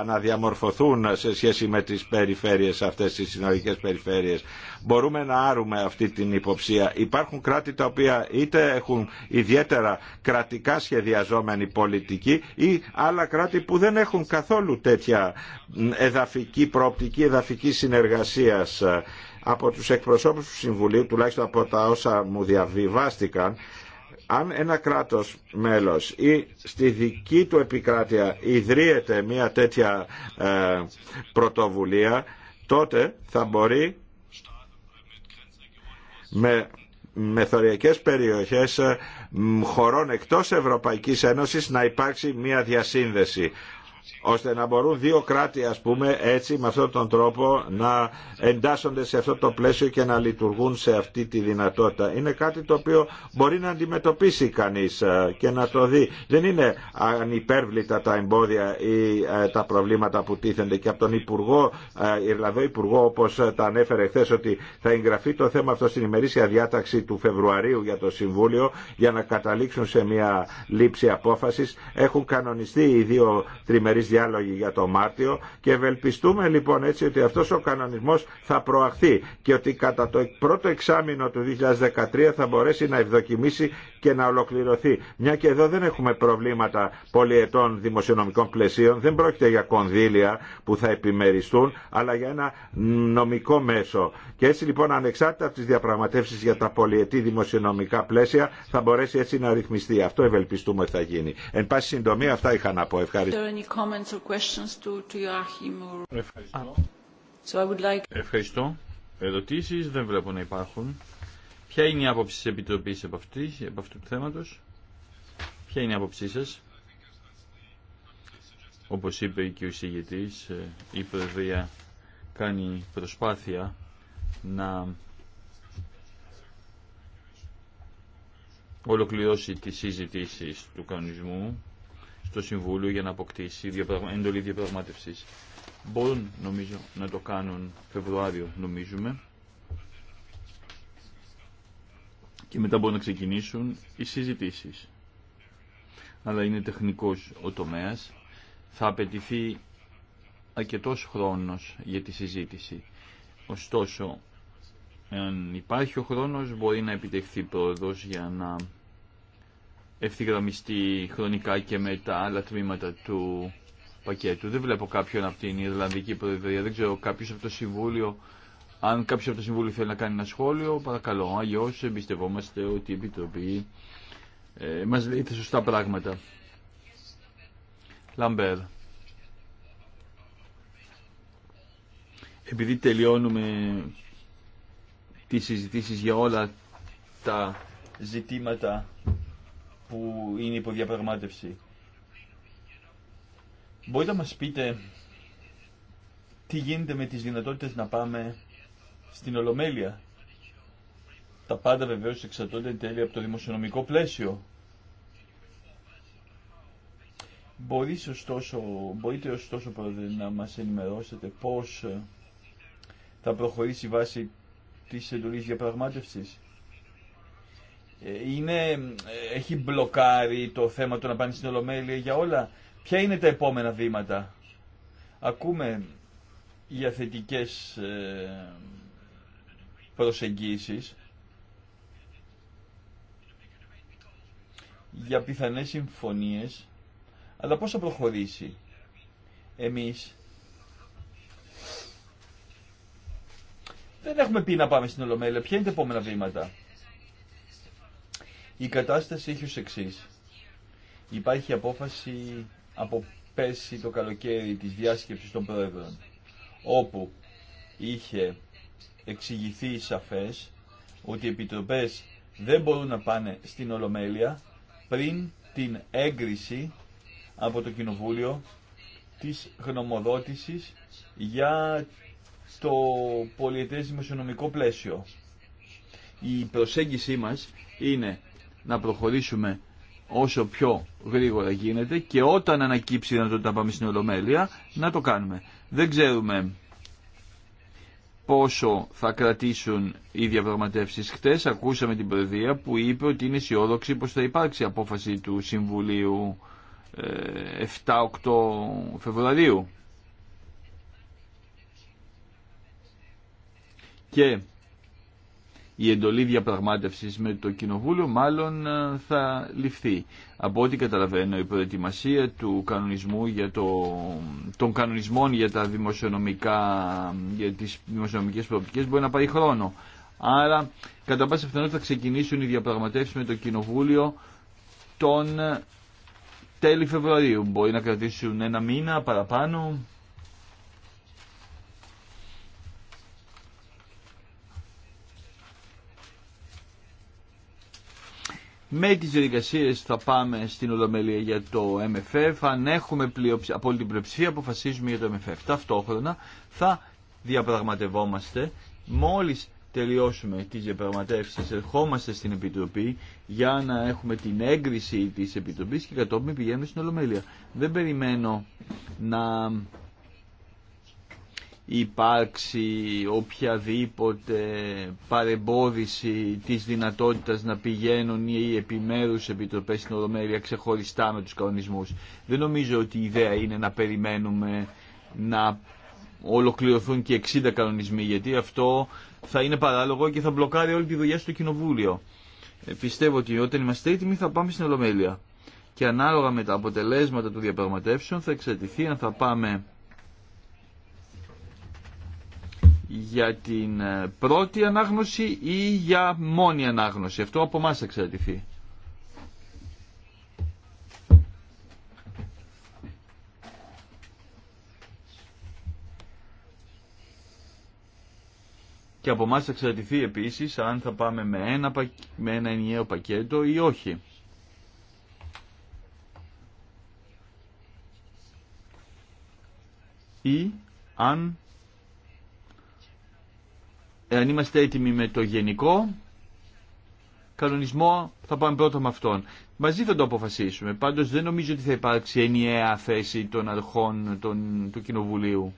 αναδιαμορφωθούν σε σχέση με τις περιφέρειες αυτές, τις συνολικές περιφέρειες. Μπορούμε να άρουμε αυτή την υποψία. Υπάρχουν κράτη τα οποία είτε έχουν ιδιαίτερα κρατικά σχεδιαζόμενη πολιτική ή άλλα κράτη που δεν έχουν καθόλου τέτοια εδαφική προοπτική, εδαφική συνεργασίας από τους εκπροσώπους του Συμβουλίου, τουλάχιστον από τα όσα μου διαβιβάστηκαν, αν ένα κράτος μέλος ή στη δική του επικράτεια ιδρύεται μια τέτοια ε, πρωτοβουλία, τότε θα μπορεί με μεθοριακές περιοχές χωρών εκτός Ευρωπαϊκής Ένωσης να υπάρξει μια διασύνδεση ώστε να μπορούν δύο κράτη ας πούμε έτσι με αυτόν τον τρόπο να εντάσσονται σε αυτό το πλαίσιο και να λειτουργούν σε αυτή τη δυνατότητα. Είναι κάτι το οποίο μπορεί να αντιμετωπίσει κανείς ε, και να το δει. Δεν είναι ανυπέρβλητα τα εμπόδια ή ε, τα προβλήματα που τίθενται και από τον Υπουργό, ε, Ιρλανδό Υπουργό όπως τα ανέφερε χθε ότι θα εγγραφεί το θέμα αυτό στην ημερήσια διάταξη του Φεβρουαρίου για το Συμβούλιο για να καταλήξουν σε μια λήψη απόφασης. Έχουν κανονιστεί οι δύο διάλογοι για το Μάρτιο και ευελπιστούμε λοιπόν έτσι ότι αυτός ο κανονισμός θα προαχθεί και ότι κατά το πρώτο εξάμεινο του 2013 θα μπορέσει να ευδοκιμήσει και να ολοκληρωθεί. Μια και εδώ δεν έχουμε προβλήματα πολυετών δημοσιονομικών πλαισίων, δεν πρόκειται για κονδύλια που θα επιμεριστούν, αλλά για ένα νομικό μέσο. Και έτσι λοιπόν ανεξάρτητα από τι διαπραγματεύσεις για τα πολυετή δημοσιονομικά πλαίσια θα μπορέσει έτσι να ρυθμιστεί. Αυτό ευελπιστούμε θα γίνει. Εν πάση συντομία αυτά είχα να πω. Ευχαριστώ. Ευχαριστώ. Ah. ερωτήσει, δεν βλέπω να υπάρχουν. Ποια είναι η άποψη της Επιτροπής από, αυτού του θέματος. Ποια είναι η άποψή σας. Όπως είπε και ο εισηγητής, ε, η Προεδρία κάνει προσπάθεια να ολοκληρώσει τις συζητήσεις του κανονισμού το Συμβούλιο για να αποκτήσει εντολή διαπραγμάτευση. Μπορούν νομίζω να το κάνουν Φεβρουάριο νομίζουμε και μετά μπορούν να ξεκινήσουν οι συζητήσεις. Αλλά είναι τεχνικός ο τομέας. Θα απαιτηθεί αρκετό χρόνος για τη συζήτηση. Ωστόσο, αν υπάρχει ο χρόνος μπορεί να επιτευχθεί πρόοδος για να ευθυγραμμιστεί χρονικά και με τα άλλα τμήματα του πακέτου. Δεν βλέπω κάποιον από την Ιρλανδική Προεδρία, δεν ξέρω κάποιο από το Συμβούλιο. Αν κάποιο από το Συμβούλιο θέλει να κάνει ένα σχόλιο, παρακαλώ. Αλλιώ εμπιστευόμαστε ότι η Επιτροπή ε, μα λέει τα σωστά πράγματα. Λαμπέρ. Επειδή τελειώνουμε τις συζητήσεις για όλα τα ζητήματα που είναι διαπραγμάτευση. Μπορείτε να μας πείτε τι γίνεται με τις δυνατότητες να πάμε στην Ολομέλεια. Τα πάντα βεβαίως εξαρτώνται εν τέλει από το δημοσιονομικό πλαίσιο. Μπορείς, ωστόσο, μπορείτε ωστόσο πρόεδρε, να μας ενημερώσετε πώς θα προχωρήσει η βάση της εντολής διαπραγμάτευσης είναι, ε, έχει μπλοκάρει το θέμα του να πάνε στην Ολομέλεια για όλα. Ποια είναι τα επόμενα βήματα. Ακούμε για θετικές ε, προσεγγίσεις για πιθανές συμφωνίες αλλά πώς θα προχωρήσει εμείς δεν έχουμε πει να πάμε στην Ολομέλεια ποια είναι τα επόμενα βήματα η κατάσταση έχει ως εξής. Υπάρχει απόφαση από πέρσι το καλοκαίρι της διάσκεψης των πρόεδρων, όπου είχε εξηγηθεί σαφές ότι οι επιτροπές δεν μπορούν να πάνε στην Ολομέλεια πριν την έγκριση από το Κοινοβούλιο της γνωμοδότησης για το πολιετές δημοσιονομικό πλαίσιο. Η προσέγγιση μας είναι να προχωρήσουμε όσο πιο γρήγορα γίνεται και όταν ανακύψει η δυνατότητα να πάμε στην Ολομέλεια να το κάνουμε. Δεν ξέρουμε πόσο θα κρατήσουν οι διαπραγματεύσει. Χθε ακούσαμε την Προεδρία που είπε ότι είναι αισιόδοξη πω θα υπάρξει απόφαση του Συμβουλίου 7-8 ε, Φεβρουαρίου. Και η εντολή διαπραγμάτευσης με το Κοινοβούλιο μάλλον ε, θα ληφθεί. Από ό,τι καταλαβαίνω η προετοιμασία του κανονισμού για το, των κανονισμών για, τα δημοσιονομικά, για τις δημοσιονομικές προοπτικές μπορεί να πάρει χρόνο. Άρα κατά πάσα πιθανότητα θα ξεκινήσουν οι διαπραγματεύσεις με το Κοινοβούλιο τον τέλη Φεβρουαρίου. Μπορεί να κρατήσουν ένα μήνα παραπάνω. με τις διαδικασίε θα πάμε στην Ολομέλεια για το MFF. Αν έχουμε πλειοψη... απόλυτη πλειοψηφία αποφασίζουμε για το MFF. Ταυτόχρονα θα διαπραγματευόμαστε μόλις τελειώσουμε τις διαπραγματεύσεις ερχόμαστε στην Επιτροπή για να έχουμε την έγκριση της Επιτροπής και κατόπιν πηγαίνουμε στην Ολομέλεια. Δεν περιμένω να υπάρξει οποιαδήποτε παρεμπόδιση της δυνατότητας να πηγαίνουν οι επιμέρους επιτροπές στην Ολομέλεια ξεχωριστά με τους κανονισμούς. Δεν νομίζω ότι η ιδέα είναι να περιμένουμε να ολοκληρωθούν και 60 κανονισμοί γιατί αυτό θα είναι παράλογο και θα μπλοκάρει όλη τη δουλειά στο Κοινοβούλιο. Ε, πιστεύω ότι όταν είμαστε έτοιμοι θα πάμε στην Ολομέλεια και ανάλογα με τα αποτελέσματα των διαπραγματεύσεων θα εξαρτηθεί αν θα πάμε για την ε, πρώτη ανάγνωση ή για μόνη ανάγνωση. Αυτό από εμάς εξαρτηθεί. Και από εμάς εξαρτηθεί επίσης αν θα πάμε με ένα, με ένα ενιαίο πακέτο ή όχι. Ή αν εάν είμαστε έτοιμοι με το γενικό κανονισμό θα πάμε πρώτα με αυτόν. Μαζί θα το αποφασίσουμε. Πάντως δεν νομίζω ότι θα υπάρξει ενιαία θέση των αρχών των, του Κοινοβουλίου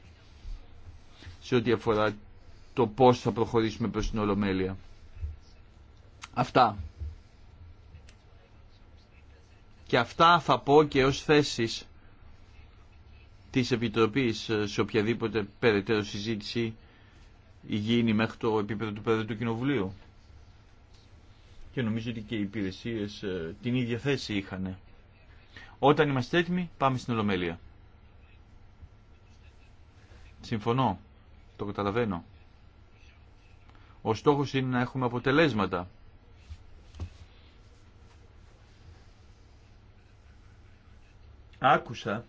σε ό,τι αφορά το πώς θα προχωρήσουμε προς την Ολομέλεια. Αυτά. Και αυτά θα πω και ως θέσεις της Επιτροπής σε οποιαδήποτε περαιτέρω συζήτηση υγιεινή μέχρι το επίπεδο του Πρόεδρου του Κοινοβουλίου. Και νομίζω ότι και οι υπηρεσίε ε, την ίδια θέση είχαν. Όταν είμαστε έτοιμοι, πάμε στην Ολομέλεια. Συμφωνώ. Το καταλαβαίνω. Ο στόχος είναι να έχουμε αποτελέσματα. Άκουσα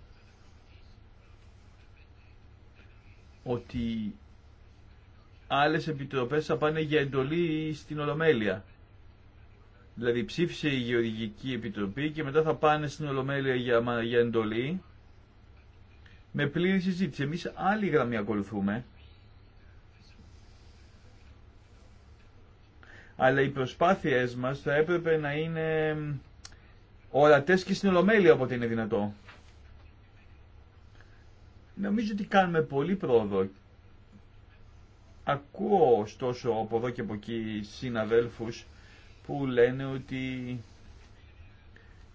ότι άλλες επιτροπές θα πάνε για εντολή στην Ολομέλεια. Δηλαδή ψήφισε η Γεωργική Επιτροπή και μετά θα πάνε στην Ολομέλεια για, για εντολή με πλήρη συζήτηση. Εμείς άλλη γραμμή ακολουθούμε. Αλλά οι προσπάθειές μας θα έπρεπε να είναι ορατές και στην Ολομέλεια όποτε είναι δυνατό. Νομίζω ότι κάνουμε πολύ πρόοδο Ακούω ωστόσο από εδώ και από εκεί συναδέλφους που λένε ότι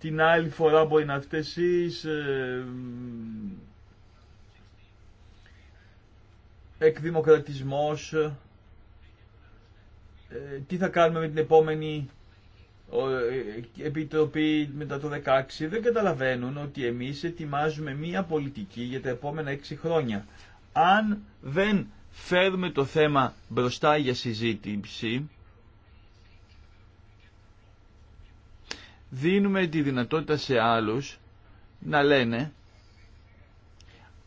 την άλλη φορά μπορεί να είστε ε, εκδημοκρατισμός, ε, τι θα κάνουμε με την επόμενη ε, Επιτροπή μετά το 16 δεν καταλαβαίνουν ότι εμείς ετοιμάζουμε μία πολιτική για τα επόμενα 6 χρόνια. Αν δεν φέρουμε το θέμα μπροστά για συζήτηση, δίνουμε τη δυνατότητα σε άλλους να λένε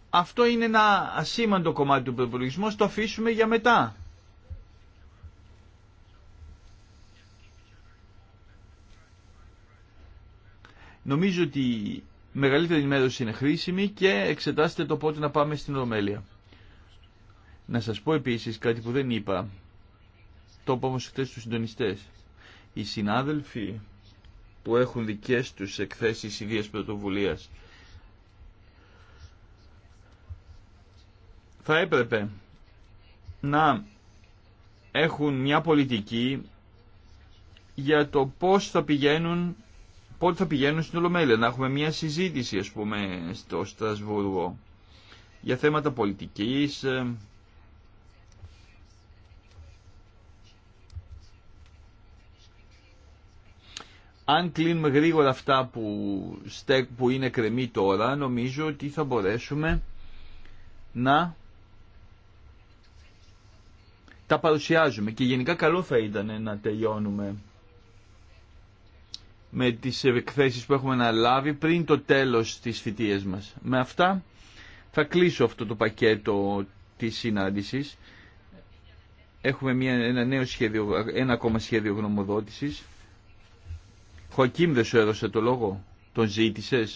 αυτό είναι ένα ασήμαντο κομμάτι του προπολογισμού, το αφήσουμε για μετά. Νομίζω ότι η μεγαλύτερη ενημέρωση είναι χρήσιμη και εξετάστε το πότε να πάμε στην Ρωμέλεια. Να σας πω επίσης κάτι που δεν είπα. Το είπα όμως χθες στους συντονιστές. Οι συνάδελφοι που έχουν δικές τους εκθέσεις ιδίας πρωτοβουλία. θα έπρεπε να έχουν μια πολιτική για το πώς θα πηγαίνουν πότε θα πηγαίνουν στην Ολομέλεια, να έχουμε μια συζήτηση ας πούμε στο Στρασβούργο για θέματα πολιτικής, ε, αν κλείνουμε γρήγορα αυτά που, που είναι κρεμή τώρα, νομίζω ότι θα μπορέσουμε να τα παρουσιάζουμε. Και γενικά καλό θα ήταν να τελειώνουμε με τις εκθέσεις που έχουμε να λάβει πριν το τέλος της φοιτίας μας. Με αυτά θα κλείσω αυτό το πακέτο της συνάντησης. Έχουμε μια, ένα νέο σχέδιο, ένα ακόμα σχέδιο γνωμοδότησης. Χωακίμ δεν σου έδωσε το λόγο. Τον ζήτησε.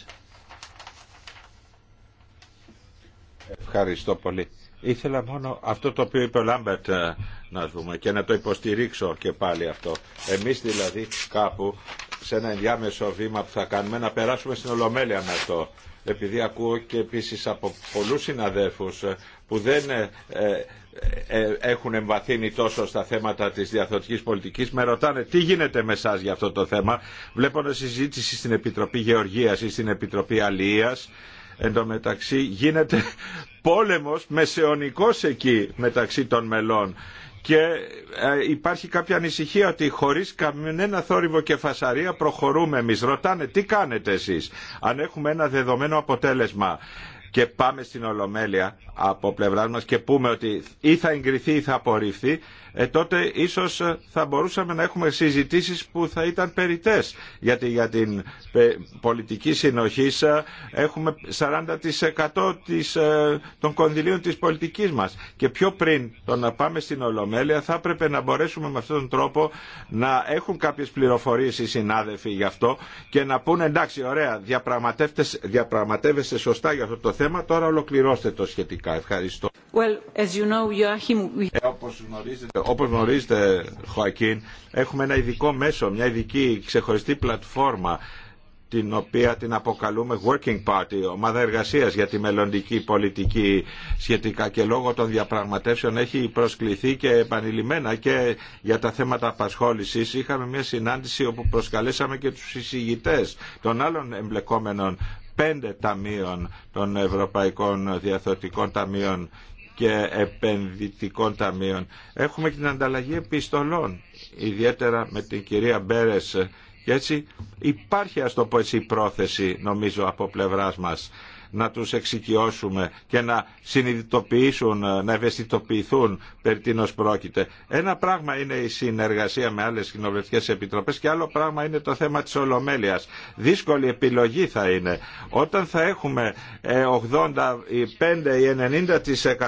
Ευχαριστώ πολύ. Ήθελα μόνο αυτό το οποίο είπε ο Λάμπερτ ε, να δούμε και να το υποστηρίξω και πάλι αυτό. Εμείς δηλαδή κάπου σε ένα ενδιάμεσο βήμα που θα κάνουμε να περάσουμε στην Ολομέλεια με αυτό. Επειδή ακούω και επίσης από πολλούς συναδέλφους ε, που δεν ε, ε, ε, έχουν εμβαθύνει τόσο στα θέματα της διαθωτικής πολιτικής με ρωτάνε τι γίνεται με εσά για αυτό το θέμα να συζήτηση στην Επιτροπή Γεωργίας ή στην Επιτροπή Αλίας εν τω μεταξύ γίνεται πόλεμος μεσαιωνικός εκεί μεταξύ των μελών και υπάρχει κάποια ανησυχία ότι χωρίς κανένα θόρυβο και φασαρία προχωρούμε εμείς. Ρωτάνε τι κάνετε εσείς αν έχουμε ένα δεδομένο αποτέλεσμα και πάμε στην Ολομέλεια από πλευρά μας και πούμε ότι ή θα εγκριθεί ή θα απορριφθεί, ε, τότε ίσως ε, θα μπορούσαμε να έχουμε συζητήσεις που θα ήταν περιτές. Γιατί για την ε, πολιτική συνοχή ε, έχουμε 40% της, των κονδυλίων της πολιτικής μας. Και πιο πριν το να πάμε στην Ολομέλεια θα έπρεπε να μπορέσουμε με αυτόν τον τρόπο να έχουν κάποιες πληροφορίες οι συνάδελφοι γι' αυτό και να πούνε εντάξει ωραία διαπραγματεύεστε σωστά για αυτό το θέμα θέμα. Τώρα ολοκληρώστε το σχετικά. Ευχαριστώ. Well, as you know, ε, όπως γνωρίζετε, όπως γνωρίζετε Χωακίν, έχουμε ένα ειδικό μέσο, μια ειδική ξεχωριστή πλατφόρμα την οποία την αποκαλούμε Working Party, ομάδα εργασίας για τη μελλοντική πολιτική σχετικά και λόγω των διαπραγματεύσεων έχει προσκληθεί και επανειλημμένα και για τα θέματα απασχόλησης. Είχαμε μια συνάντηση όπου προσκαλέσαμε και τους εισηγητές των άλλων εμπλεκόμενων πέντε ταμείων των Ευρωπαϊκών Διαθωτικών Ταμείων και επενδυτικών ταμείων. Έχουμε και την ανταλλαγή επιστολών, ιδιαίτερα με την κυρία Μπέρες και έτσι υπάρχει ας το πω έτσι η πρόθεση νομίζω από πλευράς μας να τους εξοικειώσουμε και να συνειδητοποιήσουν, ε, να ευαισθητοποιηθούν περί τίνος πρόκειται. Ένα πράγμα είναι η συνεργασία με άλλες κοινοβουλευτικές επιτροπές και άλλο πράγμα είναι το θέμα της Ολομέλειας. Δύσκολη επιλογή θα είναι. Όταν θα έχουμε 85 ε, ή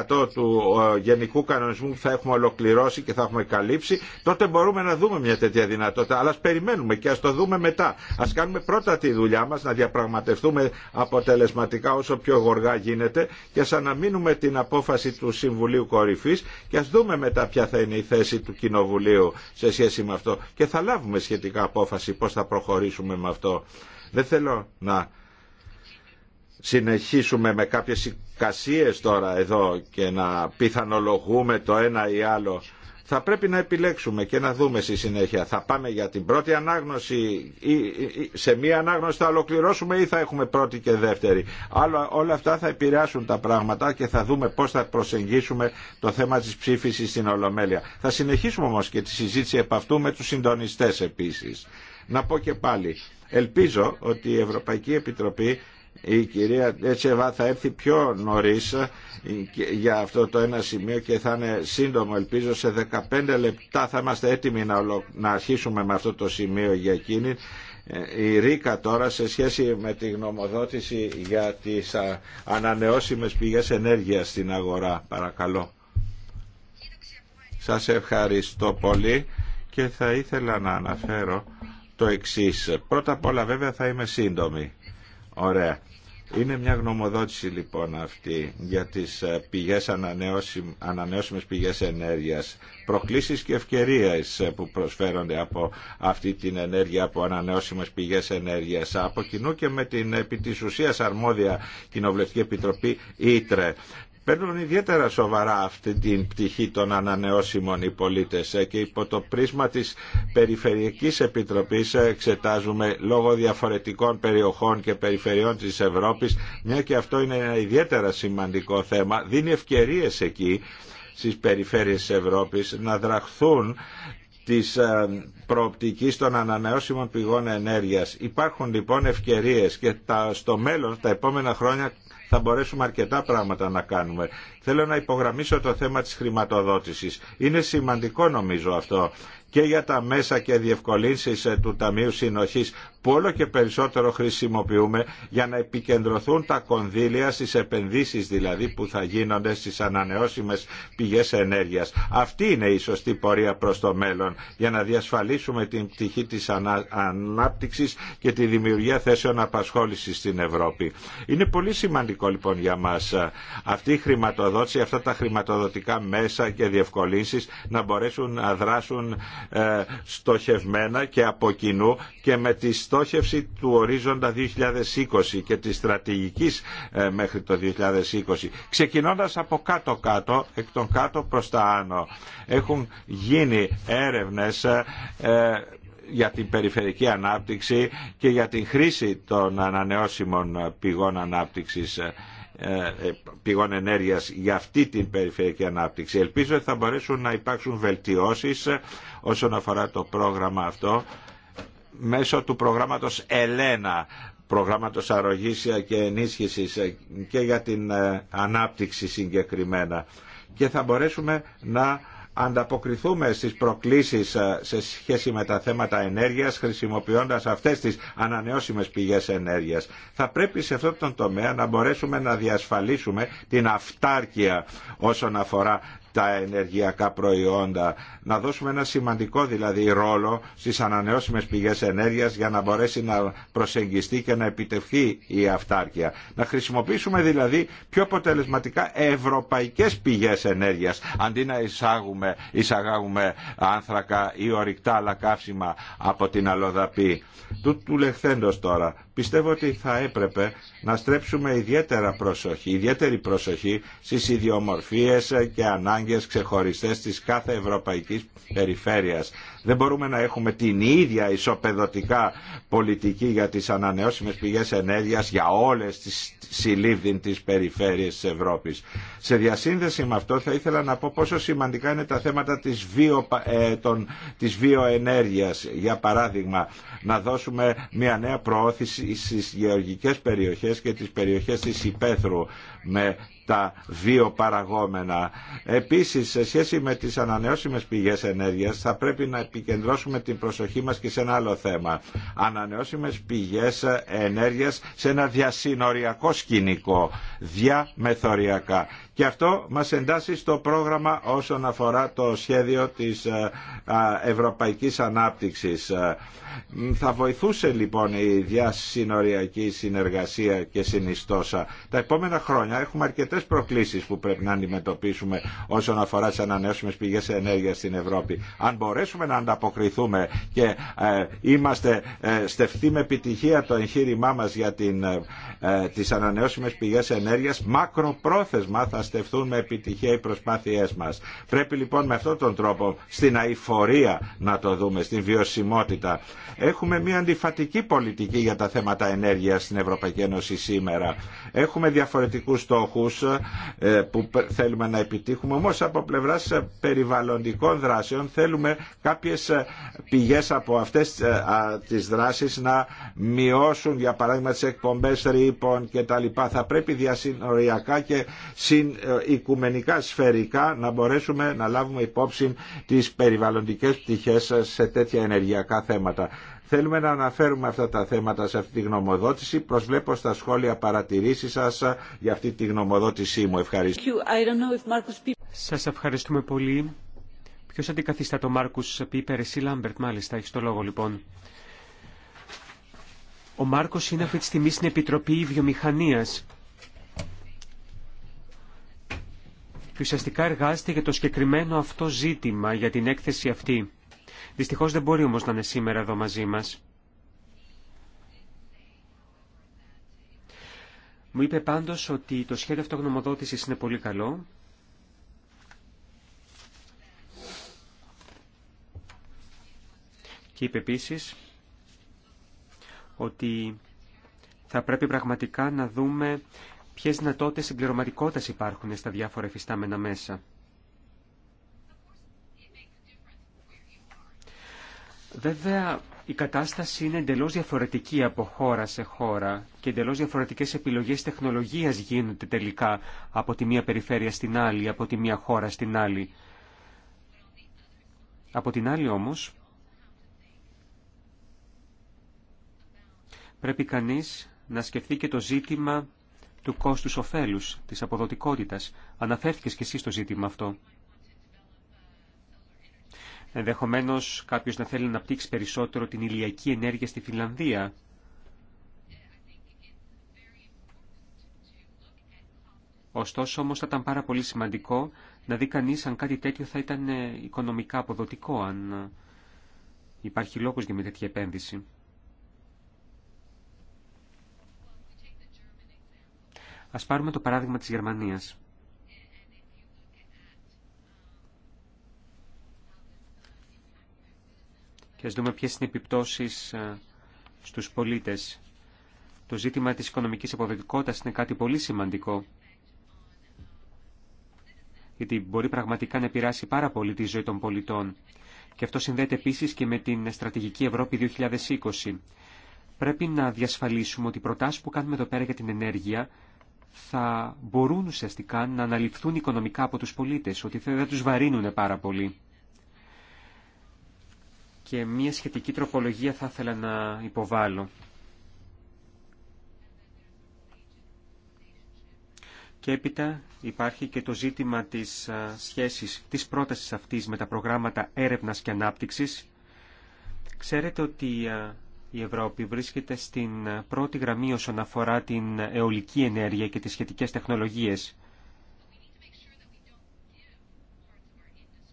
90% του ε, γενικού κανονισμού που θα έχουμε ολοκληρώσει και θα έχουμε καλύψει, τότε μπορούμε να δούμε μια τέτοια δυνατότητα. Αλλά ας περιμένουμε και ας το δούμε μετά. Ας κάνουμε πρώτα τη δουλειά μας, να διαπραγματευτούμε αποτελεσματικά όσο πιο γοργά γίνεται και ας αναμείνουμε την απόφαση του Συμβουλίου Κορυφής και ας δούμε μετά ποια θα είναι η θέση του Κοινοβουλίου σε σχέση με αυτό και θα λάβουμε σχετικά απόφαση πώς θα προχωρήσουμε με αυτό. Δεν θέλω να συνεχίσουμε με κάποιες εικασίες τώρα εδώ και να πιθανολογούμε το ένα ή άλλο θα πρέπει να επιλέξουμε και να δούμε στη συνέχεια. Θα πάμε για την πρώτη ανάγνωση ή σε μία ανάγνωση θα ολοκληρώσουμε ή θα έχουμε πρώτη και δεύτερη. Άλλο, όλα αυτά θα επηρεάσουν τα πράγματα και θα δούμε πώς θα προσεγγίσουμε το θέμα της ψήφισης στην Ολομέλεια. Θα συνεχίσουμε όμως και τη συζήτηση επ' αυτού με τους συντονιστές επίσης. Να πω και πάλι, ελπίζω ότι η Ευρωπαϊκή Επιτροπή η κυρία Τέτσεβα θα έρθει πιο νωρίς για αυτό το ένα σημείο και θα είναι σύντομο ελπίζω σε 15 λεπτά θα είμαστε έτοιμοι να αρχίσουμε με αυτό το σημείο για εκείνη ε, η Ρίκα τώρα σε σχέση με τη γνωμοδότηση για τις ανανεώσιμες πηγές ενέργειας στην αγορά παρακαλώ σας ευχαριστώ πολύ και θα ήθελα να αναφέρω το εξής πρώτα απ' όλα βέβαια θα είμαι σύντομη Ωραία. Είναι μια γνωμοδότηση λοιπόν αυτή για τις ε, πηγές ανανεώσιμες, ανανεώσιμες πηγές ενέργειας. Προκλήσεις και ευκαιρίες ε, που προσφέρονται από αυτή την ενέργεια από ανανεώσιμες πηγές ενέργειας. Από κοινού και με την επί της ουσίας αρμόδια Κοινοβουλευτική Επιτροπή Ήτρε παίρνουν ιδιαίτερα σοβαρά αυτή την πτυχή των ανανεώσιμων οι πολίτες ε, και υπό το πρίσμα της Περιφερειακής Επιτροπής εξετάζουμε λόγω διαφορετικών περιοχών και περιφερειών της Ευρώπης μια και αυτό είναι ένα ιδιαίτερα σημαντικό θέμα δίνει ευκαιρίες εκεί στις περιφέρειες της Ευρώπης να δραχθούν της ε, προοπτικής των ανανεώσιμων πηγών ενέργειας. Υπάρχουν λοιπόν ευκαιρίες και τα, στο μέλλον, τα επόμενα χρόνια θα μπορέσουμε αρκετά πράγματα να κάνουμε. Θέλω να υπογραμμίσω το θέμα της χρηματοδότησης. Είναι σημαντικό νομίζω αυτό και για τα μέσα και διευκολύνσεις ε, του Ταμείου Συνοχής που όλο και περισσότερο χρησιμοποιούμε για να επικεντρωθούν τα κονδύλια στις επενδύσεις δηλαδή που θα γίνονται στις ανανεώσιμες πηγές ενέργειας. Αυτή είναι η σωστή πορεία προς το μέλλον για να διασφαλίσουμε την πτυχή της ανα... ανάπτυξης και τη δημιουργία θέσεων απασχόλησης στην Ευρώπη. Είναι πολύ σημαντικό λοιπόν για μας ε, αυτή η χρηματοδότηση, αυτά τα χρηματοδοτικά μέσα και διευκολύνσεις να μπορέσουν να δράσουν ε, στοχευμένα και από κοινού και με τη στόχευση του ορίζοντα 2020 και της στρατηγικής ε, μέχρι το 2020. Ξεκινώντας από κάτω-κάτω, εκ των κάτω προς τα άνω, έχουν γίνει έρευνες ε, για την περιφερική ανάπτυξη και για την χρήση των ανανεώσιμων πηγών ανάπτυξης πηγών ενέργειας για αυτή την περιφερειακή ανάπτυξη. Ελπίζω ότι θα μπορέσουν να υπάρξουν βελτιώσεις όσον αφορά το πρόγραμμα αυτό μέσω του προγράμματος Ελένα προγράμματος αρρωγήσια και ενίσχυσης και για την ε, ανάπτυξη συγκεκριμένα και θα μπορέσουμε να ανταποκριθούμε στις προκλήσεις ε, σε σχέση με τα θέματα ενέργειας χρησιμοποιώντας αυτές τις ανανεώσιμες πηγές ενέργειας. Θα πρέπει σε αυτόν τον τομέα να μπορέσουμε να διασφαλίσουμε την αυτάρκεια όσον αφορά τα ενεργειακά προϊόντα. Να δώσουμε ένα σημαντικό δηλαδή ρόλο στις ανανεώσιμες πηγές ενέργειας για να μπορέσει να προσεγγιστεί και να επιτευχθεί η αυτάρκεια. Να χρησιμοποιήσουμε δηλαδή πιο αποτελεσματικά ευρωπαϊκές πηγές ενέργειας αντί να εισάγουμε, εισαγάγουμε άνθρακα ή ορυκτά αλλά καύσιμα από την αλλοδαπή. Του, του λεχθέντος τώρα πιστεύω ότι θα έπρεπε να στρέψουμε ιδιαίτερα προσοχή, ιδιαίτερη προσοχή στις ιδιομορφίες και ανάγκες ξεχωριστές της κάθε ευρωπαϊκής περιφέρειας δεν μπορούμε να έχουμε την ίδια ισοπεδωτικά πολιτική για τις ανανεώσιμες πηγές ενέργειας για όλες τις συλλήβδιν τις περιφέρειες της Ευρώπης. Σε διασύνδεση με αυτό θα ήθελα να πω πόσο σημαντικά είναι τα θέματα της, βιο, ε, των, της βιοενέργειας. Για παράδειγμα, να δώσουμε μια νέα προώθηση στις γεωργικές περιοχές και τις περιοχές της υπαίθρου με τα βιοπαραγόμενα. Επίσης, σε σχέση με τις ανανεώσιμες πηγές ενέργειας, θα πρέπει να επικεντρώσουμε την προσοχή μας και σε ένα άλλο θέμα. Ανανεώσιμες πηγές ενέργειας σε ένα διασυνοριακό σκηνικό, διαμεθοριακά. Και αυτό μας εντάσσει στο πρόγραμμα όσον αφορά το σχέδιο της ε, Ευρωπαϊκής Ανάπτυξης. Ε, θα βοηθούσε λοιπόν η διασυνοριακή συνεργασία και συνιστόσα. Τα επόμενα χρόνια έχουμε αρκετές προκλήσεις που πρέπει να αντιμετωπίσουμε όσον αφορά τις ανανεώσιμες πηγές ενέργειας στην Ευρώπη. Αν μπορέσουμε να ανταποκριθούμε και ε, είμαστε στεφτοί με επιτυχία το εγχείρημά μας για την, τις ανανεώσιμες πηγές ενέργειας, μακροπρόθεσμα στεφθούν με επιτυχία οι προσπάθειές μας. Πρέπει λοιπόν με αυτόν τον τρόπο στην αηφορία να το δούμε, στην βιωσιμότητα. Έχουμε μια αντιφατική πολιτική για τα θέματα ενέργειας στην Ευρωπαϊκή Ένωση σήμερα. Έχουμε διαφορετικούς στόχους ε, που θέλουμε να επιτύχουμε, όμως από πλευράς ε, περιβαλλοντικών δράσεων θέλουμε κάποιες ε, πηγές από αυτές τις δράσεις να μειώσουν για παράδειγμα τις εκπομπές ρήπων και τα λοιπά. Θα πρέπει διασυνοριακά και συν, ε, οικουμενικά σφαιρικά να μπορέσουμε να λάβουμε υπόψη τις περιβαλλοντικές πτυχές σε τέτοια ενεργειακά θέματα. Θέλουμε να αναφέρουμε αυτά τα θέματα σε αυτή τη γνωμοδότηση. Προσβλέπω στα σχόλια παρατηρήσεις σας για αυτή τη γνωμοδότησή μου. Ευχαριστώ. Σας ευχαριστούμε πολύ. Ποιος αντικαθιστά το Μάρκους Πίπερ, εσύ Λάμπερτ μάλιστα, έχεις το λόγο λοιπόν. Ο Μάρκος είναι αυτή τη στιγμή στην Επιτροπή Βιομηχανίας. και ουσιαστικά εργάζεται για το συγκεκριμένο αυτό ζήτημα, για την έκθεση αυτή. Δυστυχώς δεν μπορεί όμως να είναι σήμερα εδώ μαζί μας. Μου είπε πάντως ότι το σχέδιο αυτογνωμοδότησης είναι πολύ καλό. Και είπε επίσης ότι θα πρέπει πραγματικά να δούμε ποιε δυνατότητε συμπληρωματικότητα υπάρχουν στα διάφορα εφιστάμενα μέσα. Βέβαια, η κατάσταση είναι εντελώς διαφορετική από χώρα σε χώρα και εντελώς διαφορετικές επιλογές τεχνολογίας γίνονται τελικά από τη μία περιφέρεια στην άλλη, από τη μία χώρα στην άλλη. Από την άλλη όμως, πρέπει κανείς να σκεφτεί και το ζήτημα του κόστου ωφέλου, της αποδοτικότητας. Αναφέρθηκες και εσύ στο ζήτημα αυτό. Ενδεχομένω κάποιο να θέλει να πτύξει περισσότερο την ηλιακή ενέργεια στη Φιλανδία. Ωστόσο όμως θα ήταν πάρα πολύ σημαντικό να δει κανείς αν κάτι τέτοιο θα ήταν ε, οικονομικά αποδοτικό, αν ε, υπάρχει λόγος για μια τέτοια επένδυση. Ας πάρουμε το παράδειγμα της Γερμανίας. Και ας δούμε ποιες είναι οι επιπτώσεις ε, στους πολίτες. Το ζήτημα της οικονομικής αποδεκτικότητας είναι κάτι πολύ σημαντικό. Γιατί μπορεί πραγματικά να επηρεάσει πάρα πολύ τη ζωή των πολιτών. Και αυτό συνδέεται επίσης και με την Στρατηγική Ευρώπη 2020. Πρέπει να διασφαλίσουμε ότι οι που κάνουμε εδώ πέρα για την ενέργεια θα μπορούν ουσιαστικά να αναλυφθούν οικονομικά από τους πολίτες, ότι θα τους βαρύνουν πάρα πολύ. Και μία σχετική τροπολογία θα ήθελα να υποβάλω. Και έπειτα υπάρχει και το ζήτημα της σχέσης της πρότασης αυτής με τα προγράμματα έρευνας και ανάπτυξης. Ξέρετε ότι η Ευρώπη βρίσκεται στην πρώτη γραμμή όσον αφορά την αιωλική ενέργεια και τις σχετικές τεχνολογίες.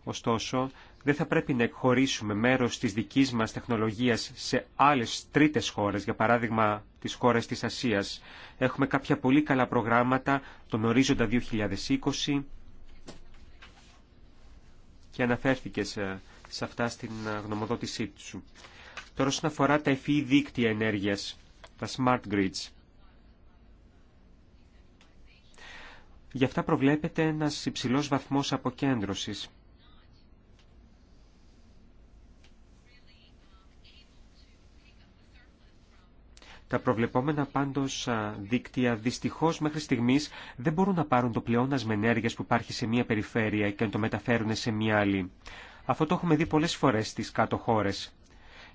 Ωστόσο, δεν θα πρέπει να εκχωρήσουμε μέρος της δικής μας τεχνολογίας σε άλλες τρίτες χώρες, για παράδειγμα τις χώρες της Ασίας. Έχουμε κάποια πολύ καλά προγράμματα, τον ορίζοντα 2020 και αναφέρθηκε σε, σε αυτά στην γνωμοδότησή του. Τώρα όσον αφορά τα ευφυή δίκτυα ενέργειας, τα smart grids. Γι' αυτά προβλέπεται ένας υψηλός βαθμός αποκέντρωσης. Τα προβλεπόμενα πάντως δίκτυα δυστυχώς μέχρι στιγμής δεν μπορούν να πάρουν το πλεόνασμα ενέργειας που υπάρχει σε μία περιφέρεια και να το μεταφέρουν σε μία άλλη. Αυτό το έχουμε δει πολλές φορές στις κάτω χώρες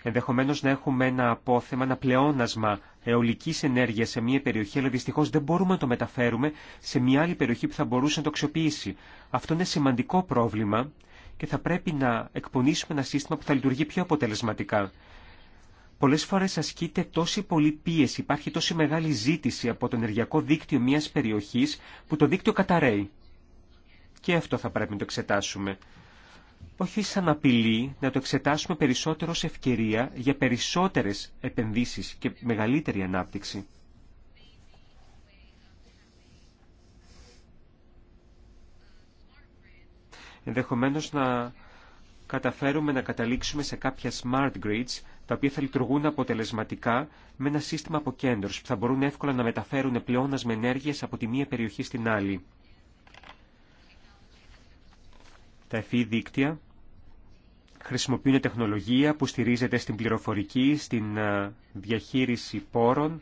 ενδεχομένως να έχουμε ένα απόθεμα, ένα πλεόνασμα αιωλικής ενέργειας σε μία περιοχή, αλλά δυστυχώς δεν μπορούμε να το μεταφέρουμε σε μία άλλη περιοχή που θα μπορούσε να το αξιοποιήσει. Αυτό είναι σημαντικό πρόβλημα και θα πρέπει να εκπονήσουμε ένα σύστημα που θα λειτουργεί πιο αποτελεσματικά. Πολλές φορές ασκείται τόση πολλή πίεση, υπάρχει τόση μεγάλη ζήτηση από το ενεργειακό δίκτυο μιας περιοχής που το δίκτυο καταραίει. Και αυτό θα πρέπει να το εξετάσουμε όχι σαν απειλή, να το εξετάσουμε περισσότερο σε ευκαιρία για περισσότερες επενδύσεις και μεγαλύτερη ανάπτυξη. Ενδεχομένως να καταφέρουμε να καταλήξουμε σε κάποια smart grids, τα οποία θα λειτουργούν αποτελεσματικά με ένα σύστημα αποκέντρωσης που θα μπορούν εύκολα να μεταφέρουν με ενέργειες από τη μία περιοχή στην άλλη. Τα εφή δίκτυα χρησιμοποιούν τεχνολογία που στηρίζεται στην πληροφορική, στην ε, διαχείριση πόρων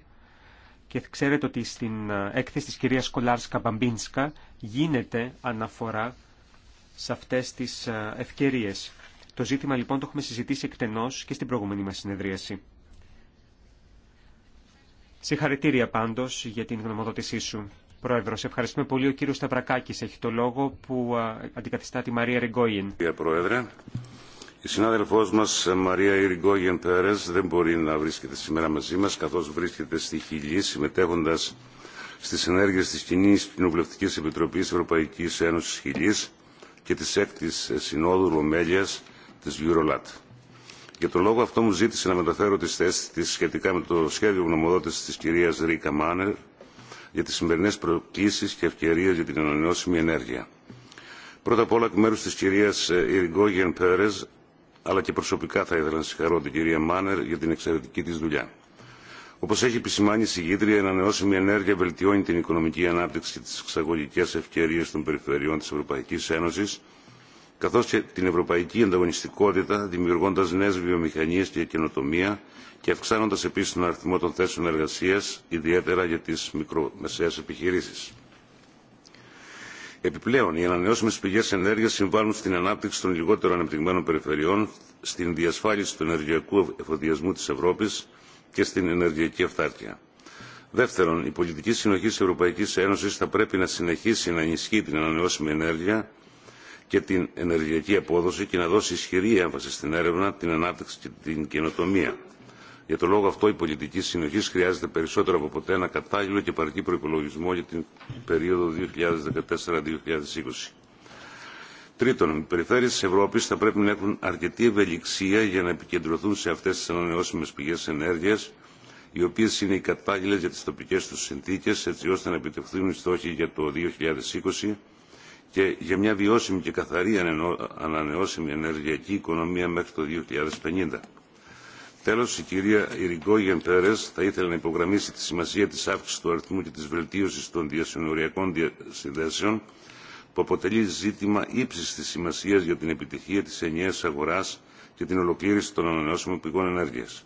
και ξέρετε ότι στην ε, έκθεση της κυρίας Κολάρσκα Μπαμπίνσκα γίνεται αναφορά σε αυτές τις ε, ευκαιρίες. Το ζήτημα λοιπόν το έχουμε συζητήσει εκτενώς και στην προηγούμενη μας συνεδρίαση. Συγχαρητήρια πάντως για την γνωμοδότησή σου. Πρόεδρος, ευχαριστούμε πολύ. Ο κύριος Σταυρακάκης έχει το λόγο που αντικαθιστά τη Μαρία Ριγκόγιν. Κύριε Πρόεδρε, η συνάδελφός μας ε, Μαρία Ριγκόγιν Πέρες δεν μπορεί να βρίσκεται σήμερα μαζί μας καθώς βρίσκεται στη Χιλή συμμετέχοντας στις ενέργειες της κοινή κοινοβουλευτική Επιτροπής Ευρωπαϊκής Ένωσης Χιλής και της έκτης Συνόδου Ρωμέλειας της Eurolat. Για τον λόγο αυτό μου ζήτησε να μεταφέρω τις θέσεις της σχετικά με το σχέδιο γνωμοδότησης τη κυρία Ρίκα Μάνερ για τι σημερινέ προκλήσεις και ευκαιρίε για την ανανεώσιμη ενέργεια. Πρώτα απ' όλα εκ μέρου τη κυρία ε, Ιργκόγεν Πέρες, αλλά και προσωπικά θα ήθελα να συγχαρώ την κυρία Μάνερ για την εξαιρετική τη δουλειά. όπω έχει επισημάνει η συγγήτρια, η ανανεώσιμη ενέργεια βελτιώνει την οικονομική ανάπτυξη και τι εξαγωγικέ ευκαιρίες των περιφερειών τη Ευρωπαϊκή Ένωση, καθώ και την ευρωπαϊκή ανταγωνιστικότητα, δημιουργώντα νέε βιομηχανίε και καινοτομία, και αυξάνοντα επίση τον αριθμό των θέσεων εργασία, ιδιαίτερα για τι μικρομεσαίε επιχειρήσει. Επιπλέον, οι ανανεώσιμε πηγέ ενέργεια συμβάλλουν στην ανάπτυξη των λιγότερο ανεπτυγμένων περιφερειών, στην διασφάλιση του ενεργειακού εφοδιασμού τη Ευρώπη και στην ενεργειακή αυτάρκεια. Δεύτερον, η πολιτική συνοχή τη Ευρωπαϊκή Ένωση θα πρέπει να συνεχίσει να ενισχύει την ανανεώσιμη ενέργεια και την ενεργειακή απόδοση και να δώσει ισχυρή έμφαση στην έρευνα, την ανάπτυξη και την καινοτομία για τον λόγο αυτό η πολιτική συνοχή χρειάζεται περισσότερο από ποτέ ένα κατάλληλο και παρκή προπολογισμό για την περίοδο 2014-2020. Τρίτον, οι περιφέρειε τη Ευρώπη θα πρέπει να έχουν αρκετή ευελιξία για να επικεντρωθούν σε αυτέ τι ανανεώσιμε πηγέ ενέργεια, οι οποίε είναι οι κατάλληλε για τι τοπικέ του συνθήκε, έτσι ώστε να επιτευχθούν οι στόχοι για το 2020 και για μια βιώσιμη και καθαρή ανανεώσιμη ενεργειακή οικονομία μέχρι το 2050. Τέλος, η κυρία Ιρικόγεν Περές θα ήθελε να υπογραμμίσει τη σημασία της αύξησης του αριθμού και της βελτίωσης των διασυνοριακών συνδέσεων που αποτελεί ζήτημα ύψης της σημασίας για την επιτυχία της ενιαίας αγοράς και την ολοκλήρωση των ανανεώσιμων πηγών ενέργειας.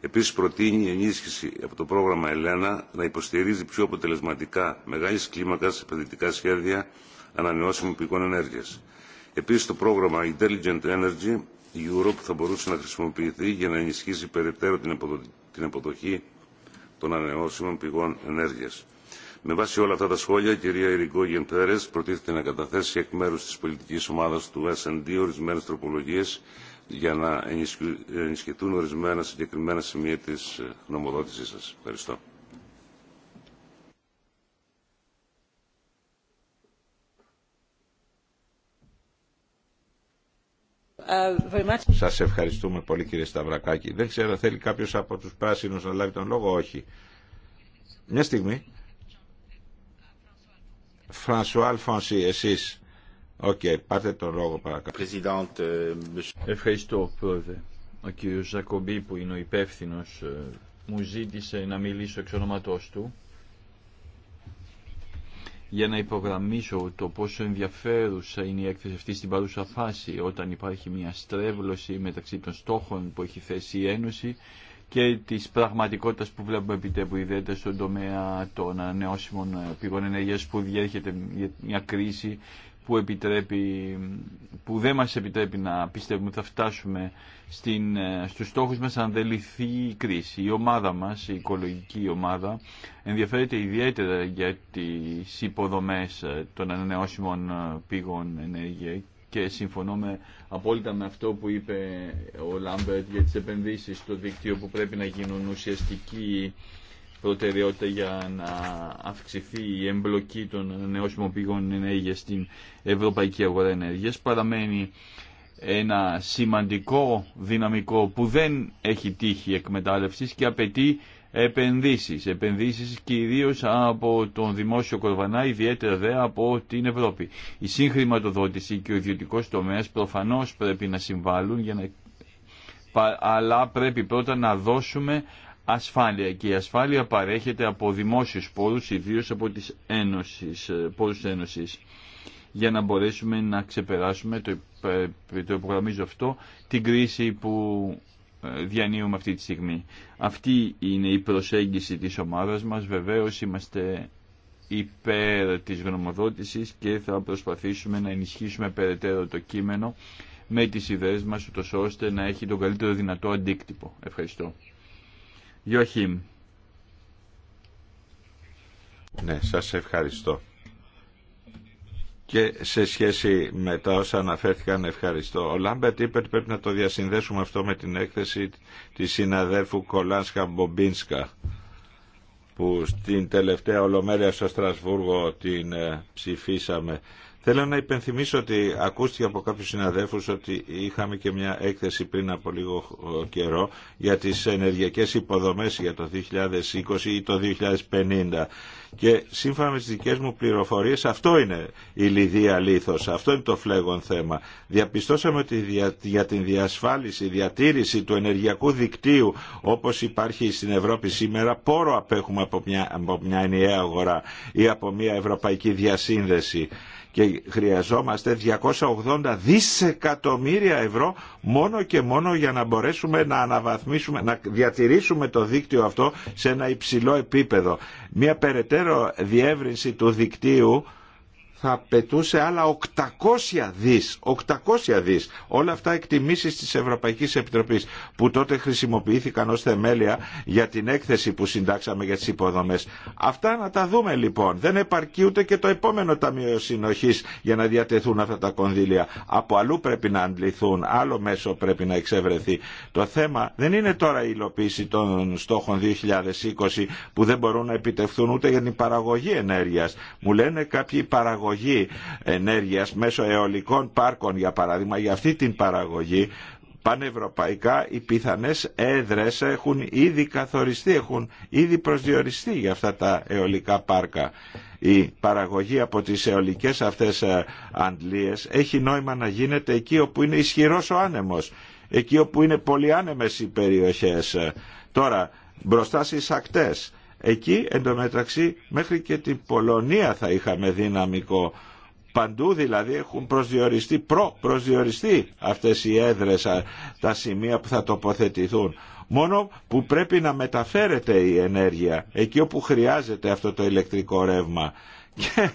Επίσης προτείνει η ενίσχυση από το πρόγραμμα Ελένα να υποστηρίζει πιο αποτελεσματικά μεγάλης κλίμακας επενδυτικά σχέδια ανανεώσιμων πηγών ενέργειας. Επίσης το πρόγραμμα Intelligent Energy η Ευρώπη θα μπορούσε να χρησιμοποιηθεί για να ενισχύσει περαιτέρω την αποδοχή των ανανεώσιμων πηγών ενέργειας. Με βάση όλα αυτά τα σχόλια, η κυρία Ειρηγόγεν Πέρε προτίθεται να καταθέσει εκ μέρου τη πολιτική ομάδα του SD ορισμένε τροπολογίε για να ενισχυθούν ορισμένα συγκεκριμένα σημεία τη ε, νομοδότησή σα. Ευχαριστώ. Uh, Σας ευχαριστούμε πολύ κύριε Σταυρακάκη. Δεν ξέρω, θέλει κάποιος από τους πράσινους να λάβει τον λόγο, όχι. Μια στιγμή. Φρανσουά Αλφονσί, εσείς. Οκ, πάτε πάρτε τον λόγο παρακαλώ. Euh, Ευχαριστώ πρόεδρε. Ο κύριος Ζακομπή που είναι ο υπεύθυνο ε, μου ζήτησε να μιλήσω εξ ονοματός του για να υπογραμμίσω το πόσο ενδιαφέρουσα είναι η έκθεση αυτή στην παρούσα φάση όταν υπάρχει μια στρέβλωση μεταξύ των στόχων που έχει θέσει η Ένωση και της πραγματικότητας που βλέπουμε επιτέπου ιδιαίτερα στον τομέα των ανανεώσιμων πηγών ενέργεια που διέρχεται μια κρίση που, επιτρέπει, που δεν μας επιτρέπει να πιστεύουμε ότι θα φτάσουμε στην, ε, στους στόχους μας αν δεν λυθεί η κρίση. Η ομάδα μας, η οικολογική ομάδα, ενδιαφέρεται ιδιαίτερα για τις υποδομές ε, των ανανεώσιμων ε, πηγών ενέργεια και συμφωνώ με, απόλυτα με αυτό που είπε ο Λάμπερτ για τις επενδύσεις στο δίκτυο που πρέπει να γίνουν ουσιαστικοί προτεραιότητα για να αυξηθεί η εμπλοκή των νεώσιμων πηγών ενέργειας στην ευρωπαϊκή αγορά ενέργειας. Παραμένει ένα σημαντικό δυναμικό που δεν έχει τύχη εκμετάλλευση και απαιτεί επενδύσεις. Επενδύσεις κυρίως από τον δημόσιο κορβανά, ιδιαίτερα δε από την Ευρώπη. Η σύγχρηματοδότηση και ο ιδιωτικό τομέα προφανώς πρέπει να συμβάλλουν για να αλλά πρέπει πρώτα να δώσουμε ασφάλεια και η ασφάλεια παρέχεται από δημόσιους πόρους, ιδίως από τις ένωσης, ε, πόρους Ένωσης για να μπορέσουμε να ξεπεράσουμε, το, το υπογραμμίζω αυτό, την κρίση που ε, διανύουμε αυτή τη στιγμή. Αυτή είναι η προσέγγιση της ομάδας μας. Βεβαίως είμαστε υπέρ της γνωμοδότησης και θα προσπαθήσουμε να ενισχύσουμε περαιτέρω το κείμενο με τις ιδέες μας, ώστε να έχει τον καλύτερο δυνατό αντίκτυπο. Ευχαριστώ. Ιωχήμ. Ναι, σας ευχαριστώ. Και σε σχέση με τα όσα αναφέρθηκαν, ευχαριστώ. Ο Λάμπερτ είπε ότι πρέπει να το διασυνδέσουμε αυτό με την έκθεση της συναδέλφου Κολάνσκα Μπομπίνσκα που στην τελευταία ολομέλεια στο Στρασβούργο την ε, ψηφίσαμε Θέλω να υπενθυμίσω ότι ακούστηκε από κάποιους συναδέλφους ότι είχαμε και μια έκθεση πριν από λίγο καιρό για τις ενεργειακές υποδομές για το 2020 ή το 2050. Και σύμφωνα με τις δικές μου πληροφορίες αυτό είναι η λιδία λίθος, αυτό είναι το φλέγον θέμα. Διαπιστώσαμε ότι για την διασφάλιση, διατήρηση του ενεργειακού δικτύου όπως υπάρχει στην Ευρώπη σήμερα πόρο απέχουμε από μια, από μια ενιαία αγορά ή από μια ευρωπαϊκή διασύνδεση και χρειαζόμαστε 280 δισεκατομμύρια ευρώ μόνο και μόνο για να μπορέσουμε να αναβαθμίσουμε, να διατηρήσουμε το δίκτυο αυτό σε ένα υψηλό επίπεδο. Μια περαιτέρω διεύρυνση του δικτύου θα απαιτούσε άλλα 800 δις, 800 δις. Όλα αυτά εκτιμήσεις της Ευρωπαϊκής Επιτροπής που τότε χρησιμοποιήθηκαν ως θεμέλια για την έκθεση που συντάξαμε για τις υποδομές. Αυτά να τα δούμε λοιπόν. Δεν επαρκεί ούτε και το επόμενο Ταμείο Συνοχής για να διατεθούν αυτά τα κονδύλια. Από αλλού πρέπει να αντληθούν, άλλο μέσο πρέπει να εξευρεθεί. Το θέμα δεν είναι τώρα η υλοποίηση των στόχων 2020 που δεν μπορούν να επιτευχθούν ούτε για την παραγωγή ενέργειας. Μου λένε κάποιοι παραγωγή ενέργειας μέσω αιωλικών πάρκων για παράδειγμα, για αυτή την παραγωγή πανευρωπαϊκά οι πιθανές έδρες έχουν ήδη καθοριστεί, έχουν ήδη προσδιοριστεί για αυτά τα αιωλικά πάρκα. Η παραγωγή από τις αιωλικές αυτές ε, αντλίες έχει νόημα να γίνεται εκεί όπου είναι ισχυρός ο άνεμος, εκεί όπου είναι πολυάνεμες οι περιοχές. Τώρα, μπροστά στις ακτές, Εκεί εντωμεταξύ μέχρι και την Πολωνία θα είχαμε δυναμικό. Παντού δηλαδή έχουν προσδιοριστεί, προ-προσδιοριστεί αυτές οι έδρες, τα σημεία που θα τοποθετηθούν. Μόνο που πρέπει να μεταφέρεται η ενέργεια εκεί όπου χρειάζεται αυτό το ηλεκτρικό ρεύμα. Και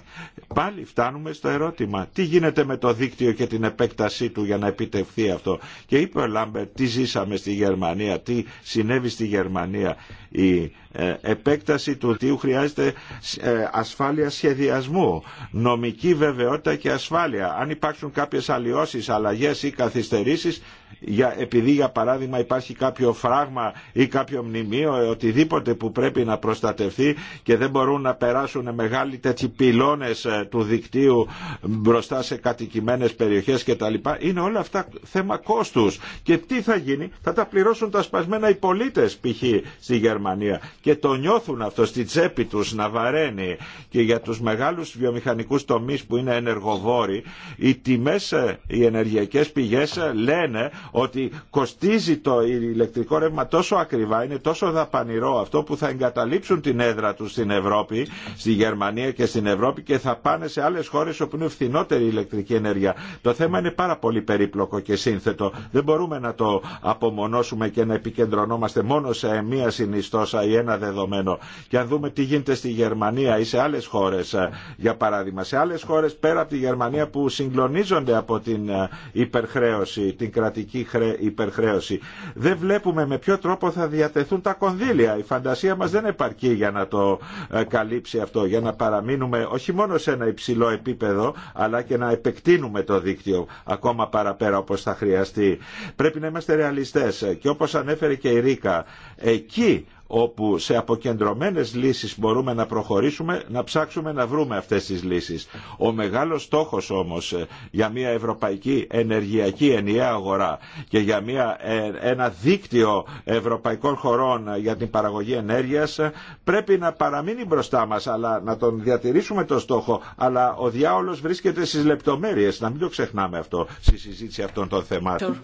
πάλι φτάνουμε στο ερώτημα, τι γίνεται με το δίκτυο και την επέκτασή του για να επιτευχθεί αυτό. Και είπε ο Λάμπερ, τι ζήσαμε στη Γερμανία, τι συνέβη στη Γερμανία. Η ε, επέκταση του αιτίου χρειάζεται ε, ασφάλεια σχεδιασμού, νομική βεβαιότητα και ασφάλεια. Αν υπάρξουν κάποιες αλλοιώσεις, αλλαγές ή καθυστερήσεις, για, επειδή για παράδειγμα υπάρχει κάποιο φράγμα ή κάποιο μνημείο, ε, οτιδήποτε που πρέπει να προστατευθεί και δεν μπορούν να περάσουν μεγάλοι τέτοιοι πυλώνες του δικτύου μπροστά σε κατοικημένες περιοχές κτλ. Είναι όλα αυτά θέμα κόστους. Και τι θα γίνει, θα τα πληρώσουν τα σπασμένα οι πολίτες π.χ. στη Γερμανία Γερμανία και το νιώθουν αυτό στη τσέπη τους να βαραίνει και για τους μεγάλους βιομηχανικούς τομείς που είναι ενεργοβόροι οι τιμές, ε, οι ενεργειακές πηγές ε, λένε ότι κοστίζει το ηλεκτρικό ρεύμα τόσο ακριβά, είναι τόσο δαπανηρό αυτό που θα εγκαταλείψουν την έδρα τους στην Ευρώπη, στη Γερμανία και στην Ευρώπη και θα πάνε σε άλλες χώρες όπου είναι φθηνότερη η ηλεκτρική ενέργεια. Το θέμα είναι πάρα πολύ περίπλοκο και σύνθετο. Δεν μπορούμε να το απομονώσουμε και να επικεντρωνόμαστε μόνο σε μία συνιστή τόσα ή ένα δεδομένο. Και αν δούμε τι γίνεται στη Γερμανία ή σε άλλε χώρε, ε, για παράδειγμα, σε άλλε χώρε πέρα από τη Γερμανία που συγκλονίζονται από την ε, υπερχρέωση, την κρατική υπερχρέωση, δεν βλέπουμε με ποιο τρόπο θα διατεθούν τα κονδύλια. Η φαντασία μα δεν επαρκεί για να το ε, καλύψει αυτό, για να παραμείνουμε όχι μόνο σε ένα υψηλό επίπεδο, αλλά και να επεκτείνουμε το δίκτυο ακόμα παραπέρα όπω θα χρειαστεί. Πρέπει να είμαστε ρεαλιστέ. και όπω ανέφερε και η Ρίκα, εκεί όπου σε αποκεντρωμένες λύσεις μπορούμε να προχωρήσουμε, να ψάξουμε να βρούμε αυτές τις λύσεις. Ο μεγάλος στόχος όμως ε, για μια ευρωπαϊκή ενεργειακή ενιαία αγορά και για μια, ε, ένα δίκτυο ευρωπαϊκών χωρών για την παραγωγή ενέργειας ε, πρέπει να παραμείνει μπροστά μας, αλλά να τον διατηρήσουμε το στόχο, αλλά ο διάολος βρίσκεται στις λεπτομέρειες, να μην το ξεχνάμε αυτό στη συζήτηση αυτών των θεμάτων.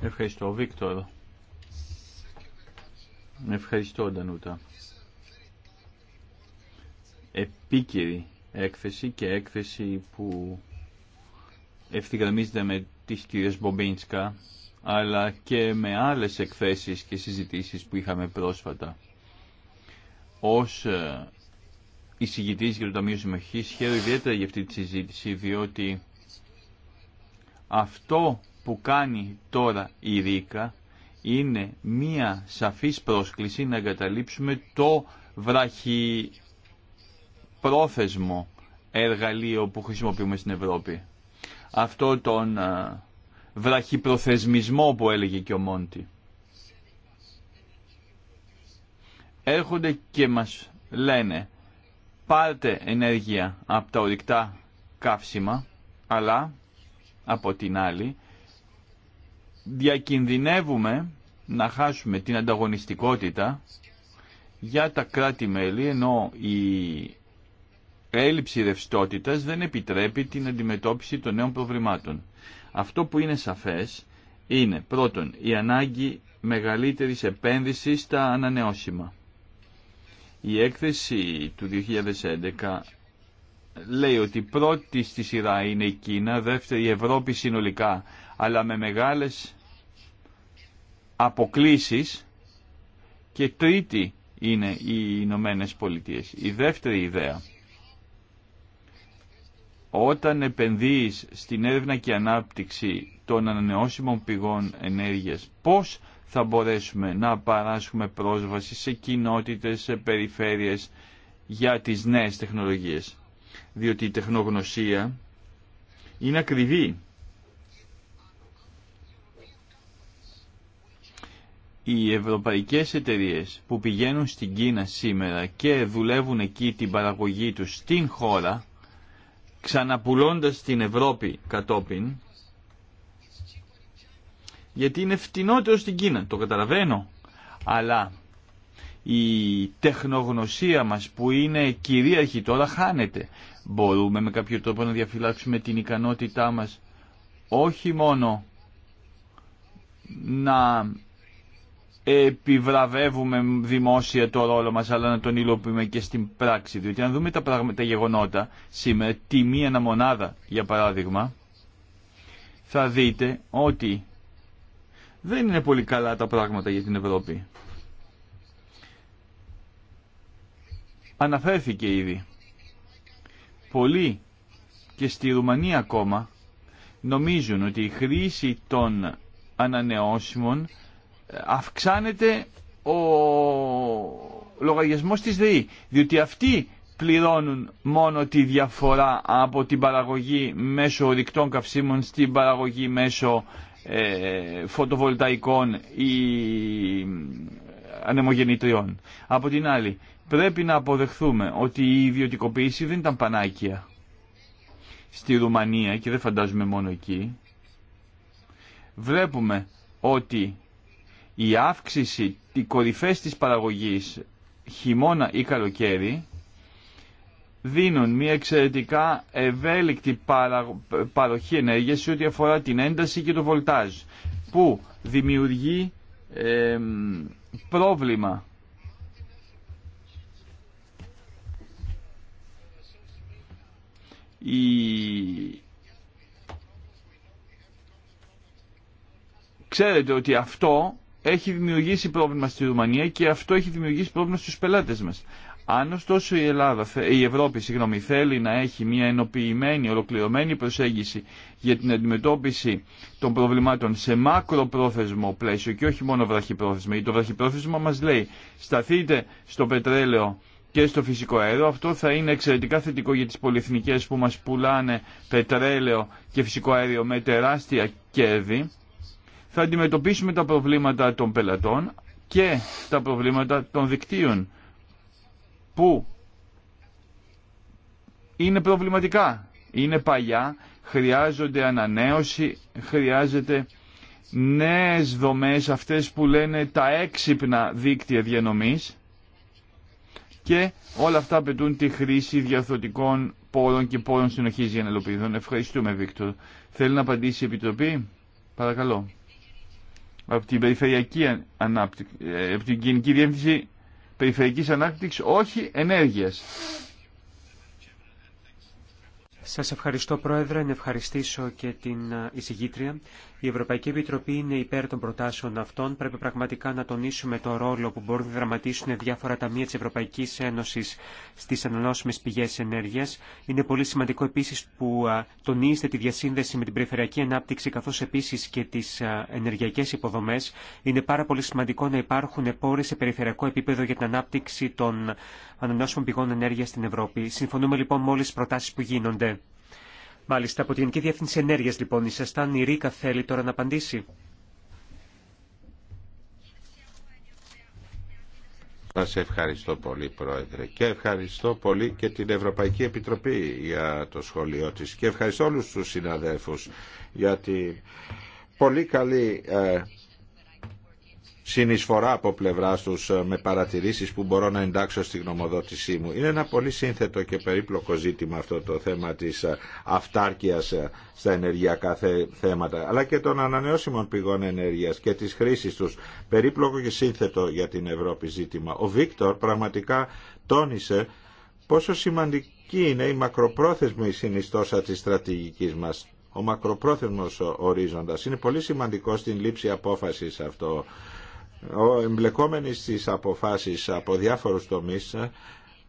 Ευχαριστώ, εδώ. Ευχαριστώ, Ντανούτα. Επίκαιρη έκθεση και έκθεση που ευθυγραμμίζεται με τις κυρίες Μπομπίνσκα αλλά και με άλλες εκθέσεις και συζητήσεις που είχαμε πρόσφατα. Ως ε, εισηγητής για το Ταμείο Συμμαχής χαίρομαι ιδιαίτερα για αυτή τη συζήτηση διότι αυτό που κάνει τώρα η Ρίκα είναι μία σαφής πρόσκληση να εγκαταλείψουμε το βραχι πρόθεσμο εργαλείο που χρησιμοποιούμε στην Ευρώπη. Αυτό τον ε, βραχυπροθεσμισμό που έλεγε και ο Μόντι. Έρχονται και μας λένε πάρτε ενέργεια από τα ορυκτά καύσιμα αλλά από την άλλη διακινδυνεύουμε να χάσουμε την ανταγωνιστικότητα για τα κράτη-μέλη, ενώ η έλλειψη ρευστότητας δεν επιτρέπει την αντιμετώπιση των νέων προβλημάτων. Αυτό που είναι σαφές είναι πρώτον η ανάγκη μεγαλύτερης επένδυσης στα ανανεώσιμα. Η έκθεση του 2011 λέει ότι πρώτη στη σειρά είναι η Κίνα, δεύτερη η Ευρώπη συνολικά, αλλά με μεγάλες αποκλήσεις και τρίτη είναι οι Ηνωμένε Πολιτείε. Η δεύτερη ιδέα. Όταν επενδύεις στην έρευνα και ανάπτυξη των ανανεώσιμων πηγών ενέργειας, πώς θα μπορέσουμε να παράσουμε πρόσβαση σε κοινότητες, σε περιφέρειες για τις νέες τεχνολογίες. Διότι η τεχνογνωσία είναι ακριβή οι ευρωπαϊκές εταιρείες που πηγαίνουν στην Κίνα σήμερα και δουλεύουν εκεί την παραγωγή τους στην χώρα, ξαναπουλώντας την Ευρώπη κατόπιν, γιατί είναι φτηνότερο στην Κίνα, το καταλαβαίνω, αλλά η τεχνογνωσία μας που είναι κυρίαρχη τώρα χάνεται. Μπορούμε με κάποιο τρόπο να διαφυλάξουμε την ικανότητά μας όχι μόνο να επιβραβεύουμε δημόσια το ρόλο μας αλλά να τον υλοποιούμε και στην πράξη διότι αν δούμε τα, τα γεγονότα σήμερα τη να μονάδα για παράδειγμα θα δείτε ότι δεν είναι πολύ καλά τα πράγματα για την Ευρώπη αναφέρθηκε ήδη πολλοί και στη Ρουμανία ακόμα νομίζουν ότι η χρήση των ανανεώσιμων αυξάνεται ο λογαριασμός της ΔΕΗ, διότι αυτοί πληρώνουν μόνο τη διαφορά από την παραγωγή μέσω ρηκτών καυσίμων στην παραγωγή μέσω ε, φωτοβολταϊκών ή ανεμογεννητριών. Από την άλλη, πρέπει να αποδεχθούμε ότι η ιδιωτικοποίηση δεν ήταν πανάκια στη Ρουμανία και δεν φαντάζομαι μόνο εκεί. Βλέπουμε ότι η αύξηση, οι κορυφές της παραγωγής χειμώνα ή καλοκαίρι δίνουν μια εξαιρετικά ευέλικτη παροχή ενέργειας σε ό,τι αφορά την ένταση και το βολτάζ που δημιουργεί πρόβλημα Ξέρετε ότι αυτό έχει δημιουργήσει πρόβλημα στη Ρουμανία και αυτό έχει δημιουργήσει πρόβλημα στους πελάτες μας. Αν ωστόσο η, Ελλάδα, η Ευρώπη συγγνώμη, θέλει να έχει μια ενοποιημένη, ολοκληρωμένη προσέγγιση για την αντιμετώπιση των προβλημάτων σε μακροπρόθεσμο πλαίσιο και όχι μόνο βραχυπρόθεσμο, γιατί το βραχυπρόθεσμο μας λέει σταθείτε στο πετρέλαιο και στο φυσικό αέριο. Αυτό θα είναι εξαιρετικά θετικό για τις πολυεθνικές που μας πουλάνε πετρέλαιο και φυσικό αέριο με τεράστια κέρδη θα αντιμετωπίσουμε τα προβλήματα των πελατών και τα προβλήματα των δικτύων που είναι προβληματικά, είναι παλιά, χρειάζονται ανανέωση, χρειάζεται νέες δομές αυτές που λένε τα έξυπνα δίκτυα διανομής και όλα αυτά απαιτούν τη χρήση διαρθρωτικών πόρων και πόρων συνοχής για να ελοπιδούν. Ευχαριστούμε Βίκτορ. Θέλει να απαντήσει η Επιτροπή. Παρακαλώ από την Περιφερειακή Ανάπτυξη, ε, από την κοινική Διεύθυνση Περιφερειακής Ανάπτυξης, όχι ενέργειας. Σας ευχαριστώ Πρόεδρε, να ευχαριστήσω και την ε, εισηγήτρια. Η Ευρωπαϊκή Επιτροπή είναι υπέρ των προτάσεων αυτών. Πρέπει πραγματικά να τονίσουμε το ρόλο που μπορούν να δραματίσουν διάφορα ταμεία τη Ευρωπαϊκή Ένωση στι ανανεώσιμε πηγέ ενέργεια. Είναι πολύ σημαντικό επίση που τονίστε τη διασύνδεση με την περιφερειακή ανάπτυξη καθώ επίση και τι ενεργειακέ υποδομέ. Είναι πάρα πολύ σημαντικό να υπάρχουν πόρε σε περιφερειακό επίπεδο για την ανάπτυξη των ανανεώσιμων πηγών ενέργεια στην Ευρώπη. Συμφωνούμε λοιπόν με όλε τι προτάσει που γίνονται. Μάλιστα, από την Γενική Διεύθυνση Ενέργεια, λοιπόν, ήσασταν. Η Ρίκα θέλει τώρα να απαντήσει. Σας ευχαριστώ πολύ Πρόεδρε και ευχαριστώ πολύ και την Ευρωπαϊκή Επιτροπή για το σχολείο τη και ευχαριστώ όλους τους συναδέλφου για την πολύ καλή ε, συνεισφορά από πλευρά του ε, με παρατηρήσει που μπορώ να εντάξω στη γνωμοδότησή μου. Είναι ένα πολύ σύνθετο και περίπλοκο ζήτημα αυτό το θέμα τη ε, αυτάρκεια ε, στα ενεργειακά θέματα, αλλά και των ανανεώσιμων πηγών ενέργεια και τη χρήση του Περίπλοκο και σύνθετο για την Ευρώπη ζήτημα. Ο Βίκτορ πραγματικά τόνισε πόσο σημαντική είναι η μακροπρόθεσμη συνιστόσα της στρατηγικής μας. Ο μακροπρόθεσμος ορίζοντας είναι πολύ σημαντικό στην λήψη απόφασης αυτό εμπλεκόμενοι στις αποφάσεις από διάφορους τομείς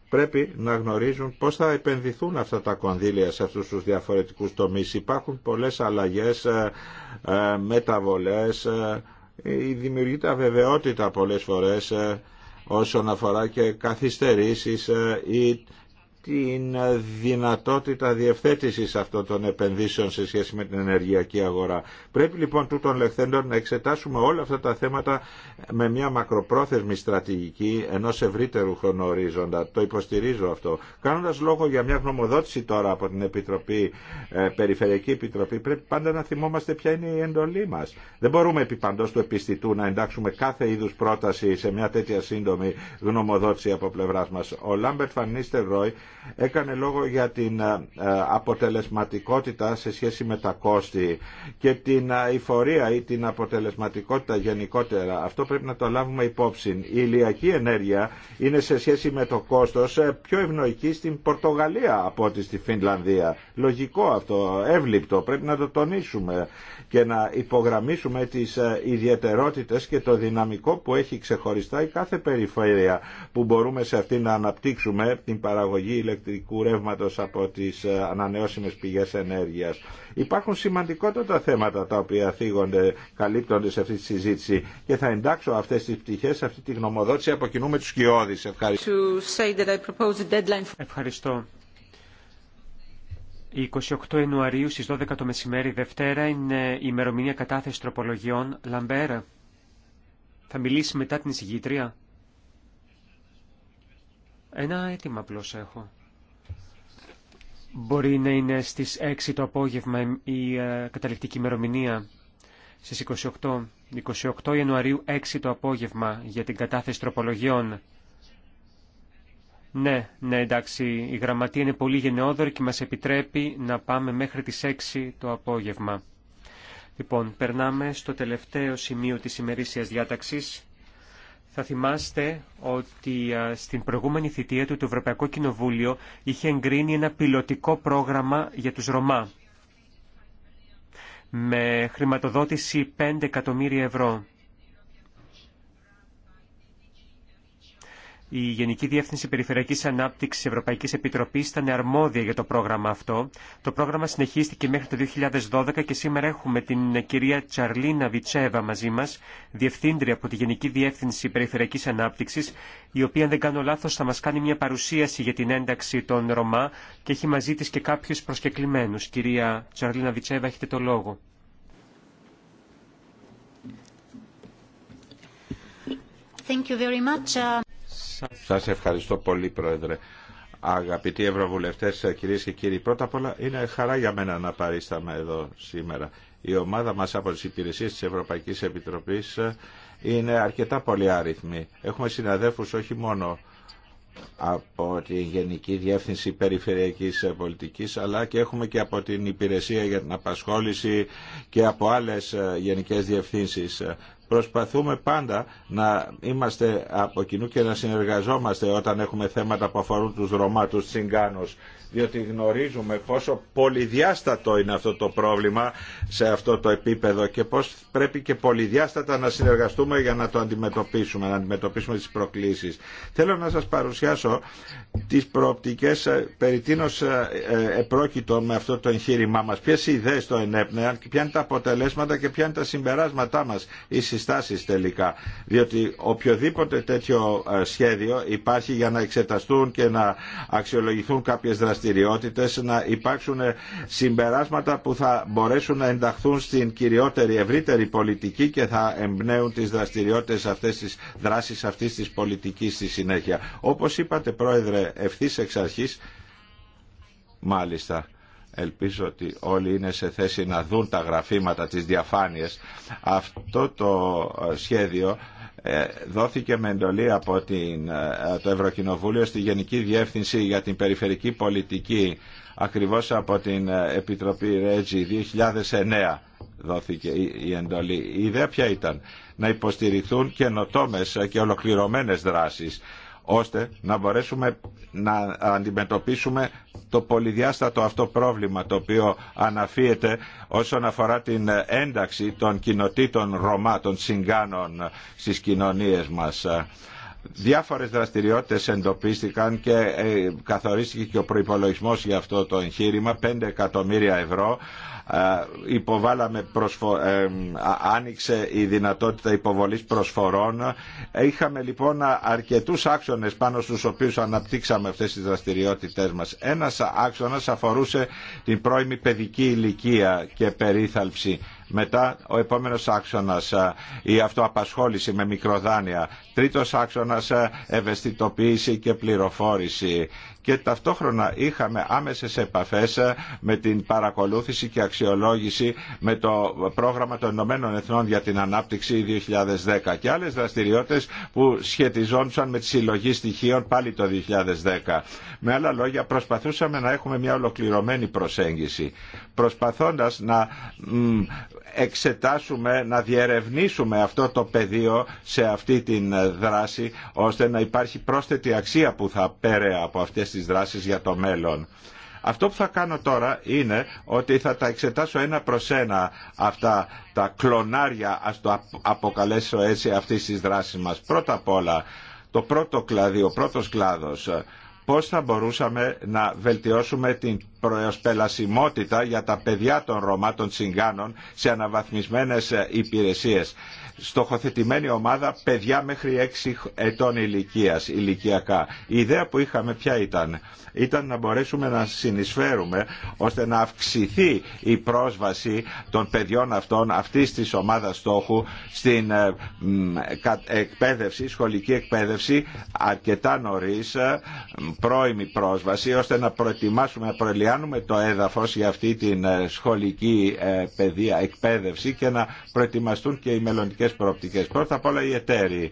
πρέπει να γνωρίζουν πώς θα επενδυθούν αυτά τα κονδύλια σε αυτούς τους διαφορετικούς τομείς. Υπάρχουν πολλές αλλαγές, ε, ε, μεταβολές, ε, δημιουργείται αβεβαιότητα πολλές φορές όσον αφορά και καθυστερήσεις ή την δυνατότητα διευθέτησης αυτών των επενδύσεων σε σχέση με την ενεργειακή αγορά. Πρέπει λοιπόν τούτων λεχθέντων να εξετάσουμε όλα αυτά τα θέματα με μια μακροπρόθεσμη στρατηγική ενός ευρύτερου χρονορίζοντα. Το υποστηρίζω αυτό. Κάνοντας λόγο για μια γνωμοδότηση τώρα από την Επιτροπή, ε, Περιφερειακή Επιτροπή, πρέπει πάντα να θυμόμαστε ποια είναι η εντολή μας. Δεν μπορούμε επί παντός του επιστητού να εντάξουμε κάθε είδους πρόταση σε μια τέτοια σύντομη γνωμοδότηση από πλευρά μας. Ο Λάμπερτ Φανίστερ Ρόι έκανε λόγο για την ε, ε, αποτελεσματικότητα σε σχέση με τα κόστη και την αηφορία ε, ή την αποτελεσματικότητα γενικότερα. Αυτό πρέπει να το λάβουμε υπόψη. Η ηλιακή ενέργεια είναι σε σχέση με το κόστος πιο ευνοϊκή στην Πορτογαλία από ότι στη Φινλανδία. Λογικό αυτό, εύληπτο, πρέπει να το τονίσουμε και να υπογραμμίσουμε τις ιδιαιτερότητες και το δυναμικό που έχει ξεχωριστά η κάθε περιφέρεια που μπορούμε σε αυτή να αναπτύξουμε την παραγωγή ηλεκτρικού ρεύματος από τις ε, ανανεώσιμες πηγές ενέργειας. Υπάρχουν σημαντικότατα θέματα τα οποία θίγονται, καλύπτονται σε αυτή τη συζήτηση και θα εντάξω αυτές τις πτυχές, αυτή τη γνωμοδότηση από κοινού με τους κοιόδης. Ευχαριστώ. Ευχαριστώ. Η 28 Ιανουαρίου στις 12 το μεσημέρι Δευτέρα είναι η ημερομηνία κατάθεση τροπολογιών. Λαμπέρα, θα μιλήσει μετά την εισηγήτρια. Ένα αίτημα απλώς έχω. Μπορεί να είναι στις 6 το απόγευμα η ε, καταληκτική ημερομηνία στις 28, 28 Ιανουαρίου 6 το απόγευμα για την κατάθεση τροπολογιών. Ναι, ναι, εντάξει, η γραμματεία είναι πολύ γενναιόδορη και μας επιτρέπει να πάμε μέχρι τις 6 το απόγευμα. Λοιπόν, περνάμε στο τελευταίο σημείο της ημερήσιας διάταξης. Θα θυμάστε ότι στην προηγούμενη θητεία του το Ευρωπαϊκό Κοινοβούλιο είχε εγκρίνει ένα πιλωτικό πρόγραμμα για τους Ρωμά με χρηματοδότηση 5 εκατομμύρια ευρώ. Η Γενική Διεύθυνση Περιφερειακής Ανάπτυξης Ευρωπαϊκή Επιτροπή ήταν αρμόδια για το πρόγραμμα αυτό. Το πρόγραμμα συνεχίστηκε μέχρι το 2012 και σήμερα έχουμε την κυρία Τσαρλίνα Βιτσέβα μαζί μα, Διευθύντρια από τη Γενική Διεύθυνση Περιφερειακή Ανάπτυξη, η οποία αν δεν κάνω λάθο θα μα κάνει μια παρουσίαση για την ένταξη των Ρωμά και έχει μαζί τη και κάποιους προσκεκλημένους. Κυρία Τσαρλίνα Βιτσέβα, έχετε το λόγο. Thank you very much. Σας ευχαριστώ πολύ Πρόεδρε. Αγαπητοί Ευρωβουλευτές, κυρίες και κύριοι, πρώτα απ' όλα είναι χαρά για μένα να παρίσταμε εδώ σήμερα. Η ομάδα μας από τις υπηρεσίες της Ευρωπαϊκής Επιτροπής είναι αρκετά πολύ άριθμη. Έχουμε συναδέλφους όχι μόνο από την Γενική Διεύθυνση Περιφερειακής Πολιτικής αλλά και έχουμε και από την Υπηρεσία για την Απασχόληση και από άλλες γενικές διευθύνσεις. Προσπαθούμε πάντα να είμαστε από κοινού και να συνεργαζόμαστε όταν έχουμε θέματα που αφορούν τους Ρωμά, τους Τσιγκάνους, διότι γνωρίζουμε πόσο πολυδιάστατο είναι αυτό το πρόβλημα σε αυτό το επίπεδο και πώς πρέπει και πολυδιάστατα να συνεργαστούμε για να το αντιμετωπίσουμε, να αντιμετωπίσουμε τις προκλήσεις. Θέλω να σας παρουσιάσω τις προοπτικές ε, περί τίνος ε, ε, επρόκειτο με αυτό το εγχείρημά μας. Ποιες ιδέες το ενέπνεαν ποια είναι τα αποτελέσματα και ποια είναι τα συμπεράσματά μας, συστάσεις τελικά. Διότι οποιοδήποτε τέτοιο ε, σχέδιο υπάρχει για να εξεταστούν και να αξιολογηθούν κάποιες δραστηριότητες, να υπάρξουν ε, συμπεράσματα που θα μπορέσουν να ενταχθούν στην κυριότερη, ευρύτερη πολιτική και θα εμπνέουν τις δραστηριότητες αυτές της δράσης αυτής της πολιτικής στη συνέχεια. Όπως είπατε Πρόεδρε ευθύ εξ αρχής, μάλιστα ελπίζω ότι όλοι είναι σε θέση να δουν τα γραφήματα, της διαφάνειες. Αυτό το ε, σχέδιο ε, δόθηκε με εντολή από την, ε, το Ευρωκοινοβούλιο στη Γενική Διεύθυνση για την Περιφερική Πολιτική ακριβώς από την Επιτροπή Ρέτζι 2009 δόθηκε η εντολή. Η ιδέα ποια ήταν να υποστηριχθούν καινοτόμε και ολοκληρωμένες δράσεις ώστε να μπορέσουμε να αντιμετωπίσουμε το πολυδιάστατο αυτό πρόβλημα το οποίο αναφύεται όσον αφορά την ένταξη των κοινοτήτων Ρωμά, των συγκάνων στις κοινωνίες μας διάφορες δραστηριότητες εντοπίστηκαν και ε, καθορίστηκε και ο προϋπολογισμός για αυτό το εγχείρημα 5 εκατομμύρια ευρώ ε, υποβάλαμε προσφο... Ε, άνοιξε η δυνατότητα υποβολής προσφορών είχαμε λοιπόν αρκετούς άξονες πάνω στους οποίους αναπτύξαμε αυτές τις δραστηριότητές μας ένας άξονας αφορούσε την πρώιμη παιδική ηλικία και περίθαλψη μετά ο επόμενος άξονας ε, η αυτοαπασχόληση με μικροδάνεια. Τρίτος άξονας ε, ευαισθητοποίηση και πληροφόρηση και ταυτόχρονα είχαμε άμεσες επαφές ε, με την παρακολούθηση και αξιολόγηση με το πρόγραμμα των Ηνωμένων Εθνών για την Ανάπτυξη 2010 και άλλες δραστηριότητες που σχετιζόντουσαν με τη συλλογή στοιχείων πάλι το 2010. Με άλλα λόγια προσπαθούσαμε να έχουμε μια ολοκληρωμένη προσέγγιση προσπαθώντας να εξετάσουμε, να διερευνήσουμε αυτό το πεδίο σε αυτή την ε, δράση ώστε να υπάρχει πρόσθετη αξία που θα πέρε από αυτές τις δράσεις για το μέλλον. Αυτό που θα κάνω τώρα είναι ότι θα τα εξετάσω ένα προς ένα αυτά τα κλονάρια, ας το αποκαλέσω έτσι, αυτής της δράσης μας. Πρώτα απ' όλα, το πρώτο κλάδι, ο πρώτος κλάδος, πώς θα μπορούσαμε να βελτιώσουμε την προεσπελασιμότητα για τα παιδιά των Ρωμάτων Τσιγκάνων, σε αναβαθμισμένες ε, υπηρεσίες στοχοθετημένη ομάδα παιδιά μέχρι 6 ετών ηλικίας, ηλικιακά. Η ιδέα που είχαμε ποια ήταν. Ήταν να μπορέσουμε να συνεισφέρουμε ώστε να αυξηθεί η πρόσβαση των παιδιών αυτών, αυτής της ομάδα στόχου, στην ε, εκπαίδευση, σχολική εκπαίδευση αρκετά νωρίς, ε, πρώιμη πρόσβαση, ώστε να προετοιμάσουμε, να προελιάνουμε το έδαφος για αυτή την ε, σχολική παιδεία, εκπαίδευση και να προετοιμαστούν και οι μελλοντικέ προοπτικές. Πρώτα απ' όλα οι εταίροι.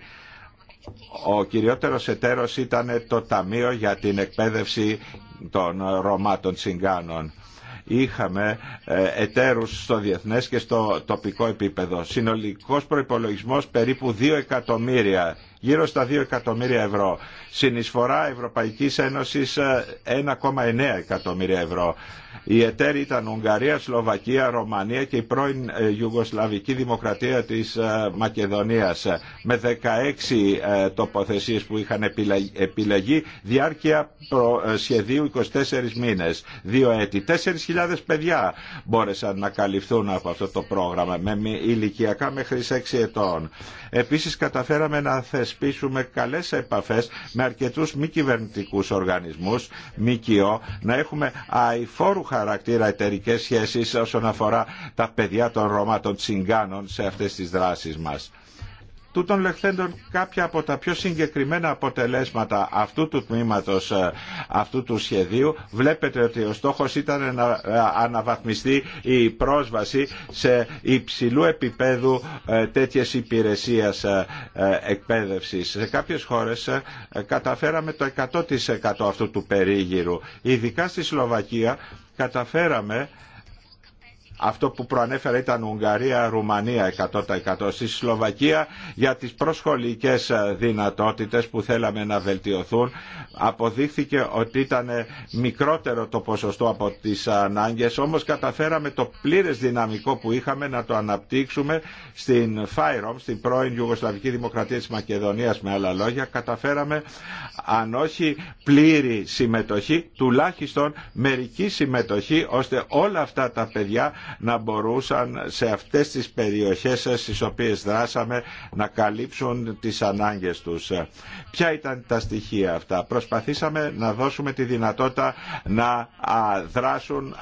Ο κυριότερος εταίρος ήταν το Ταμείο για την εκπαίδευση των Ρωμά, των Τσιγκάνων είχαμε ε, εταίρους στο διεθνές και στο τοπικό επίπεδο. Συνολικός προϋπολογισμός περίπου 2 εκατομμύρια, γύρω στα 2 εκατομμύρια ευρώ συνεισφορά Ευρωπαϊκής Ένωσης 1,9 ε, εκατομμύρια ευρώ. Οι εταίροι ήταν Ουγγαρία, Σλοβακία, Ρωμανία και η πρώην ε, Ιουγκοσλαβική Δημοκρατία της ε, Μακεδονίας με 16 τοποθεσίες που είχαν επιλεγεί διάρκεια σχεδίου 24 μήνες, δύο έτη. 4.000 παιδιά μπόρεσαν να καλυφθούν από αυτό το πρόγραμμα με ηλικιακά μέχρι 6 ετών. Επίσης καταφέραμε να θεσπίσουμε καλές επαφές με αρκετούς μη κυβερνητικού οργανισμούς, ΜΚΟ, να έχουμε αηφόρου χαρακτήρα εταιρικέ σχέσεις όσον αφορά τα παιδιά των Ρώμα, των Τσιγκάνων σε αυτές τις δράσεις μας. Τούτων λεχθέντων κάποια από τα πιο συγκεκριμένα αποτελέσματα αυτού του τμήματος, ε, αυτού του σχεδίου, βλέπετε ότι ο στόχος ήταν να ε, αναβαθμιστεί η πρόσβαση σε υψηλού επίπεδου ε, τέτοιες υπηρεσίες εκπαίδευσης. Σε κάποιες χώρες καταφέραμε το 100% αυτού του περίγυρου. Ειδικά στη Σλοβακία καταφέραμε αυτό που προανέφερα ήταν Ουγγαρία, Ρουμανία 100%. Στη Σλοβακία για τις προσχολικές ε, δυνατότητες που θέλαμε να βελτιωθούν αποδείχθηκε ότι ήταν ε, μικρότερο το ποσοστό από τις ανάγκες όμως καταφέραμε το πλήρες δυναμικό που είχαμε να το αναπτύξουμε στην Φάιρομ, στην πρώην Ιουγκοσλαβική Δημοκρατία της Μακεδονίας με άλλα λόγια καταφέραμε αν όχι πλήρη συμμετοχή τουλάχιστον μερική συμμετοχή ώστε όλα αυτά τα παιδιά να μπορούσαν σε αυτές τις περιοχές στις οποίες δράσαμε να καλύψουν τις ανάγκες τους. Ποια ήταν τα στοιχεία αυτά. Προσπαθήσαμε να δώσουμε τη δυνατότητα να δράσουν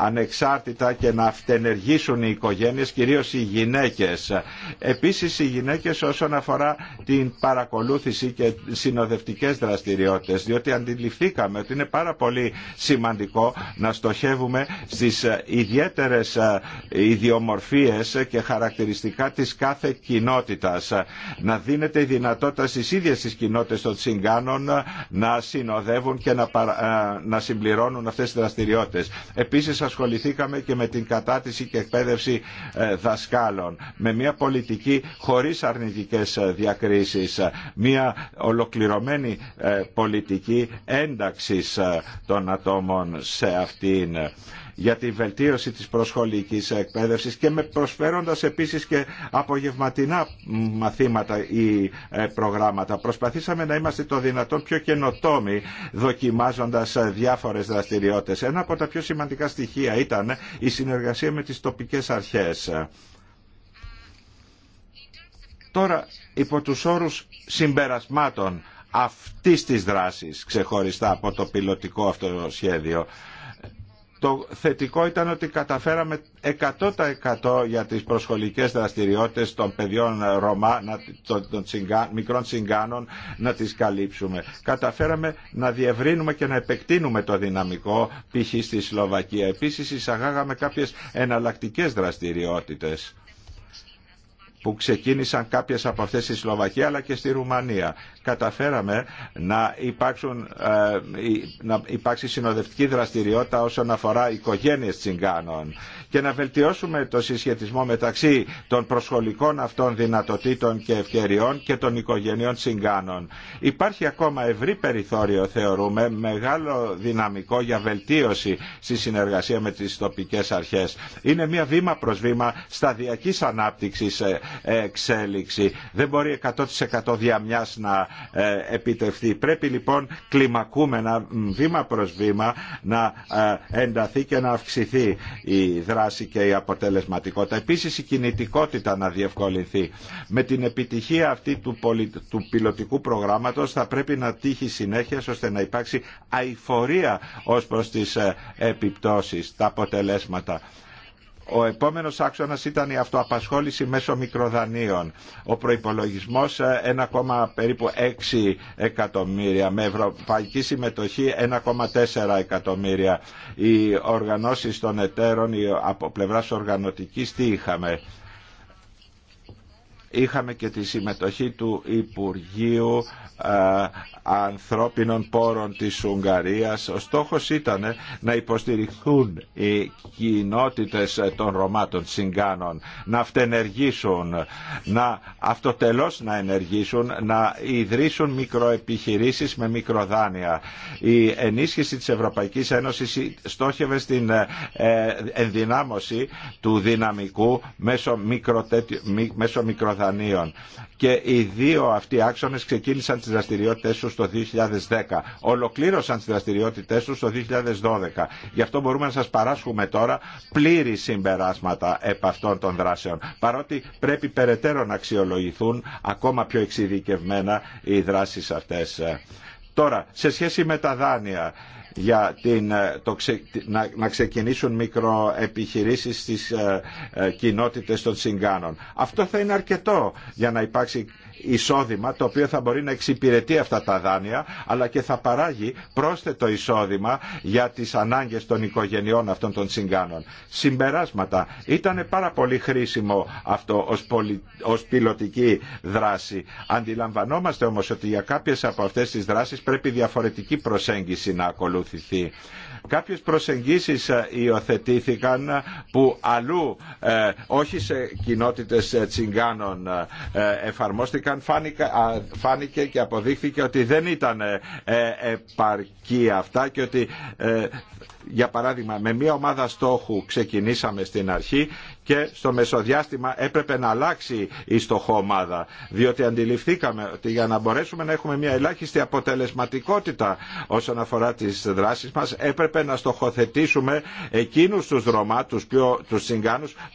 ανεξάρτητα και να αυτενεργήσουν οι οικογένειες, κυρίως οι γυναίκες. Επίσης οι γυναίκες όσον αφορά την παρακολούθηση και συνοδευτικές δραστηριότητες, διότι αντιληφθήκαμε ότι είναι πάρα πολύ σημαντικό να στοχεύουμε στις ιδιαίτερες ε, ιδιομορφίες και χαρακτηριστικά της κάθε κοινότητας. Να δίνεται η δυνατότητα στις ίδιες τις κοινότητες των τσιγκάνων να συνοδεύουν και να, ε, συμπληρώνουν αυτές τις δραστηριότητες ασχοληθήκαμε και με την κατάτηση και εκπαίδευση ε, δασκάλων. Με μια πολιτική χωρίς αρνητικές ε, διακρίσεις. Μια ολοκληρωμένη ε, πολιτική ένταξης των ατόμων σε αυτήν για τη βελτίωση της προσχολικής εκπαίδευσης και με προσφέροντας επίσης και απογευματινά μαθήματα ή ε, προγράμματα. Προσπαθήσαμε να είμαστε το δυνατόν πιο καινοτόμοι δοκιμάζοντας ε, διάφορες δραστηριότητες. Ένα από τα πιο σημαντικά στοιχεία ήταν ε, η συνεργασία με τις τοπικές αρχές. Τώρα, υπό τους όρους συμπερασμάτων αυτής της δράσης ξεχωριστά από το πιλωτικό αυτό σχέδιο το θετικό ήταν ότι καταφέραμε 100% για τις προσχολικές δραστηριότητες των παιδιών Ρωμά, των μικρών τσιγκάνων, να τις καλύψουμε. Καταφέραμε να διευρύνουμε και να επεκτείνουμε το δυναμικό, π.χ. στη Σλοβακία. Επίσης εισαγάγαμε κάποιες εναλλακτικές δραστηριότητες που ξεκίνησαν κάποιες από αυτές στη Σλοβακία αλλά και στη Ρουμανία καταφέραμε να, υπάρξουν, ε, να υπάρξει συνοδευτική δραστηριότητα όσον αφορά οικογένειες τσιγκάνων και να βελτιώσουμε το συσχετισμό μεταξύ των προσχολικών αυτών δυνατοτήτων και ευκαιριών και των οικογενειών τσιγκάνων. Υπάρχει ακόμα ευρύ περιθώριο, θεωρούμε, μεγάλο δυναμικό για βελτίωση στη συνεργασία με τις τοπικές αρχές. Είναι μια βήμα προς βήμα σταδιακής ανάπτυξης ε, ε, εξέλιξη. Δεν μπορεί 100% διαμιάς να ε, επιτευχθεί. Πρέπει λοιπόν κλιμακούμενα βήμα προς βήμα να ε, ενταθεί και να αυξηθεί η δράση και η αποτελεσματικότητα. Επίσης η κινητικότητα να διευκολυνθεί. Με την επιτυχία αυτή του, πολι... του πιλωτικού προγράμματος θα πρέπει να τύχει συνέχεια ώστε να υπάρξει αηφορία ως προς τις ε, επιπτώσεις, τα αποτελέσματα. Ο επόμενος άξονας ήταν η αυτοαπασχόληση μέσω μικροδανείων. Ο προϋπολογισμός 1,6 ε, εκατομμύρια με ευρωπαϊκή συμμετοχή 1,4 εκατομμύρια. Οι οργανώσει των εταίρων από πλευρά οργανωτικής τι είχαμε είχαμε και τη συμμετοχή του Υπουργείου ε, Ανθρώπινων Πόρων της Ουγγαρίας. Ο στόχος ήταν να υποστηριχθούν οι κοινότητες των Ρωμάτων συγκάνων, να αυτενεργήσουν, να αυτοτελώς να ενεργήσουν, να ιδρύσουν μικροεπιχειρήσεις με μικροδάνεια. Η ενίσχυση της Ευρωπαϊκής Ένωσης στόχευε στην ε, ενδυνάμωση του δυναμικού μέσω, μικρο, μέσω μικροδάνεια και οι δύο αυτοί άξονες ξεκίνησαν τις δραστηριότητες τους το 2010. Ολοκλήρωσαν τις δραστηριότητες τους το 2012. Γι' αυτό μπορούμε να σας παράσχουμε τώρα πλήρη συμπεράσματα επ' αυτών των δράσεων. Παρότι πρέπει περαιτέρω να αξιολογηθούν ακόμα πιο εξειδικευμένα οι δράσεις αυτές. Τώρα, σε σχέση με τα δάνεια, για την, ε, να, ξεκινήσουν μικροεπιχειρήσεις στις ε, ε κοινότητες των συγκάνων. Αυτό θα είναι αρκετό για να υπάρξει εισόδημα το οποίο θα μπορεί να εξυπηρετεί αυτά τα δάνεια αλλά και θα παράγει πρόσθετο εισόδημα για τις ανάγκες των οικογενειών αυτών των συγκάνων. Συμπεράσματα. Ήταν πάρα πολύ χρήσιμο αυτό ως, πολι... ως πιλωτική δράση. Αντιλαμβανόμαστε όμως ότι για κάποιες από αυτές τις δράσεις πρέπει διαφορετική προσέγγιση να ακολουθηθεί. Κάποιες προσεγγίσεις ε, υιοθετήθηκαν ε, που αλλού, ε, όχι σε κοινότητες τσιγκάνων εφαρμόστηκαν, φάνηκε και αποδείχθηκε ότι δεν ήταν επαρκή αυτά και ότι για παράδειγμα με μια ομάδα στόχου ξεκινήσαμε στην αρχή και στο μεσοδιάστημα έπρεπε να αλλάξει η στοχομάδα διότι αντιληφθήκαμε ότι για να μπορέσουμε να έχουμε μια ελάχιστη αποτελεσματικότητα όσον αφορά τις δράσεις μας έπρεπε να στοχοθετήσουμε εκείνους τους Ρωμά, τους, πιο, τους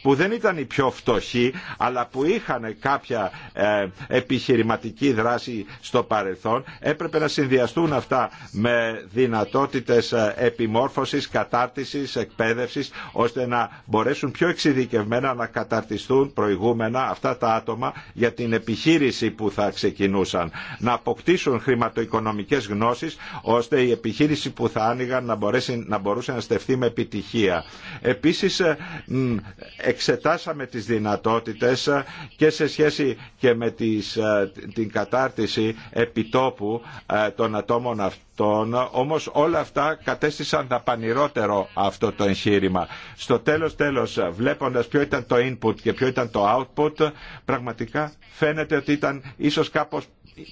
που δεν ήταν οι πιο φτωχοί αλλά που είχαν κάποια ε, επιχειρηματική δράση στο παρελθόν έπρεπε να συνδυαστούν αυτά με δυνατότητες ε, επιμόρφωσης Κατάρτιση, κατάρτισης, εκπαίδευσης, ώστε να μπορέσουν πιο εξειδικευμένα να καταρτιστούν προηγούμενα αυτά τα άτομα για την επιχείρηση που θα ξεκινούσαν. Να αποκτήσουν χρηματοοικονομικές γνώσεις, ώστε η επιχείρηση που θα άνοιγαν να, μπορέσει, να μπορούσε να στεφθεί με επιτυχία. Επίσης, ε, εξετάσαμε τις δυνατότητες ε, και σε σχέση και με ε, την κατάρτιση επιτόπου των ατόμων αυτών. Όμως όλα αυτά κατέστησαν δαπανηρά αυτό το εγχείρημα. Στο τέλος τέλος βλέποντας ποιο ήταν το input και ποιο ήταν το output πραγματικά φαίνεται ότι ήταν ίσως κάπως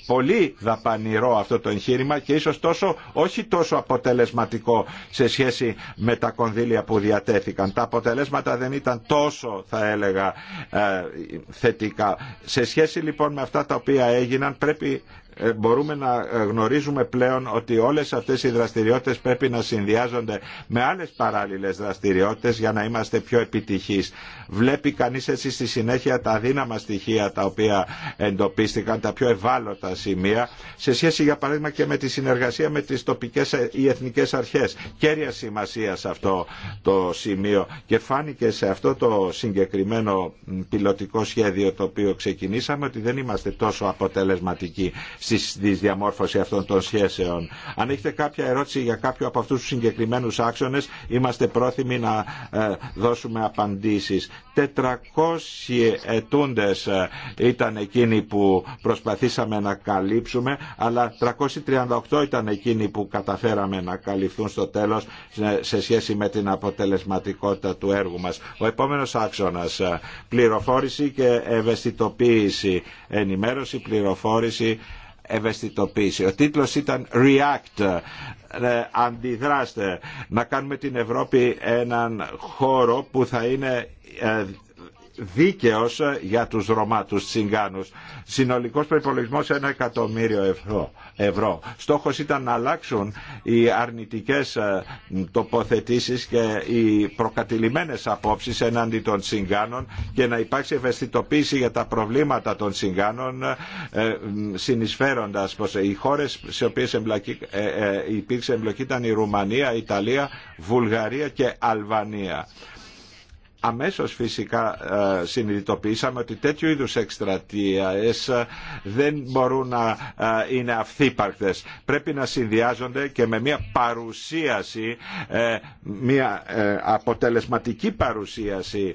πολύ δαπανηρό αυτό το εγχείρημα και ίσως τόσο, όχι τόσο αποτελεσματικό σε σχέση με τα κονδύλια που διατέθηκαν. Τα αποτελέσματα δεν ήταν τόσο θα έλεγα ε, θετικά. Σε σχέση λοιπόν με αυτά τα οποία έγιναν πρέπει ε, μπορούμε να ε, γνωρίζουμε πλέον ότι όλες αυτές οι δραστηριότητες πρέπει να συνδυάζονται με άλλες παράλληλες δραστηριότητες για να είμαστε πιο επιτυχείς βλέπει κανείς έτσι στη συνέχεια τα αδύναμα στοιχεία τα οποία εντοπίστηκαν, τα πιο ευάλωτα σημεία, σε σχέση για παράδειγμα και με τη συνεργασία με τις τοπικές ή εθνικές αρχές. Κέρια σημασία σε αυτό το σημείο και φάνηκε σε αυτό το συγκεκριμένο πιλωτικό σχέδιο το οποίο ξεκινήσαμε ότι δεν είμαστε τόσο αποτελεσματικοί στη διαμόρφωση αυτών των σχέσεων. Αν έχετε κάποια ερώτηση για κάποιο από αυτούς τους συγκεκριμένους άξονες, είμαστε πρόθυμοι να ε, δώσουμε απαντήσεις. 400 ετούντες ε, ήταν εκείνοι που προσπαθήσαμε να καλύψουμε αλλά 338 ήταν εκείνοι που καταφέραμε να καλυφθούν στο τέλος σε σχέση με την αποτελεσματικότητα του έργου μας. Ο επόμενος άξονας ε, πληροφόρηση και ευαισθητοποίηση ενημέρωση, πληροφόρηση ευαισθητοποίηση. Ο τίτλος ήταν «React», ε, αντιδράστε, να κάνουμε την Ευρώπη έναν χώρο που θα είναι ε, δίκαιος για τους Ρωμά, τους Τσιγκάνους. Συνολικός προϋπολογισμός 1 εκατομμύριο ευρώ. ευρώ. Στόχος ήταν να αλλάξουν οι αρνητικές ε, τοποθετήσεις και οι προκατηλημένες απόψεις εναντί των Τσιγκάνων και να υπάρξει ευαισθητοποίηση για τα προβλήματα των Τσιγκάνων ε, συνεισφέροντας πως οι χώρες σε οποίες εμπλακή, ε, υπήρξε εμπλοκή ήταν η Ρουμανία, η Ιταλία, Βουλγαρία και Αλβανία αμέσως φυσικά ε, συνειδητοποιήσαμε ότι τέτοιου είδους εκστρατείες ε, δεν μπορούν να ε, είναι αυθύπαρκτες. Πρέπει να συνδυάζονται και με μια παρουσίαση, μια αποτελεσματική παρουσίαση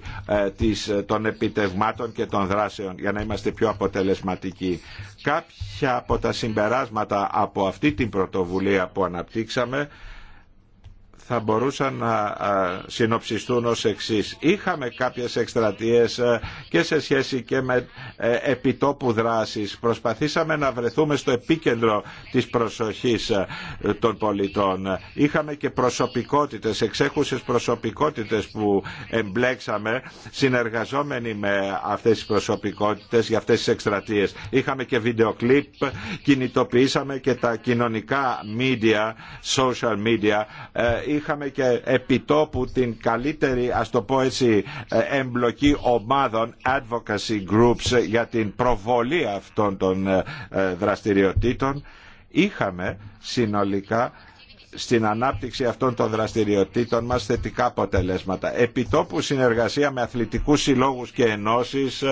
των επιτευγμάτων και των δράσεων για να είμαστε πιο αποτελεσματικοί. Κάποια από τα συμπεράσματα από αυτή την πρωτοβουλία που αναπτύξαμε θα μπορούσαν να συνοψιστούν ως εξής. Είχαμε κάποιες εκστρατείες ε, και σε σχέση και με ε, επιτόπου δράσεις. Προσπαθήσαμε να βρεθούμε στο επίκεντρο της προσοχής ε, των πολιτών. Είχαμε και προσωπικότητες, εξέχουσες προσωπικότητες που εμπλέξαμε συνεργαζόμενοι με αυτές τις προσωπικότητες για αυτές τις εκστρατείες. Είχαμε και βιντεοκλίπ, κινητοποιήσαμε και τα κοινωνικά media, social media, είχαμε και επιτόπου την καλύτερη ας το ε, εμπλοκή ομάδων advocacy groups για την προβολή αυτών των ε, ε, δραστηριοτήτων είχαμε συνολικά στην ανάπτυξη αυτών των δραστηριοτήτων μας θετικά αποτελέσματα. Επιτόπου συνεργασία με αθλητικούς συλλόγους και ενώσεις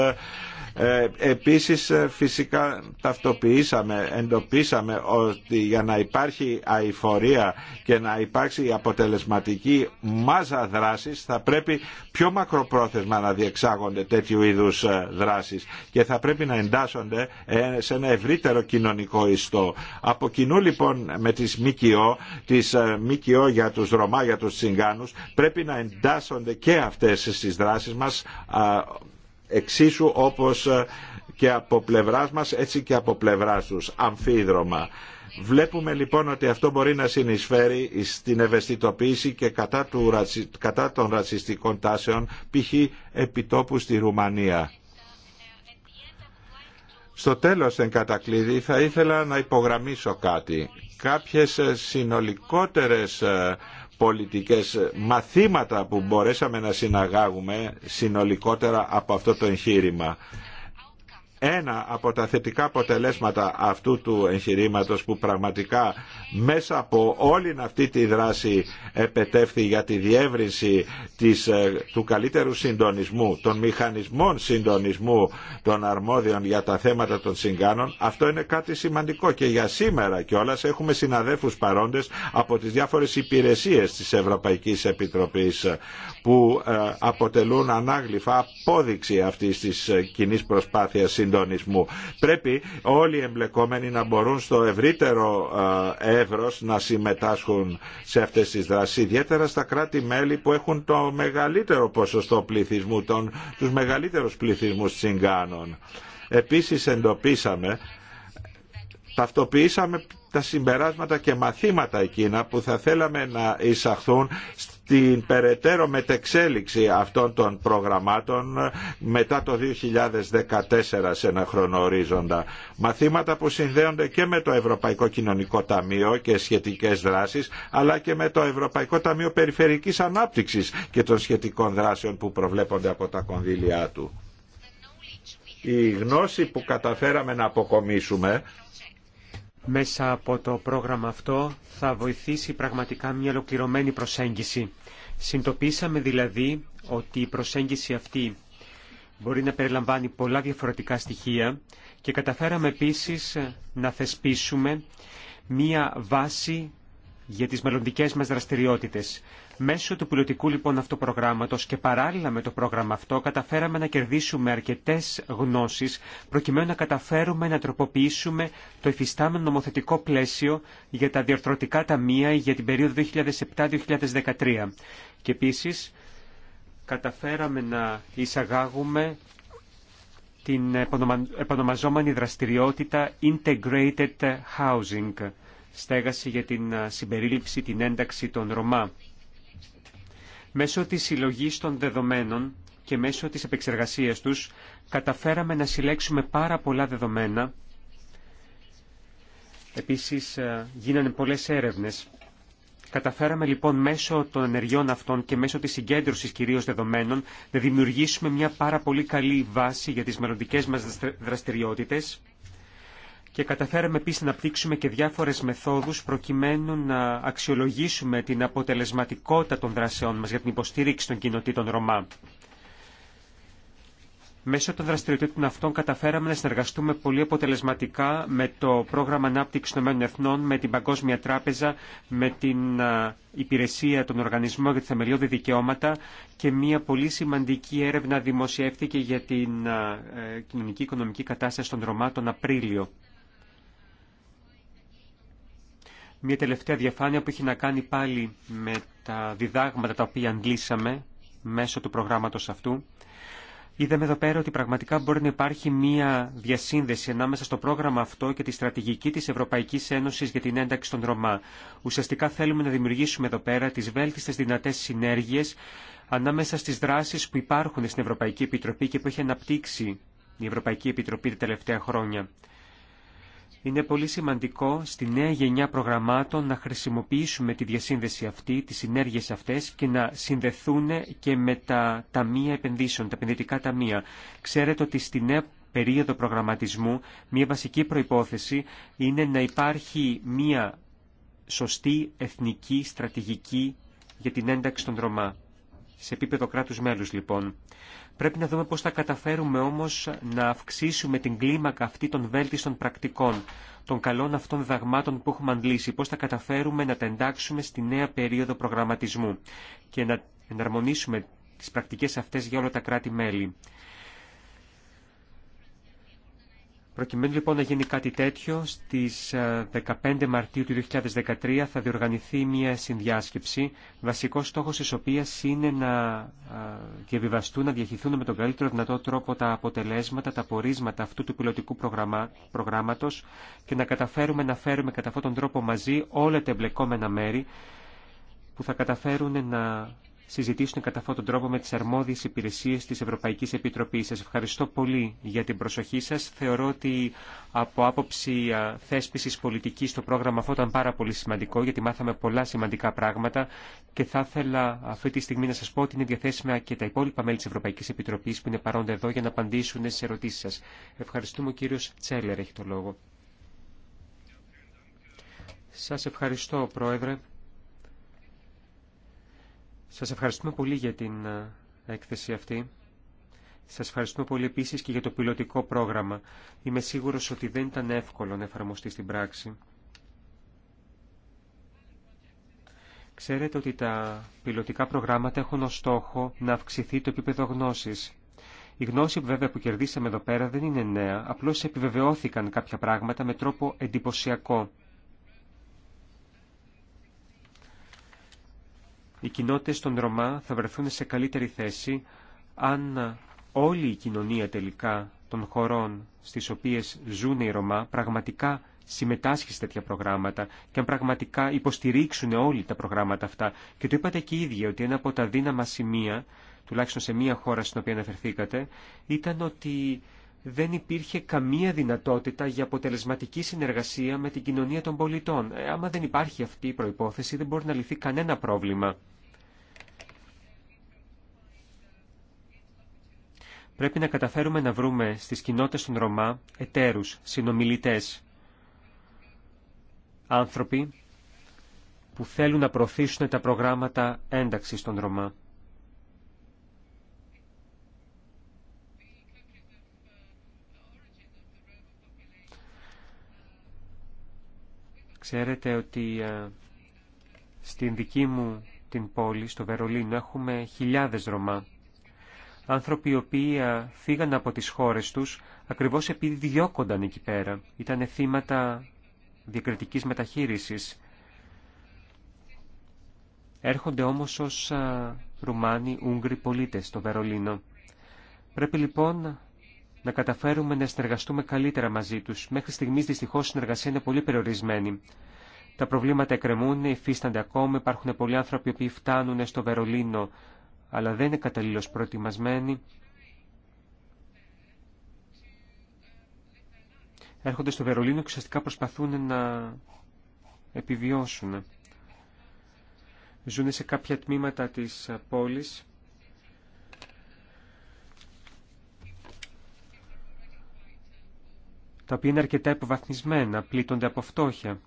ε, επίσης ε, φυσικά ταυτοποιήσαμε, εντοπίσαμε ότι για να υπάρχει αηφορία και να υπάρξει αποτελεσματική μάζα δράσης θα πρέπει πιο μακροπρόθεσμα να διεξάγονται τέτοιου είδους ε, δράσεις και θα πρέπει να εντάσσονται σε ένα ευρύτερο κοινωνικό ιστό. Από κοινού λοιπόν με τις ΜΚΟ, τις ΜΚΟ για τους Ρωμά, για τους Τσιγκάνους πρέπει να εντάσσονται και αυτές στις δράσεις μας εξίσου όπως ε, και από πλευράς μας έτσι και από πλευράς τους αμφίδρομα. Βλέπουμε λοιπόν ότι αυτό μπορεί να συνεισφέρει στην ευαισθητοποίηση και κατά, των ρατσιστικών τάσεων π.χ. επιτόπου στη Ρουμανία. Στο τέλος εν κατακλείδη θα ήθελα να υπογραμμίσω κάτι. Κάποιες συνολικότερες ε, πολιτικές μαθήματα που μπορέσαμε να συναγάγουμε συνολικότερα από αυτό το εγχείρημα. Ένα από τα θετικά αποτελέσματα αυτού του εγχειρήματος που πραγματικά μέσα από όλη αυτή τη δράση επετεύθη για τη διεύρυνση της, ε, του καλύτερου συντονισμού, των μηχανισμών συντονισμού των αρμόδιων για τα θέματα των συγκάνων, αυτό είναι κάτι σημαντικό και για σήμερα κιόλα έχουμε συναδέφους παρόντες από τις διάφορες υπηρεσίες της Ευρωπαϊκής Επιτροπής που ε, αποτελούν ανάγλυφα απόδειξη αυτής της ε, κοινή προσπάθειας συντονισμού. Πρέπει όλοι οι εμπλεκόμενοι να μπορούν στο ευρύτερο ε, εύρος να συμμετάσχουν σε αυτές τις δράσεις, ιδιαίτερα στα κράτη-μέλη που έχουν το μεγαλύτερο ποσοστό πληθυσμού, των, τους μεγαλύτερους πληθυσμούς τσιγκάνων. Επίσης εντοπίσαμε, ταυτοποιήσαμε τα συμπεράσματα και μαθήματα εκείνα που θα θέλαμε να εισαχθούν την περαιτέρω μετεξέλιξη αυτών των προγραμμάτων μετά το 2014 σε ένα χρονορίζοντα. Μαθήματα που συνδέονται και με το Ευρωπαϊκό Κοινωνικό Ταμείο και σχετικές δράσεις, αλλά και με το Ευρωπαϊκό Ταμείο Περιφερικής Ανάπτυξης και των σχετικών δράσεων που προβλέπονται από τα κονδύλια του. Η γνώση που καταφέραμε να αποκομίσουμε μέσα από το πρόγραμμα αυτό θα βοηθήσει πραγματικά μια ολοκληρωμένη προσέγγιση. Συντοπίσαμε δηλαδή ότι η προσέγγιση αυτή μπορεί να περιλαμβάνει πολλά διαφορετικά στοιχεία και καταφέραμε επίσης να θεσπίσουμε μία βάση για τις μελλοντικές μας δραστηριότητες. Μέσω του πιλωτικού λοιπόν αυτού και παράλληλα με το πρόγραμμα αυτό καταφέραμε να κερδίσουμε αρκετές γνώσεις προκειμένου να καταφέρουμε να τροποποιήσουμε το εφιστάμενο νομοθετικό πλαίσιο για τα διορθωτικά ταμεία για την περίοδο 2007-2013. Και επίσης καταφέραμε να εισαγάγουμε την επωνομαζόμενη δραστηριότητα Integrated Housing στέγαση για την συμπερίληψη, την ένταξη των Ρωμά. Μέσω της συλλογή των δεδομένων και μέσω της επεξεργασίας τους καταφέραμε να συλλέξουμε πάρα πολλά δεδομένα. Επίσης γίνανε πολλές έρευνες. Καταφέραμε λοιπόν μέσω των ενεργειών αυτών και μέσω της συγκέντρωσης κυρίως δεδομένων να δημιουργήσουμε μια πάρα πολύ καλή βάση για τις μελλοντικέ μας δραστηριότητες και καταφέραμε επίση να πτύξουμε και διάφορες μεθόδους προκειμένου να αξιολογήσουμε την αποτελεσματικότητα των δράσεών μας για την υποστήριξη των κοινοτήτων Ρωμά. Μέσω των δραστηριοτήτων αυτών καταφέραμε να συνεργαστούμε πολύ αποτελεσματικά με το Πρόγραμμα Ανάπτυξη των Εθνών, με την Παγκόσμια Τράπεζα, με την Υπηρεσία των Οργανισμών για τη Θεμελιώδη Δικαιώματα και μια πολύ σημαντική έρευνα δημοσιεύτηκε για την ε, κοινωνική-οικονομική κατάσταση των Ρωμά τον Απρίλιο Μία τελευταία διαφάνεια που έχει να κάνει πάλι με τα διδάγματα τα οποία αντλήσαμε μέσω του προγράμματος αυτού. Είδαμε εδώ πέρα ότι πραγματικά μπορεί να υπάρχει μία διασύνδεση ανάμεσα στο πρόγραμμα αυτό και τη στρατηγική της Ευρωπαϊκής Ένωσης για την ένταξη των Ρωμά. Ουσιαστικά θέλουμε να δημιουργήσουμε εδώ πέρα τις βέλτιστες δυνατές συνέργειες ανάμεσα στις δράσεις που υπάρχουν στην Ευρωπαϊκή Επιτροπή και που έχει αναπτύξει η Ευρωπαϊκή Επιτροπή τα τελευταία χρόνια. Είναι πολύ σημαντικό στη νέα γενιά προγραμμάτων να χρησιμοποιήσουμε τη διασύνδεση αυτή, τις συνέργειες αυτές και να συνδεθούν και με τα ταμεία επενδύσεων, τα επενδυτικά ταμεία. Ξέρετε ότι στη νέα περίοδο προγραμματισμού μια βασική προϋπόθεση είναι να υπάρχει μια σωστή εθνική στρατηγική για την ένταξη των δρομάτων σε επίπεδο κράτους μέλους λοιπόν. Πρέπει να δούμε πώς θα καταφέρουμε όμως να αυξήσουμε την κλίμακα αυτή των βέλτιστων πρακτικών, των καλών αυτών δαγμάτων που έχουμε αντλήσει, πώς θα καταφέρουμε να τα εντάξουμε στη νέα περίοδο προγραμματισμού και να εναρμονίσουμε τις πρακτικές αυτές για όλα τα κράτη-μέλη. Προκειμένου λοιπόν να γίνει κάτι τέτοιο, στις 15 ε, Μαρτίου του 2013 θα διοργανηθεί μια συνδιάσκεψη, βασικός στόχος της οποίας είναι να ε, διαβιβαστούν, να διαχειριστούν με τον καλύτερο δυνατό τρόπο τα αποτελέσματα, τα πορίσματα αυτού του πιλωτικού προγράμματος και να καταφέρουμε να φέρουμε κατά αυτόν τον τρόπο μαζί όλα τα εμπλεκόμενα μέρη που θα καταφέρουν να συζητήσουν κατά αυτόν τον τρόπο με τις αρμόδιες υπηρεσίες της Ευρωπαϊκής Επιτροπής. Σας ευχαριστώ πολύ για την προσοχή σας. Θεωρώ ότι από άποψη θέσπισης πολιτικής το πρόγραμμα αυτό ήταν πάρα πολύ σημαντικό γιατί μάθαμε πολλά σημαντικά πράγματα και θα ήθελα αυτή τη στιγμή να σας πω ότι είναι διαθέσιμα και τα υπόλοιπα μέλη της Ευρωπαϊκής Επιτροπής που είναι παρόντα εδώ για να απαντήσουν στις ερωτήσεις σας. Ευχαριστούμε ο κύριος Τσέλερ έχει το λόγο. Σας ευχαριστώ Πρόεδρε. Σας ευχαριστούμε πολύ για την ε, έκθεση αυτή. Σας ευχαριστούμε πολύ επίσης και για το πιλωτικό πρόγραμμα. Είμαι σίγουρος ότι δεν ήταν εύκολο να εφαρμοστεί στην πράξη. Ξέρετε ότι τα πιλωτικά προγράμματα έχουν ως στόχο να αυξηθεί το επίπεδο γνώσης. Η γνώση βέβαια που κερδίσαμε εδώ πέρα δεν είναι νέα, απλώς επιβεβαιώθηκαν κάποια πράγματα με τρόπο εντυπωσιακό. οι κοινότητες των Ρωμά θα βρεθούν σε καλύτερη θέση αν όλη η κοινωνία τελικά των χωρών στις οποίες ζουν οι Ρωμά πραγματικά συμμετάσχει σε τέτοια προγράμματα και αν πραγματικά υποστηρίξουν όλοι τα προγράμματα αυτά. Και το είπατε και οι ίδιοι ότι ένα από τα δύναμα σημεία, τουλάχιστον σε μία χώρα στην οποία αναφερθήκατε, ήταν ότι δεν υπήρχε καμία δυνατότητα για αποτελεσματική συνεργασία με την κοινωνία των πολιτών. Ε, άμα δεν υπάρχει αυτή η προϋπόθεση δεν μπορεί να λυθεί κανένα πρόβλημα. Πρέπει να καταφέρουμε να βρούμε στις κοινότητες των Ρωμά εταίρους, συνομιλητές, άνθρωποι που θέλουν να προωθήσουν τα προγράμματα ένταξης των Ρωμά. Ξέρετε ότι ε, στην δική μου την πόλη, στο Βερολίνο, έχουμε χιλιάδες Ρωμά. Άνθρωποι οι οποίοι ε, φύγαν από τις χώρες τους ακριβώς επειδή διώκονταν εκεί πέρα. Ήταν θύματα διακριτικής μεταχείρισης. Έρχονται όμως ως ε, Ρουμάνοι, Ούγγροι πολίτες στο Βερολίνο. Πρέπει λοιπόν να καταφέρουμε να συνεργαστούμε καλύτερα μαζί τους. Μέχρι στιγμής δυστυχώς η συνεργασία είναι πολύ περιορισμένη. Τα προβλήματα εκκρεμούν, υφίστανται ακόμα, υπάρχουν πολλοί άνθρωποι που φτάνουν στο Βερολίνο, αλλά δεν είναι καταλήλως προετοιμασμένοι. Έρχονται στο Βερολίνο και ουσιαστικά προσπαθούν να επιβιώσουν. Ζούνε σε κάποια τμήματα της πόλης τα οποία είναι αρκετά υποβαθμισμένα, πλήττονται από φτώχεια.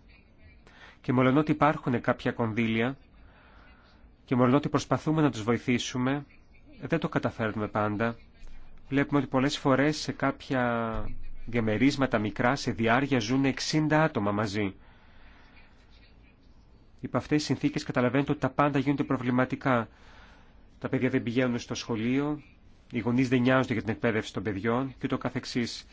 Και μολονότι υπάρχουν κάποια κονδύλια και μολονότι προσπαθούμε να τους βοηθήσουμε, δεν το καταφέρνουμε πάντα. Βλέπουμε ότι πολλές φορές σε κάποια διαμερίσματα μικρά, σε διάρκεια, ζουν 60 άτομα μαζί. Υπό αυτές τις συνθήκες καταλαβαίνετε ότι τα πάντα γίνονται προβληματικά. Τα παιδιά δεν πηγαίνουν στο σχολείο, οι γονείς δεν νοιάζονται για την εκπαίδευση των παιδιών και το καθεξής.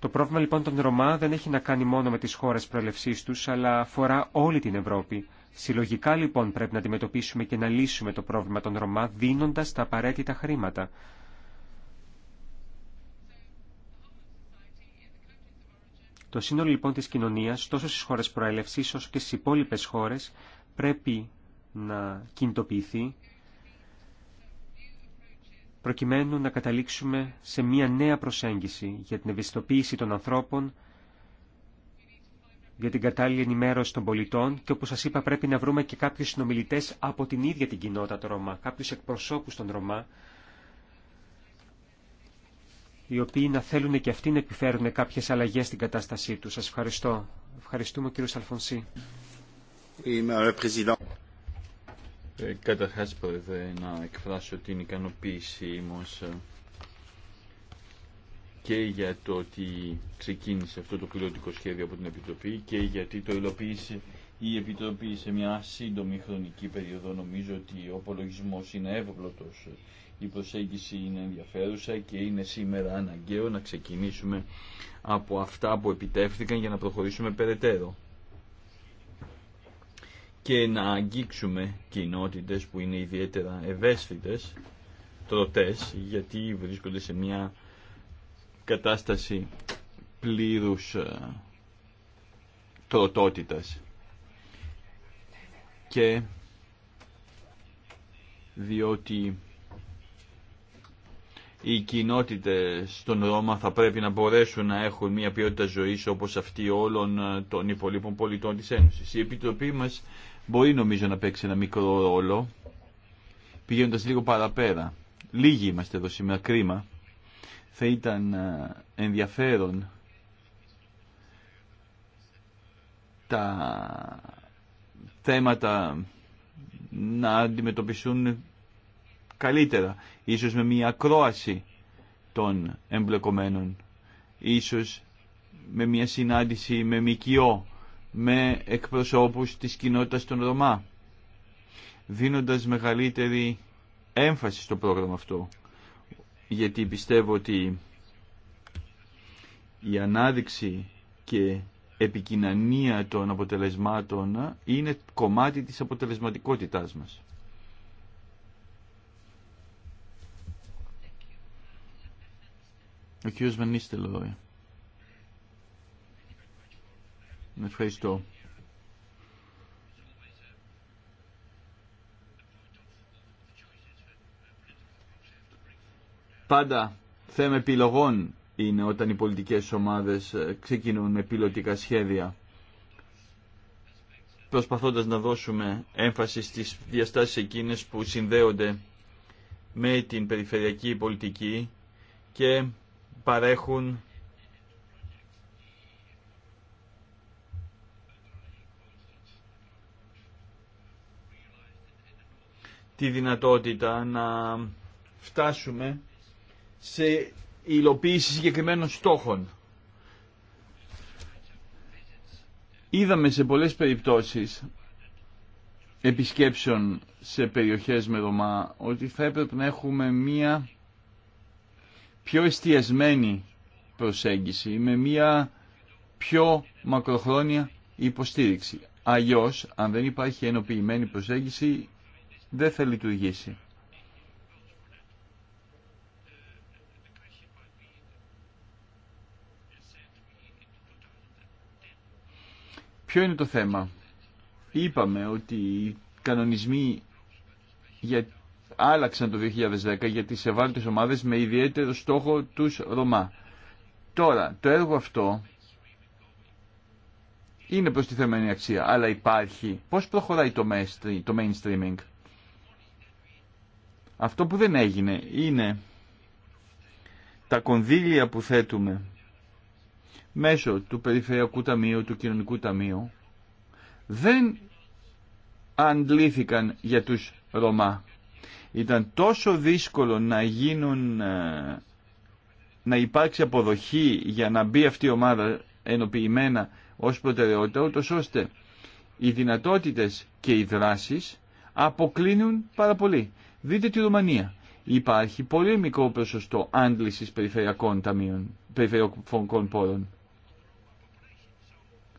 Το πρόβλημα λοιπόν των Ρωμά δεν έχει να κάνει μόνο με τις χώρες προελευσής τους, αλλά αφορά όλη την Ευρώπη. Συλλογικά λοιπόν πρέπει να αντιμετωπίσουμε και να λύσουμε το πρόβλημα των Ρωμά δίνοντας τα απαραίτητα χρήματα. Το σύνολο λοιπόν της κοινωνίας, τόσο στις χώρες προέλευσης όσο και στις υπόλοιπες χώρες, πρέπει να κινητοποιηθεί προκειμένου να καταλήξουμε σε μια νέα προσέγγιση για την ευαισθητοποίηση των ανθρώπων, για την κατάλληλη ενημέρωση των πολιτών και όπως σας είπα πρέπει να βρούμε και κάποιους συνομιλητές από την ίδια την κοινότητα των Ρωμά, κάποιους εκπροσώπους των Ρωμά, οι οποίοι να θέλουν και αυτοί να επιφέρουν κάποιες αλλαγές στην κατάστασή τους. Σας ευχαριστώ. Ευχαριστούμε κύριο Αλφονσί. Ε, καταρχάς, πρέπει να εκφράσω την ικανοποίησή μας ε, και για το ότι ξεκίνησε αυτό το πιλωτικό σχέδιο από την Επιτροπή και γιατί το υλοποίησε η Επιτροπή σε μια σύντομη χρονική περίοδο. Νομίζω ότι ο απολογισμό είναι εύγλωτος. Η προσέγγιση είναι ενδιαφέρουσα και είναι σήμερα αναγκαίο να ξεκινήσουμε από αυτά που επιτεύχθηκαν για να προχωρήσουμε περαιτέρω και να αγγίξουμε κοινότητες που είναι ιδιαίτερα ευαίσθητες, τροτές, γιατί βρίσκονται σε μια κατάσταση πλήρους ε, τροτότητας. Και διότι οι κοινότητε στον Ρώμα θα πρέπει να μπορέσουν να έχουν μια ποιότητα ζωής όπως αυτή όλων ε, των υπολείπων πολιτών της Ένωση. Η Επιτροπή μας μπορεί νομίζω να παίξει ένα μικρό ρόλο πήγαινοντα λίγο παραπέρα. Λίγοι είμαστε εδώ σήμερα, κρίμα. Θα ήταν ε, ενδιαφέρον τα θέματα να αντιμετωπιστούν καλύτερα, ίσως με μια ακρόαση των εμπλεκομένων, ίσως με μια συνάντηση με μικιό με εκπροσώπους της κοινότητας των Ρωμά, δίνοντας μεγαλύτερη έμφαση στο πρόγραμμα αυτό, γιατί πιστεύω ότι η ανάδειξη και επικοινωνία των αποτελεσμάτων είναι κομμάτι της αποτελεσματικότητάς μας. Ο κύριος Βανίστελ ε, Ευχαριστώ. Πάντα θέμα επιλογών είναι όταν οι πολιτικές ομάδες ε, ξεκινούν με πιλωτικά σχέδια προσπαθώντας να δώσουμε έμφαση στις διαστάσεις εκείνες που συνδέονται με την περιφερειακή πολιτική και παρέχουν τη δυνατότητα να φτάσουμε σε υλοποίηση συγκεκριμένων στόχων. Είδαμε σε πολλές περιπτώσεις επισκέψεων σε περιοχές με Ρωμά ότι θα έπρεπε να έχουμε μία πιο εστιασμένη προσέγγιση με μία πιο μακροχρόνια υποστήριξη. Αλλιώς, αν δεν υπάρχει ενοποιημένη προσέγγιση, δεν θα λειτουργήσει. Ποιο είναι το θέμα. Είπαμε ότι οι κανονισμοί για... άλλαξαν το 2010 για τις ευάλωτες ομάδες με ιδιαίτερο στόχο τους Ρωμά. Τώρα, το έργο αυτό είναι προστιθεμένη αξία, αλλά υπάρχει. Πώς προχωράει το mainstreaming. Αυτό που δεν έγινε είναι τα κονδύλια που θέτουμε μέσω του Περιφερειακού Ταμείου, του Κοινωνικού Ταμείου, δεν αντλήθηκαν για τους Ρωμά. Ήταν τόσο δύσκολο να γίνουν, ε, να υπάρξει αποδοχή για να μπει αυτή η ομάδα ενοποιημένα ως προτεραιότητα, ούτως ώστε οι δυνατότητες και οι δράσεις αποκλίνουν πάρα πολύ. Δείτε τη Ρουμανία. Υπάρχει πολύ μικρό ποσοστό άντληση περιφερειακών ταμείων, περιφερειακών πόρων.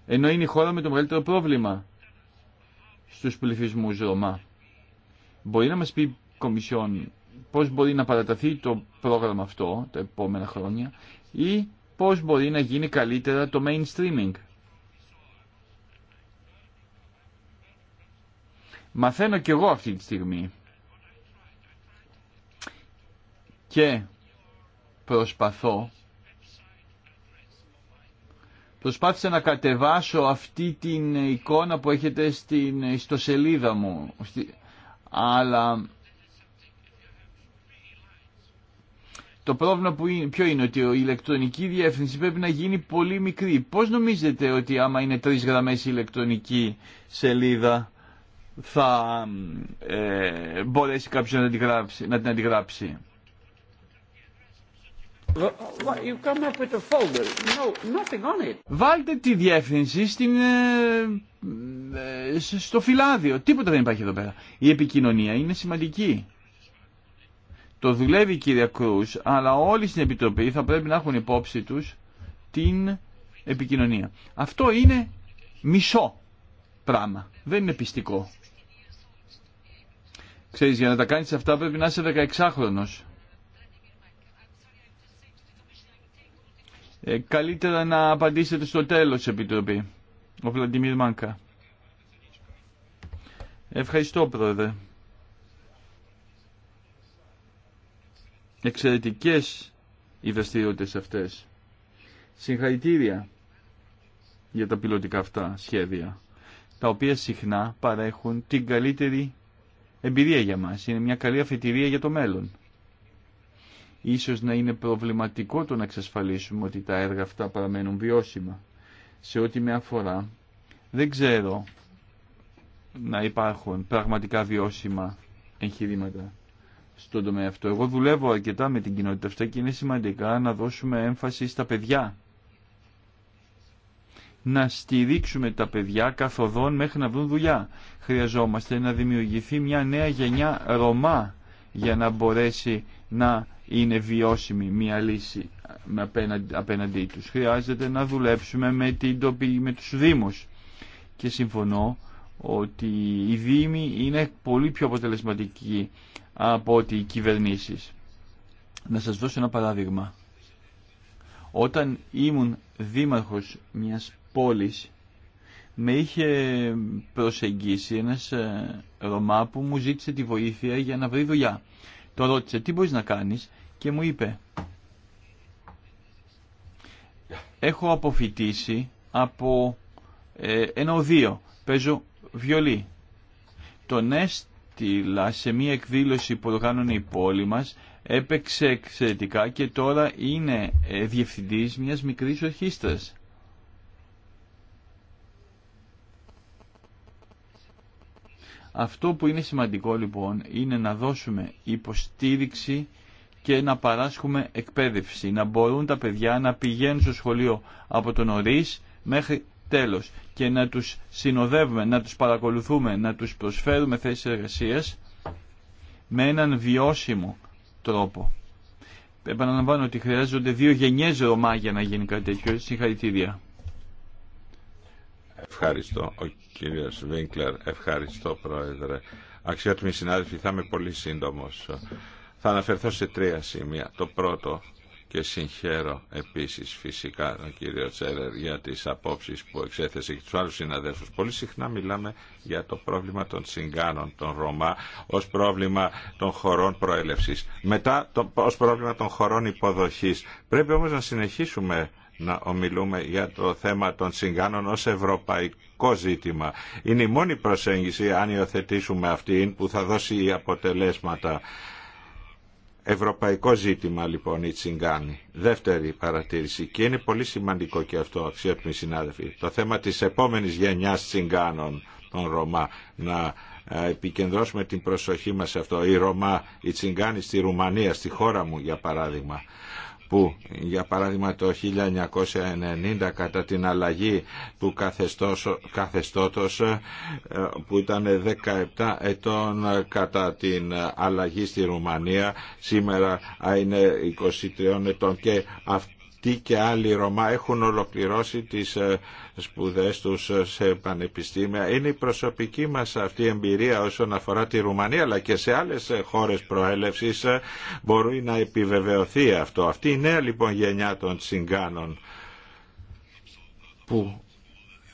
Ενώ είναι η χώρα με το μεγαλύτερο πρόβλημα στους πληθυσμούς Ρωμά. Μπορεί να μας πει η Κομισιόν πώς μπορεί να παραταθεί το πρόγραμμα αυτό τα επόμενα χρόνια ή πώς μπορεί να γίνει καλύτερα το mainstreaming. Μαθαίνω κι εγώ αυτή τη στιγμή και προσπαθώ Προσπάθησα να κατεβάσω αυτή την εικόνα που έχετε στην ιστοσελίδα μου, αλλά το πρόβλημα ποιο είναι ότι η ηλεκτρονική διεύθυνση πρέπει να γίνει πολύ μικρή. Πώς νομίζετε ότι άμα είναι τρεις γραμμές η ηλεκτρονική σελίδα θα ε, μπορέσει κάποιος να την αντιγράψει. Βάλτε τη διεύθυνση ε, ε, στο φυλάδιο. Τίποτα δεν υπάρχει εδώ πέρα. Η επικοινωνία είναι σημαντική. Το δουλεύει η κυρία Κρούς, αλλά όλοι στην Επιτροπή θα πρέπει να έχουν υπόψη τους την επικοινωνία. Αυτό είναι μισό πράγμα. Δεν είναι πιστικό. Ξέρεις, για να τα κάνεις αυτά πρέπει να είσαι 16χρονος. Ε, καλύτερα να απαντήσετε στο τέλος, Επιτροπή. Ο Βλαντιμίρ Μάνκα. Ευχαριστώ, Πρόεδρε. Εξαιρετικές οι δραστηριότητε αυτές. Συγχαρητήρια για τα πιλωτικά αυτά σχέδια, τα οποία συχνά παρέχουν την καλύτερη εμπειρία για μας. Είναι μια καλή αφετηρία για το μέλλον. Ίσως να είναι προβληματικό το να εξασφαλίσουμε ότι τα έργα αυτά παραμένουν βιώσιμα. Σε ό,τι με αφορά, δεν ξέρω να υπάρχουν πραγματικά βιώσιμα εγχειρήματα στον τομέα αυτό. Εγώ δουλεύω αρκετά με την κοινότητα αυτά και είναι σημαντικά να δώσουμε έμφαση στα παιδιά. Να στηρίξουμε τα παιδιά καθοδόν μέχρι να βρουν δουλειά. Χρειαζόμαστε να δημιουργηθεί μια νέα γενιά Ρωμά για να μπορέσει να είναι βιώσιμη μια λύση με απέναντι, τους. Χρειάζεται να δουλέψουμε με, την τοπή, με τους Δήμους. Και συμφωνώ ότι οι Δήμοι είναι πολύ πιο αποτελεσματικοί από ότι οι κυβερνήσεις. Να σας δώσω ένα παράδειγμα. Όταν ήμουν δήμαρχος μιας πόλης, με είχε προσεγγίσει ένας ε, Ρωμά που μου ζήτησε τη βοήθεια για να βρει δουλειά. Το ρώτησε τι μπορείς να κάνεις και μου είπε έχω αποφυτίσει από ε, ένα οδείο, παίζω βιολί. Τον έστειλα σε μία εκδήλωση που οργάνωνε η πόλη μας, έπαιξε εξαιρετικά και τώρα είναι ε, διευθυντής μιας μικρής ορχήστρας. Αυτό που είναι σημαντικό λοιπόν είναι να δώσουμε υποστήριξη και να παράσχουμε εκπαίδευση, να μπορούν τα παιδιά να πηγαίνουν στο σχολείο από τον νωρί μέχρι τέλος και να τους συνοδεύουμε, να τους παρακολουθούμε, να τους προσφέρουμε θέσεις εργασίας με έναν βιώσιμο τρόπο. Επαναλαμβάνω ότι χρειάζονται δύο γενιές Ρωμά για να γίνει κάτι τέτοιο. Συγχαρητήρια. Ευχαριστώ ο κύριος Βίνκλερ. Ευχαριστώ πρόεδρε. Αξιότιμοι συνάδελφοι, θα είμαι πολύ σύντομος. Θα αναφερθώ σε τρία σημεία. Το πρώτο και συγχαίρω επίσης φυσικά τον κύριο Τσέρερ για τις απόψεις που εξέθεσε και τους άλλους συναδέλφους. Πολύ συχνά μιλάμε για το πρόβλημα των συγκάνων, των Ρωμά, ως πρόβλημα των χωρών προέλευσης. Μετά το, ως πρόβλημα των χωρών υποδοχής. Πρέπει όμως να συνεχίσουμε να ομιλούμε για το θέμα των συγκάνων ως ευρωπαϊκό ζήτημα. Είναι η μόνη προσέγγιση, αν υιοθετήσουμε αυτήν, που θα δώσει αποτελέσματα. Ευρωπαϊκό ζήτημα λοιπόν η Τσιγκάνη. Δεύτερη παρατήρηση και είναι πολύ σημαντικό και αυτό αξιότιμοι συνάδελφοι. Το θέμα της επόμενης γενιάς Τσιγκάνων των Ρωμά να ε, επικεντρώσουμε την προσοχή μας σε αυτό. Η Ρωμά, η Τσιγκάνη στη Ρουμανία, στη χώρα μου για παράδειγμα που για παράδειγμα το 1990 κατά την αλλαγή του καθεστώς, καθεστώτος ε, που ήταν 17 ετών κατά την αλλαγή στη Ρουμανία σήμερα είναι 23 ετών και αυτό τι και άλλοι Ρωμά έχουν ολοκληρώσει τις ε, σπουδές τους ε, σε πανεπιστήμια. Είναι η προσωπική μας αυτή η εμπειρία όσον αφορά τη Ρουμανία αλλά και σε άλλες ε, χώρες προέλευσης μπορεί να επιβεβαιωθεί αυτό. Αυτή η νέα λοιπόν γενιά των τσιγκάνων που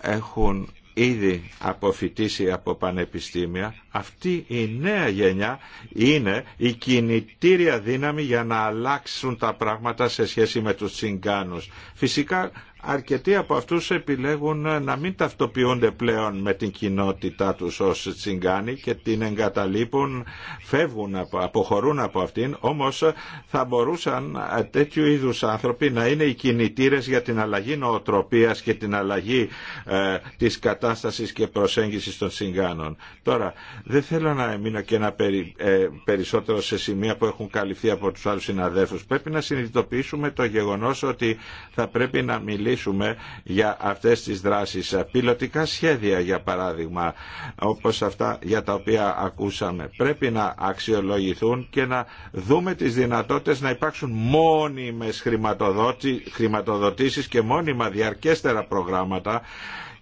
έχουν ήδη αποφοιτήσει από πανεπιστήμια, αυτή η νέα γενιά είναι η κινητήρια δύναμη για να αλλάξουν τα πράγματα σε σχέση με τους τσιγκάνους. Φυσικά αρκετοί από αυτούς επιλέγουν να μην ταυτοποιούνται πλέον με την κοινότητά τους ως τσιγκάνοι και την εγκαταλείπουν, φεύγουν, αποχωρούν από αυτήν, όμως θα μπορούσαν ε, τέτοιου είδους άνθρωποι να είναι οι κινητήρες για την αλλαγή νοοτροπίας και την αλλαγή ε, της κατάστασης και προσέγγισης των τσιγκάνων. Τώρα, δεν θέλω να εμείνω και να περι, ε, περισσότερο σε σημεία που έχουν καλυφθεί από τους άλλους συναδέλφους. Πρέπει να συνειδητοποιήσουμε το γεγονός ότι θα πρέπει να μιλήσουμε μιλήσουμε για αυτές τις δράσεις. Πιλωτικά σχέδια για παράδειγμα, όπως αυτά για τα οποία ακούσαμε, πρέπει να αξιολογηθούν και να δούμε τις δυνατότητες να υπάρξουν μόνιμες χρηματοδοτήσεις και μόνιμα διαρκέστερα προγράμματα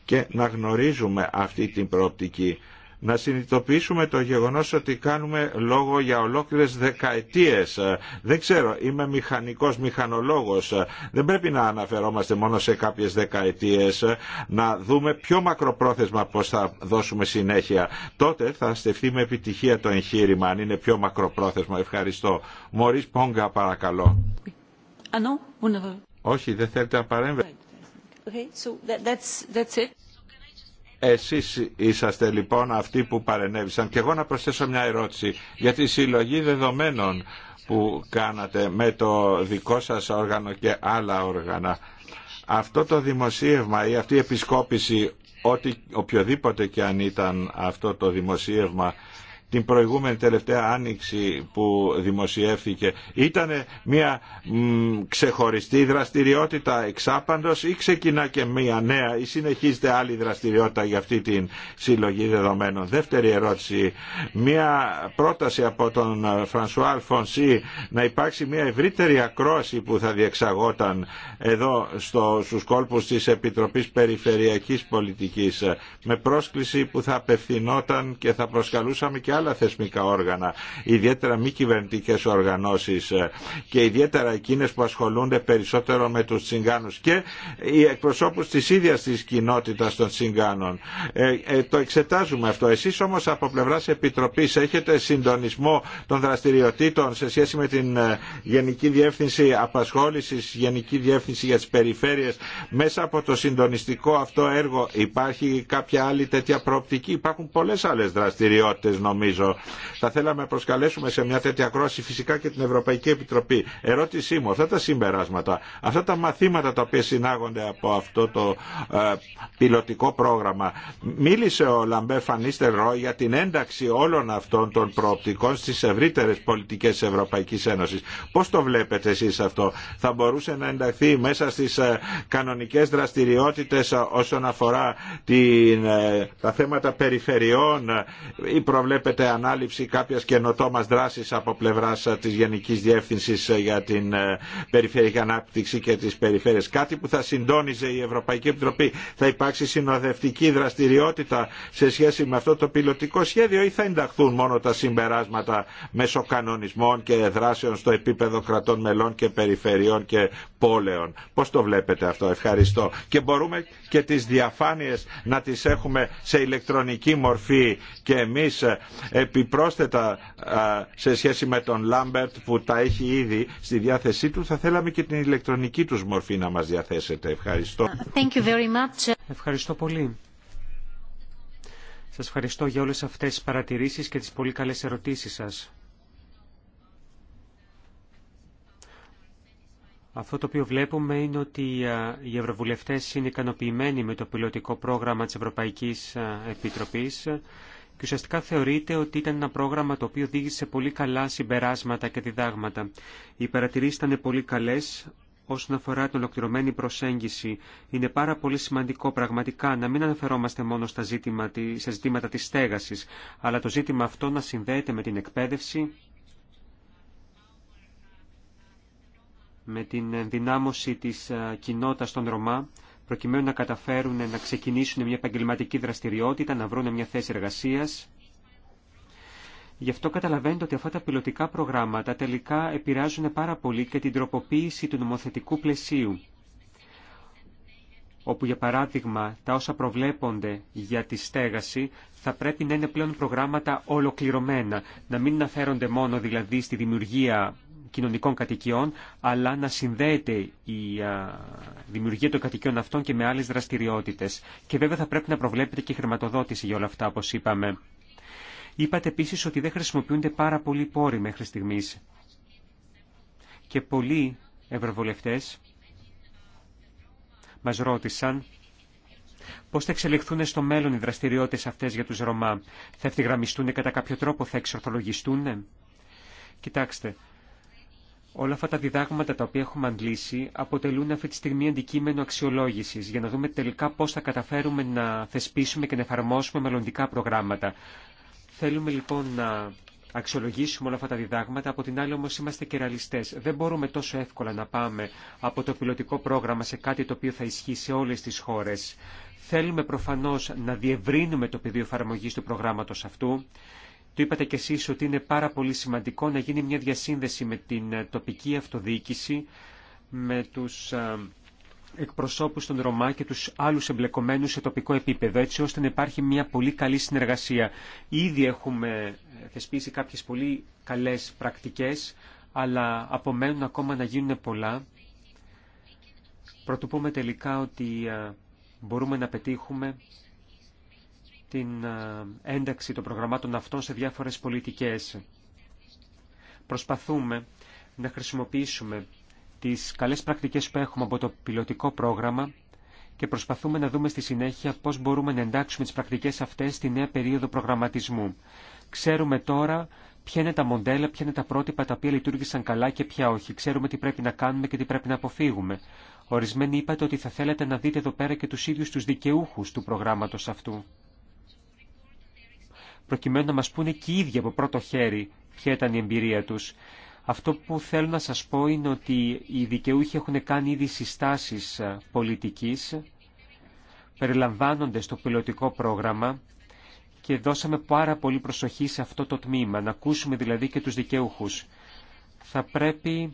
και να γνωρίζουμε αυτή την προοπτική να συνειδητοποιήσουμε το γεγονός ότι κάνουμε λόγο για ολόκληρες δεκαετίες. Δεν ξέρω, είμαι μηχανικός, μηχανολόγος. Δεν πρέπει να αναφερόμαστε μόνο σε κάποιες δεκαετίες, να δούμε πιο μακροπρόθεσμα πώς θα δώσουμε συνέχεια. Τότε θα στεφθεί με επιτυχία το εγχείρημα, αν είναι πιο μακροπρόθεσμα. Ευχαριστώ. Μωρίς Πόγκα, παρακαλώ. Euh, Όχι, δεν θέλετε να παρέμβετε. so that's, that's εσείς είσαστε λοιπόν αυτοί που παρενέβησαν και εγώ να προσθέσω μια ερώτηση για τη συλλογή δεδομένων που κάνατε με το δικό σας όργανο και άλλα όργανα. Αυτό το δημοσίευμα ή αυτή η επισκόπηση ότι οποιοδήποτε και αν ήταν αυτό το δημοσίευμα την προηγούμενη τελευταία άνοιξη που δημοσιεύθηκε ήταν μια ξεχωριστή δραστηριότητα εξάπαντος ή ξεκινά και μια νέα ή συνεχίζεται άλλη δραστηριότητα για αυτή την συλλογή δεδομένων. Δεύτερη ερώτηση, μια πρόταση από τον Φρανσουά Αλφονσί να υπάρξει μια ευρύτερη ακρόαση που θα διεξαγόταν εδώ στο, στους κόλπους της Επιτροπής Περιφερειακής Πολιτικής με πρόσκληση που θα απευθυνόταν και θα προσκαλούσαμε και άλλα θεσμικά όργανα, ιδιαίτερα μη κυβερνητικέ οργανώσει ε, και ιδιαίτερα εκείνε που ασχολούνται περισσότερο με του τσιγκάνου και οι εκπροσώπου τη ίδια τη κοινότητα των τσιγκάνων. Ε, ε, το εξετάζουμε αυτό. Εσεί όμω από πλευρά Επιτροπή έχετε συντονισμό των δραστηριοτήτων σε σχέση με την ε, Γενική Διεύθυνση Απασχόληση, Γενική Διεύθυνση για τι Περιφέρειε, μέσα από το συντονιστικό αυτό έργο υπάρχει κάποια άλλη τέτοια προοπτική. Υπάρχουν πολλέ άλλε δραστηριότητε νομίζω νομίζω. Θα θέλαμε να προσκαλέσουμε σε μια τέτοια ακρόαση φυσικά και την Ευρωπαϊκή Επιτροπή. Ερώτησή μου, αυτά τα συμπεράσματα, αυτά τα μαθήματα τα οποία συνάγονται από αυτό το ε, πιλωτικό πρόγραμμα. Μίλησε ο Λαμπέ Φανίστερ Ρο για την ένταξη όλων αυτών των προοπτικών στις ευρύτερες πολιτικές Ευρωπαϊκή Ένωση. Πώ το βλέπετε εσεί αυτό. Θα μπορούσε να ενταχθεί μέσα στις ε, κανονικές δραστηριότητες ε, όσον αφορά την, ε, τα θέματα περιφερειών ή προβλέπετε γίνεται ανάληψη κάποιας καινοτόμας δράσης από πλευράς ε, της Γενικής Διεύθυνσης ε, για την ε, Περιφερειακή Ανάπτυξη και τις Περιφέρειες. Κάτι που θα συντόνιζε η Ευρωπαϊκή Επιτροπή. Θα υπάρξει συνοδευτική δραστηριότητα σε σχέση με αυτό το πιλωτικό σχέδιο ή θα ενταχθούν μόνο τα συμπεράσματα μέσω κανονισμών και δράσεων στο επίπεδο κρατών μελών και περιφερειών και πόλεων. Πώς το βλέπετε αυτό. Ευχαριστώ. Και μπορούμε και τις διαφάνειες να τις έχουμε σε ηλεκτρονική μορφή και εμείς επιπρόσθετα σε σχέση με τον Λάμπερτ που τα έχει ήδη στη διάθεσή του, θα θέλαμε και την ηλεκτρονική τους μορφή να μας διαθέσετε. Ευχαριστώ. Thank you very much. Ευχαριστώ πολύ. Σας ευχαριστώ για όλες αυτές τις παρατηρήσεις και τις πολύ καλές ερωτήσεις σας. Αυτό το οποίο βλέπουμε είναι ότι οι ευρωβουλευτές είναι ικανοποιημένοι με το πιλωτικό πρόγραμμα της Ευρωπαϊκής Επιτροπής και ουσιαστικά θεωρείται ότι ήταν ένα πρόγραμμα το οποίο δίγησε πολύ καλά συμπεράσματα και διδάγματα. Οι παρατηρήσεις ήταν πολύ καλές όσον αφορά την ολοκληρωμένη προσέγγιση. Είναι πάρα πολύ σημαντικό πραγματικά να μην αναφερόμαστε μόνο στα ζήτημα, σε ζητήματα της στέγασης, αλλά το ζήτημα αυτό να συνδέεται με την εκπαίδευση, με την ενδυνάμωση της ε, κοινότητας των Ρωμά προκειμένου να καταφέρουν να ξεκινήσουν μια επαγγελματική δραστηριότητα, να βρουν μια θέση εργασίας. Γι' αυτό καταλαβαίνετε ότι αυτά τα πιλωτικά προγράμματα τελικά επηρεάζουν πάρα πολύ και την τροποποίηση του νομοθετικού πλαισίου όπου για παράδειγμα τα όσα προβλέπονται για τη στέγαση θα πρέπει να είναι πλέον προγράμματα ολοκληρωμένα, να μην αναφέρονται μόνο δηλαδή στη δημιουργία κοινωνικών κατοικιών, αλλά να συνδέεται η δημιουργία των κατοικιών αυτών και με άλλε δραστηριότητε. Και βέβαια θα πρέπει να προβλέπετε και χρηματοδότηση για όλα αυτά, όπω είπαμε. Είπατε επίση ότι δεν χρησιμοποιούνται πάρα πολλοί πόροι μέχρι στιγμή. Και πολλοί ευρωβουλευτέ μα ρώτησαν Πώ θα εξελιχθούν στο μέλλον οι δραστηριότητε αυτέ για του Ρωμά, θα ευθυγραμμιστούν κατά κάποιο τρόπο, θα εξορθολογιστούν. Κοιτάξτε, Όλα αυτά τα διδάγματα τα οποία έχουμε αντλήσει αποτελούν αυτή τη στιγμή αντικείμενο αξιολόγηση για να δούμε τελικά πώ θα καταφέρουμε να θεσπίσουμε και να εφαρμόσουμε μελλοντικά προγράμματα. Θέλουμε λοιπόν να αξιολογήσουμε όλα αυτά τα διδάγματα, από την άλλη όμω είμαστε και Δεν μπορούμε τόσο εύκολα να πάμε από το πιλωτικό πρόγραμμα σε κάτι το οποίο θα ισχύει σε όλε τι χώρε. Θέλουμε προφανώ να διευρύνουμε το πεδίο εφαρμογή του προγράμματο αυτού το είπατε κι εσείς ότι είναι πάρα πολύ σημαντικό να γίνει μια διασύνδεση με την ε, τοπική αυτοδιοίκηση, με τους ε, εκπροσώπους των Ρωμά και τους άλλους εμπλεκομένους σε τοπικό επίπεδο, έτσι ώστε να υπάρχει μια πολύ καλή συνεργασία. Ήδη έχουμε ε, θεσπίσει κάποιες πολύ καλές πρακτικές, αλλά απομένουν ακόμα να γίνουν πολλά. Πρωτού τελικά ότι μπορούμε να πετύχουμε την ε, ένταξη των προγραμμάτων αυτών σε διάφορες πολιτικές. Προσπαθούμε να χρησιμοποιήσουμε τις καλές πρακτικές που έχουμε από το πιλωτικό πρόγραμμα και προσπαθούμε να δούμε στη συνέχεια πώς μπορούμε να εντάξουμε τις πρακτικές αυτές στη νέα περίοδο προγραμματισμού. Ξέρουμε τώρα ποια είναι τα μοντέλα, ποια είναι τα πρότυπα τα οποία λειτουργήσαν καλά και ποια όχι. Ξέρουμε τι πρέπει να κάνουμε και τι πρέπει να αποφύγουμε. Ορισμένοι είπατε ότι θα θέλατε να δείτε εδώ πέρα και τους ίδιους τους δικαιούχους του προγράμματος αυτού προκειμένου να μας πούνε και οι ίδιοι από πρώτο χέρι ποια ήταν η εμπειρία τους. Αυτό που θέλω να σας πω είναι ότι οι δικαιούχοι έχουν κάνει ήδη συστάσεις πολιτικής, περιλαμβάνονται στο πιλωτικό πρόγραμμα και δώσαμε πάρα πολύ προσοχή σε αυτό το τμήμα, να ακούσουμε δηλαδή και τους δικαιούχους. Θα πρέπει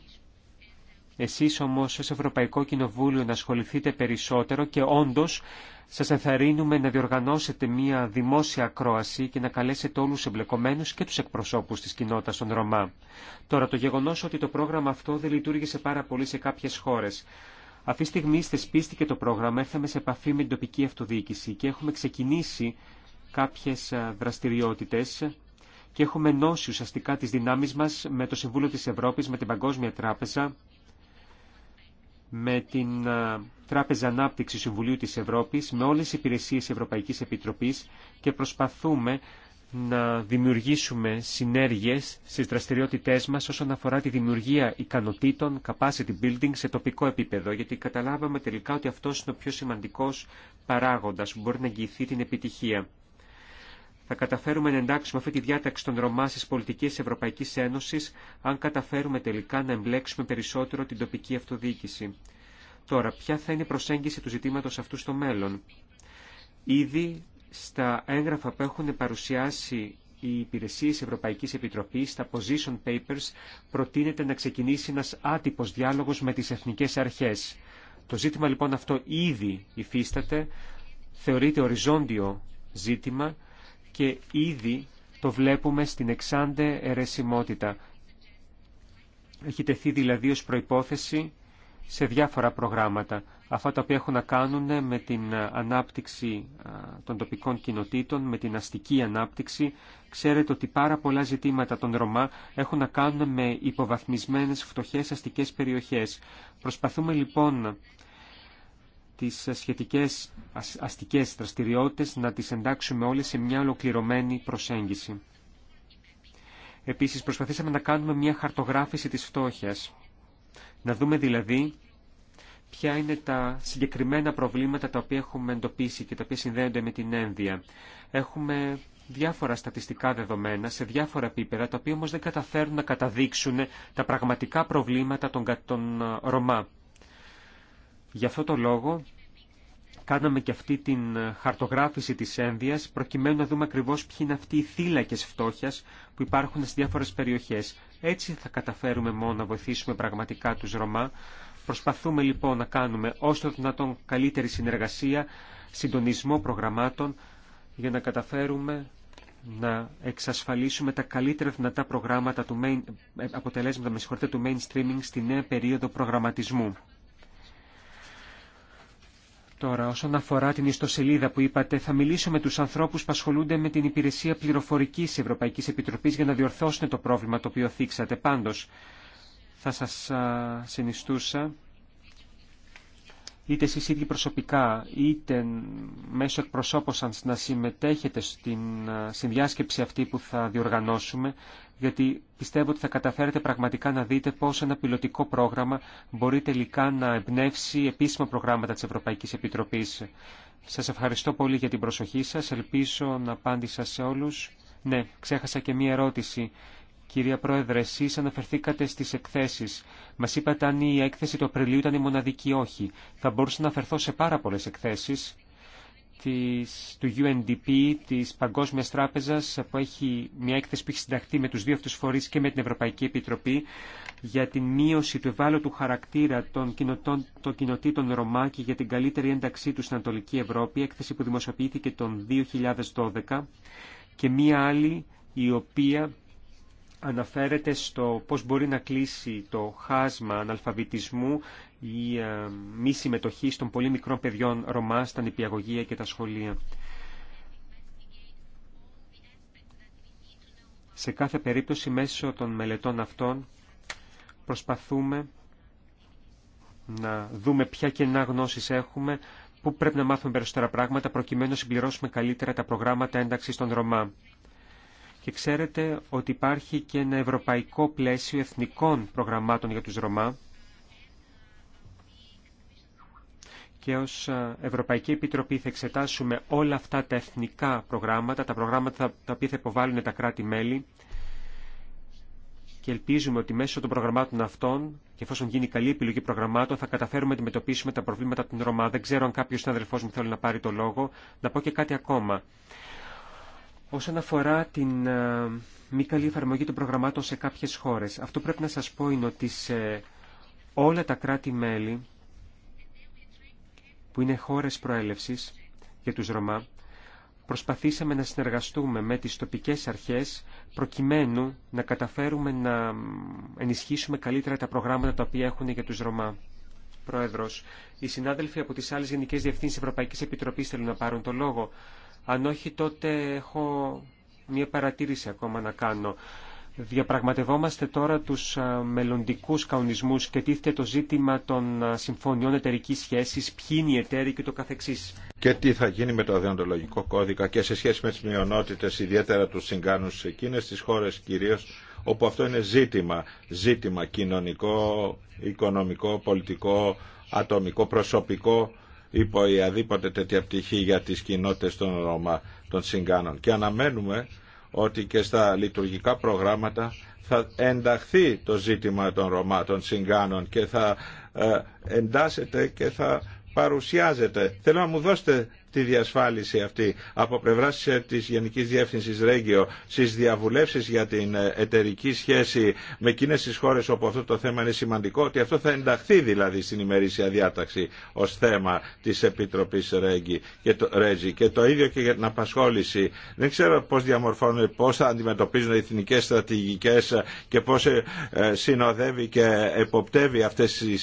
εσείς όμως ως Ευρωπαϊκό Κοινοβούλιο να ασχοληθείτε περισσότερο και όντως σας ενθαρρύνουμε να διοργανώσετε μια δημόσια ακρόαση και να καλέσετε όλους τους εμπλεκομένους και τους εκπροσώπους της κοινότητας των Ρωμά. Τώρα το γεγονός ότι το πρόγραμμα αυτό δεν λειτουργήσε πάρα πολύ σε κάποιες χώρες. Αυτή τη στιγμή θεσπίστηκε το πρόγραμμα, έρθαμε σε επαφή με την τοπική αυτοδιοίκηση και έχουμε ξεκινήσει κάποιες δραστηριότητες και έχουμε ενώσει ουσιαστικά τις δυνάμεις μας με το Συμβούλιο της Ευρώπης, με την Παγκόσμια Τράπεζα με την ε, Τράπεζα Ανάπτυξη Συμβουλίου της Ευρώπης, με όλες τις υπηρεσίες Ευρωπαϊκής Επιτροπής και προσπαθούμε να δημιουργήσουμε συνέργειες στις δραστηριότητές μας όσον αφορά τη δημιουργία ικανοτήτων, capacity building σε τοπικό επίπεδο, γιατί καταλάβαμε τελικά ότι αυτός είναι ο πιο σημαντικός παράγοντας που μπορεί να εγγυηθεί την επιτυχία θα καταφέρουμε να εντάξουμε αυτή τη διάταξη των Ρωμά στι πολιτικέ Ευρωπαϊκή Ένωση, αν καταφέρουμε τελικά να εμπλέξουμε περισσότερο την τοπική αυτοδιοίκηση. Τώρα, ποια θα είναι η προσέγγιση του ζητήματο αυτού στο μέλλον. Ήδη στα έγγραφα που έχουν παρουσιάσει οι υπηρεσίε Ευρωπαϊκή Επιτροπής, στα position papers, προτείνεται να ξεκινήσει ένα άτυπο διάλογο με τι εθνικέ αρχέ. Το ζήτημα λοιπόν αυτό ήδη υφίσταται, θεωρείται οριζόντιο ζήτημα και ήδη το βλέπουμε στην εξάντε αιρεσιμότητα. Έχει τεθεί δηλαδή ως προϋπόθεση σε διάφορα προγράμματα. Αυτά τα οποία έχουν να κάνουν με την ανάπτυξη των τοπικών κοινοτήτων, με την αστική ανάπτυξη. Ξέρετε ότι πάρα πολλά ζητήματα των Ρωμά έχουν να κάνουν με υποβαθμισμένες φτωχές αστικές περιοχές. Προσπαθούμε λοιπόν τις σχετικές αστικές δραστηριότητες να τις εντάξουμε όλες σε μια ολοκληρωμένη προσέγγιση. Επίσης προσπαθήσαμε να κάνουμε μια χαρτογράφηση της φτώχειας. Να δούμε δηλαδή ποια είναι τα συγκεκριμένα προβλήματα τα οποία έχουμε εντοπίσει και τα οποία συνδέονται με την ένδυα. Έχουμε διάφορα στατιστικά δεδομένα σε διάφορα επίπεδα, τα οποία όμως δεν καταφέρουν να καταδείξουν τα πραγματικά προβλήματα των, των Ρωμά. Γι' αυτό το λόγο κάναμε και αυτή την ε, χαρτογράφηση της ένδυας προκειμένου να δούμε ακριβώς ποιοι είναι αυτοί οι θύλακες φτώχειας που υπάρχουν στις διάφορες περιοχές. Έτσι θα καταφέρουμε μόνο να βοηθήσουμε πραγματικά τους Ρωμά. Προσπαθούμε λοιπόν να κάνουμε όσο δυνατόν καλύτερη συνεργασία, συντονισμό προγραμμάτων για να καταφέρουμε να εξασφαλίσουμε τα καλύτερα δυνατά προγράμματα του main, ε, αποτελέσματα με του mainstreaming στη νέα περίοδο προγραμματισμού. Τώρα, όσον αφορά την ιστοσελίδα που είπατε, θα μιλήσω με τους ανθρώπους που ασχολούνται με την υπηρεσία πληροφορικής Ευρωπαϊκής Επιτροπής για να διορθώσουν το πρόβλημα το οποίο θίξατε. Πάντως, θα σας συνιστούσα είτε εσείς ίδιοι προσωπικά, είτε μέσω εκπροσώπων σας να συμμετέχετε στην συνδιάσκεψη αυτή που θα διοργανώσουμε, γιατί πιστεύω ότι θα καταφέρετε πραγματικά να δείτε πώς ένα πιλωτικό πρόγραμμα μπορεί τελικά να εμπνεύσει επίσημα προγράμματα της Ευρωπαϊκής Επιτροπής. Σας ευχαριστώ πολύ για την προσοχή σας. Ελπίζω να απάντησα σε όλους. Ναι, ξέχασα και μία ερώτηση Κυρία Πρόεδρε, εσεί αναφερθήκατε στι εκθέσει. Μα είπατε αν η έκθεση του Απριλίου ήταν η μοναδική όχι. Θα μπορούσα να αναφερθώ σε πάρα πολλέ εκθέσει του UNDP, τη Παγκόσμια Τράπεζα, που έχει μια έκθεση που έχει συνταχθεί με του δύο αυτού φορεί και με την Ευρωπαϊκή Επιτροπή για τη μείωση του ευάλωτου χαρακτήρα των, κοινοτών, των κοινοτήτων Ρωμά και για την καλύτερη ένταξή του στην Ανατολική Ευρώπη, έκθεση που δημοσιοποιήθηκε τον 2012 και μία άλλη η οποία αναφέρεται στο πώς μπορεί να κλείσει το χάσμα αναλφαβητισμού ή ε, μη συμμετοχή των πολύ μικρών παιδιών Ρωμά στα νηπιαγωγεία και τα σχολεία. Σε κάθε περίπτωση μέσω των μελετών αυτών προσπαθούμε να δούμε ποια κενά γνώσεις έχουμε, πού πρέπει να μάθουμε περισσότερα πράγματα προκειμένου να συμπληρώσουμε καλύτερα τα προγράμματα ένταξης των Ρωμά. Και ξέρετε ότι υπάρχει και ένα ευρωπαϊκό πλαίσιο εθνικών προγραμμάτων για τους Ρωμά. Και ως Ευρωπαϊκή Επιτροπή θα εξετάσουμε όλα αυτά τα εθνικά προγράμματα, τα προγράμματα τα οποία θα υποβάλουν τα κράτη-μέλη και ελπίζουμε ότι μέσω των προγραμμάτων αυτών και εφόσον γίνει καλή επιλογή προγραμμάτων θα καταφέρουμε να αντιμετωπίσουμε τα προβλήματα των Ρωμά. Δεν ξέρω αν κάποιο αδερφό μου θέλει να πάρει το λόγο. Να πω και κάτι ακόμα όσον αφορά την ε, μη καλή εφαρμογή των προγραμμάτων σε κάποιες χώρες. Αυτό πρέπει να σας πω είναι ότι σε όλα τα κράτη-μέλη που είναι χώρες προέλευσης για τους Ρωμά, προσπαθήσαμε να συνεργαστούμε με τις τοπικές αρχές προκειμένου να καταφέρουμε να ενισχύσουμε καλύτερα τα προγράμματα τα οποία έχουν για τους Ρωμά. Πρόεδρος, οι συνάδελφοι από τις άλλες Γενικές Διευθύνσεις Ευρωπαϊκής Επιτροπής θέλουν να πάρουν το λόγο. Αν όχι, τότε έχω μια παρατήρηση ακόμα να κάνω. Διαπραγματευόμαστε τώρα τους μελλοντικού καονισμούς και τίθεται το ζήτημα των συμφωνιών εταιρικής σχέσης, ποιοι είναι οι εταίροι και το καθεξής. Και τι θα γίνει με το αδεοντολογικό κώδικα και σε σχέση με τις μειονότητες, ιδιαίτερα τους συγκάνους σε εκείνες τις χώρες κυρίως, όπου αυτό είναι ζήτημα, ζήτημα κοινωνικό, οικονομικό, πολιτικό, ατομικό, προσωπικό υπό η αδίποτε τέτοια πτυχή για τι κοινότητες των Ρωμά, των Συγκάνων. Και αναμένουμε ότι και στα λειτουργικά προγράμματα θα ενταχθεί το ζήτημα των Ρωμά, των Συγκάνων και θα ε, εντάσσεται και θα παρουσιάζεται. Θέλω να μου δώσετε τη διασφάλιση αυτή από πλευρά ε, τη Γενική Διεύθυνση Ρέγγιο στι διαβουλεύσει για την ε, εταιρική σχέση με εκείνε τι χώρε όπου αυτό το θέμα είναι σημαντικό, ότι αυτό θα ενταχθεί δηλαδή στην ημερήσια διάταξη ω θέμα τη Επιτροπή Ρέγγι και το ίδιο και για την απασχόληση. Δεν ξέρω πώ διαμορφώνουν, πώ θα αντιμετωπίζουν οι εθνικέ στρατηγικέ και πώ ε, συνοδεύει και εποπτεύει αυτέ τι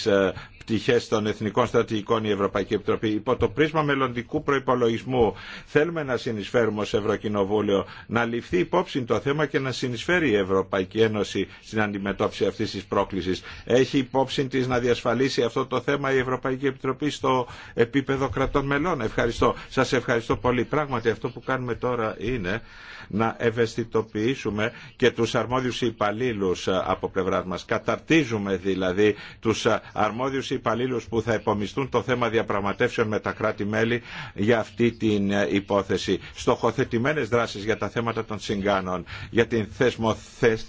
Τυχέ των εθνικών στρατηγικών η Ευρωπαϊκή Επιτροπή. Υπό το πρίσμα μελλοντικού προπολογισμού. θέλουμε να συνεισφέρουμε ως Ευρωκοινοβούλιο να ληφθεί υπόψη το θέμα και να συνεισφέρει η Ευρωπαϊκή Ένωση στην αντιμετώπιση αυτή τη πρόκληση. Έχει υπόψη τη να διασφαλίσει αυτό το θέμα η Ευρωπαϊκή Επιτροπή στο επίπεδο κρατών μελών. Ευχαριστώ. Σα ευχαριστώ πολύ. Πράγματι αυτό που κάνουμε τώρα είναι να ευαισθητοποιήσουμε και του αρμόδιου υπαλλήλου ε, από πλευρά μα. Καταρτίζουμε δηλαδή τους ε, αρμόδιους υπαλλήλου που θα επομιστούν το θέμα διαπραγματεύσεων με τα κράτη-μέλη για αυτή την ε, υπόθεση. Στοχοθετημένε δράσει για τα θέματα των συγκάνων, για την θεσμοθέτηση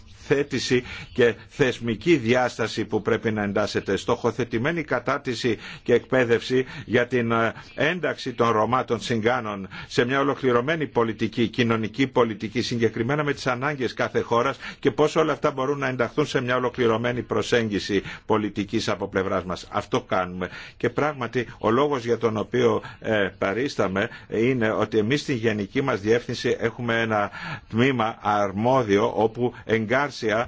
και θεσμική διάσταση που πρέπει να εντάσσεται. Στοχοθετημένη κατάτηση και εκπαίδευση για την ε, ένταξη των Ρωμά των Τσιγκάνων σε μια ολοκληρωμένη πολιτική, κοινωνική πολιτική, συγκεκριμένα με τι ανάγκε κάθε χώρα και πώ όλα αυτά μπορούν να ενταχθούν σε μια ολοκληρωμένη προσέγγιση πολιτική από πλευρά μα. Αυτό κάνουμε. Και πράγματι ο λόγο για τον οποίο ε, παρίσταμε είναι ότι εμεί στην γενική μα διεύθυνση έχουμε ένα τμήμα αρμόδιο όπου εγκάρσει ε,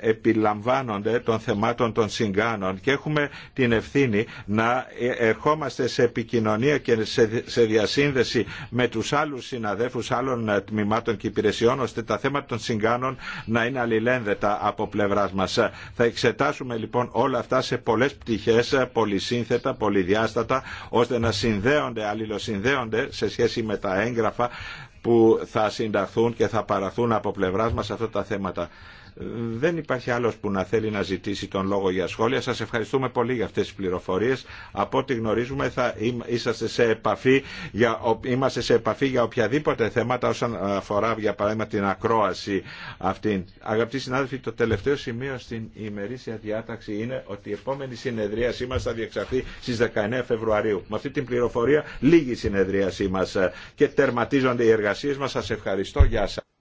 επιλαμβάνονται των θεμάτων των συγκάνων και έχουμε την ευθύνη να ε, ερχόμαστε σε επικοινωνία και σε διασύνδεση με τους άλλους συναδέφους άλλων ε, τμήματων και υπηρεσιών ώστε τα θέματα των συγκάνων να είναι αλληλένδετα από πλευρά μα. Ε, θα εξετάσουμε λοιπόν όλα αυτά σε πολλέ πτυχέ, πολυσύνθετα, πολυδιάστατα, ώστε να συνδέονται, αλληλοσυνδέονται σε σχέση με τα έγγραφα που θα συνταχθούν και θα παραθούν από πλευρά μας αυτά τα θέματα δεν υπάρχει άλλο που να θέλει να ζητήσει τον λόγο για σχόλια. Σα ευχαριστούμε πολύ για αυτέ τι πληροφορίε. Από ό,τι γνωρίζουμε θα είσαστε σε για, είμαστε σε επαφή για οποιαδήποτε θέματα όσον αφορά για παράδειγμα την ακρόαση αυτή. Αγαπητοί συνάδελφοι, το τελευταίο σημείο στην ημερήσια διάταξη είναι ότι η επόμενη συνεδρίασή μα θα διεξαχθεί στι 19 Φεβρουαρίου. Με αυτή την πληροφορία λίγη συνεδρίασή μα ε, και τερματίζονται οι εργασίε μα, σα ευχαριστώ. Γεια σας.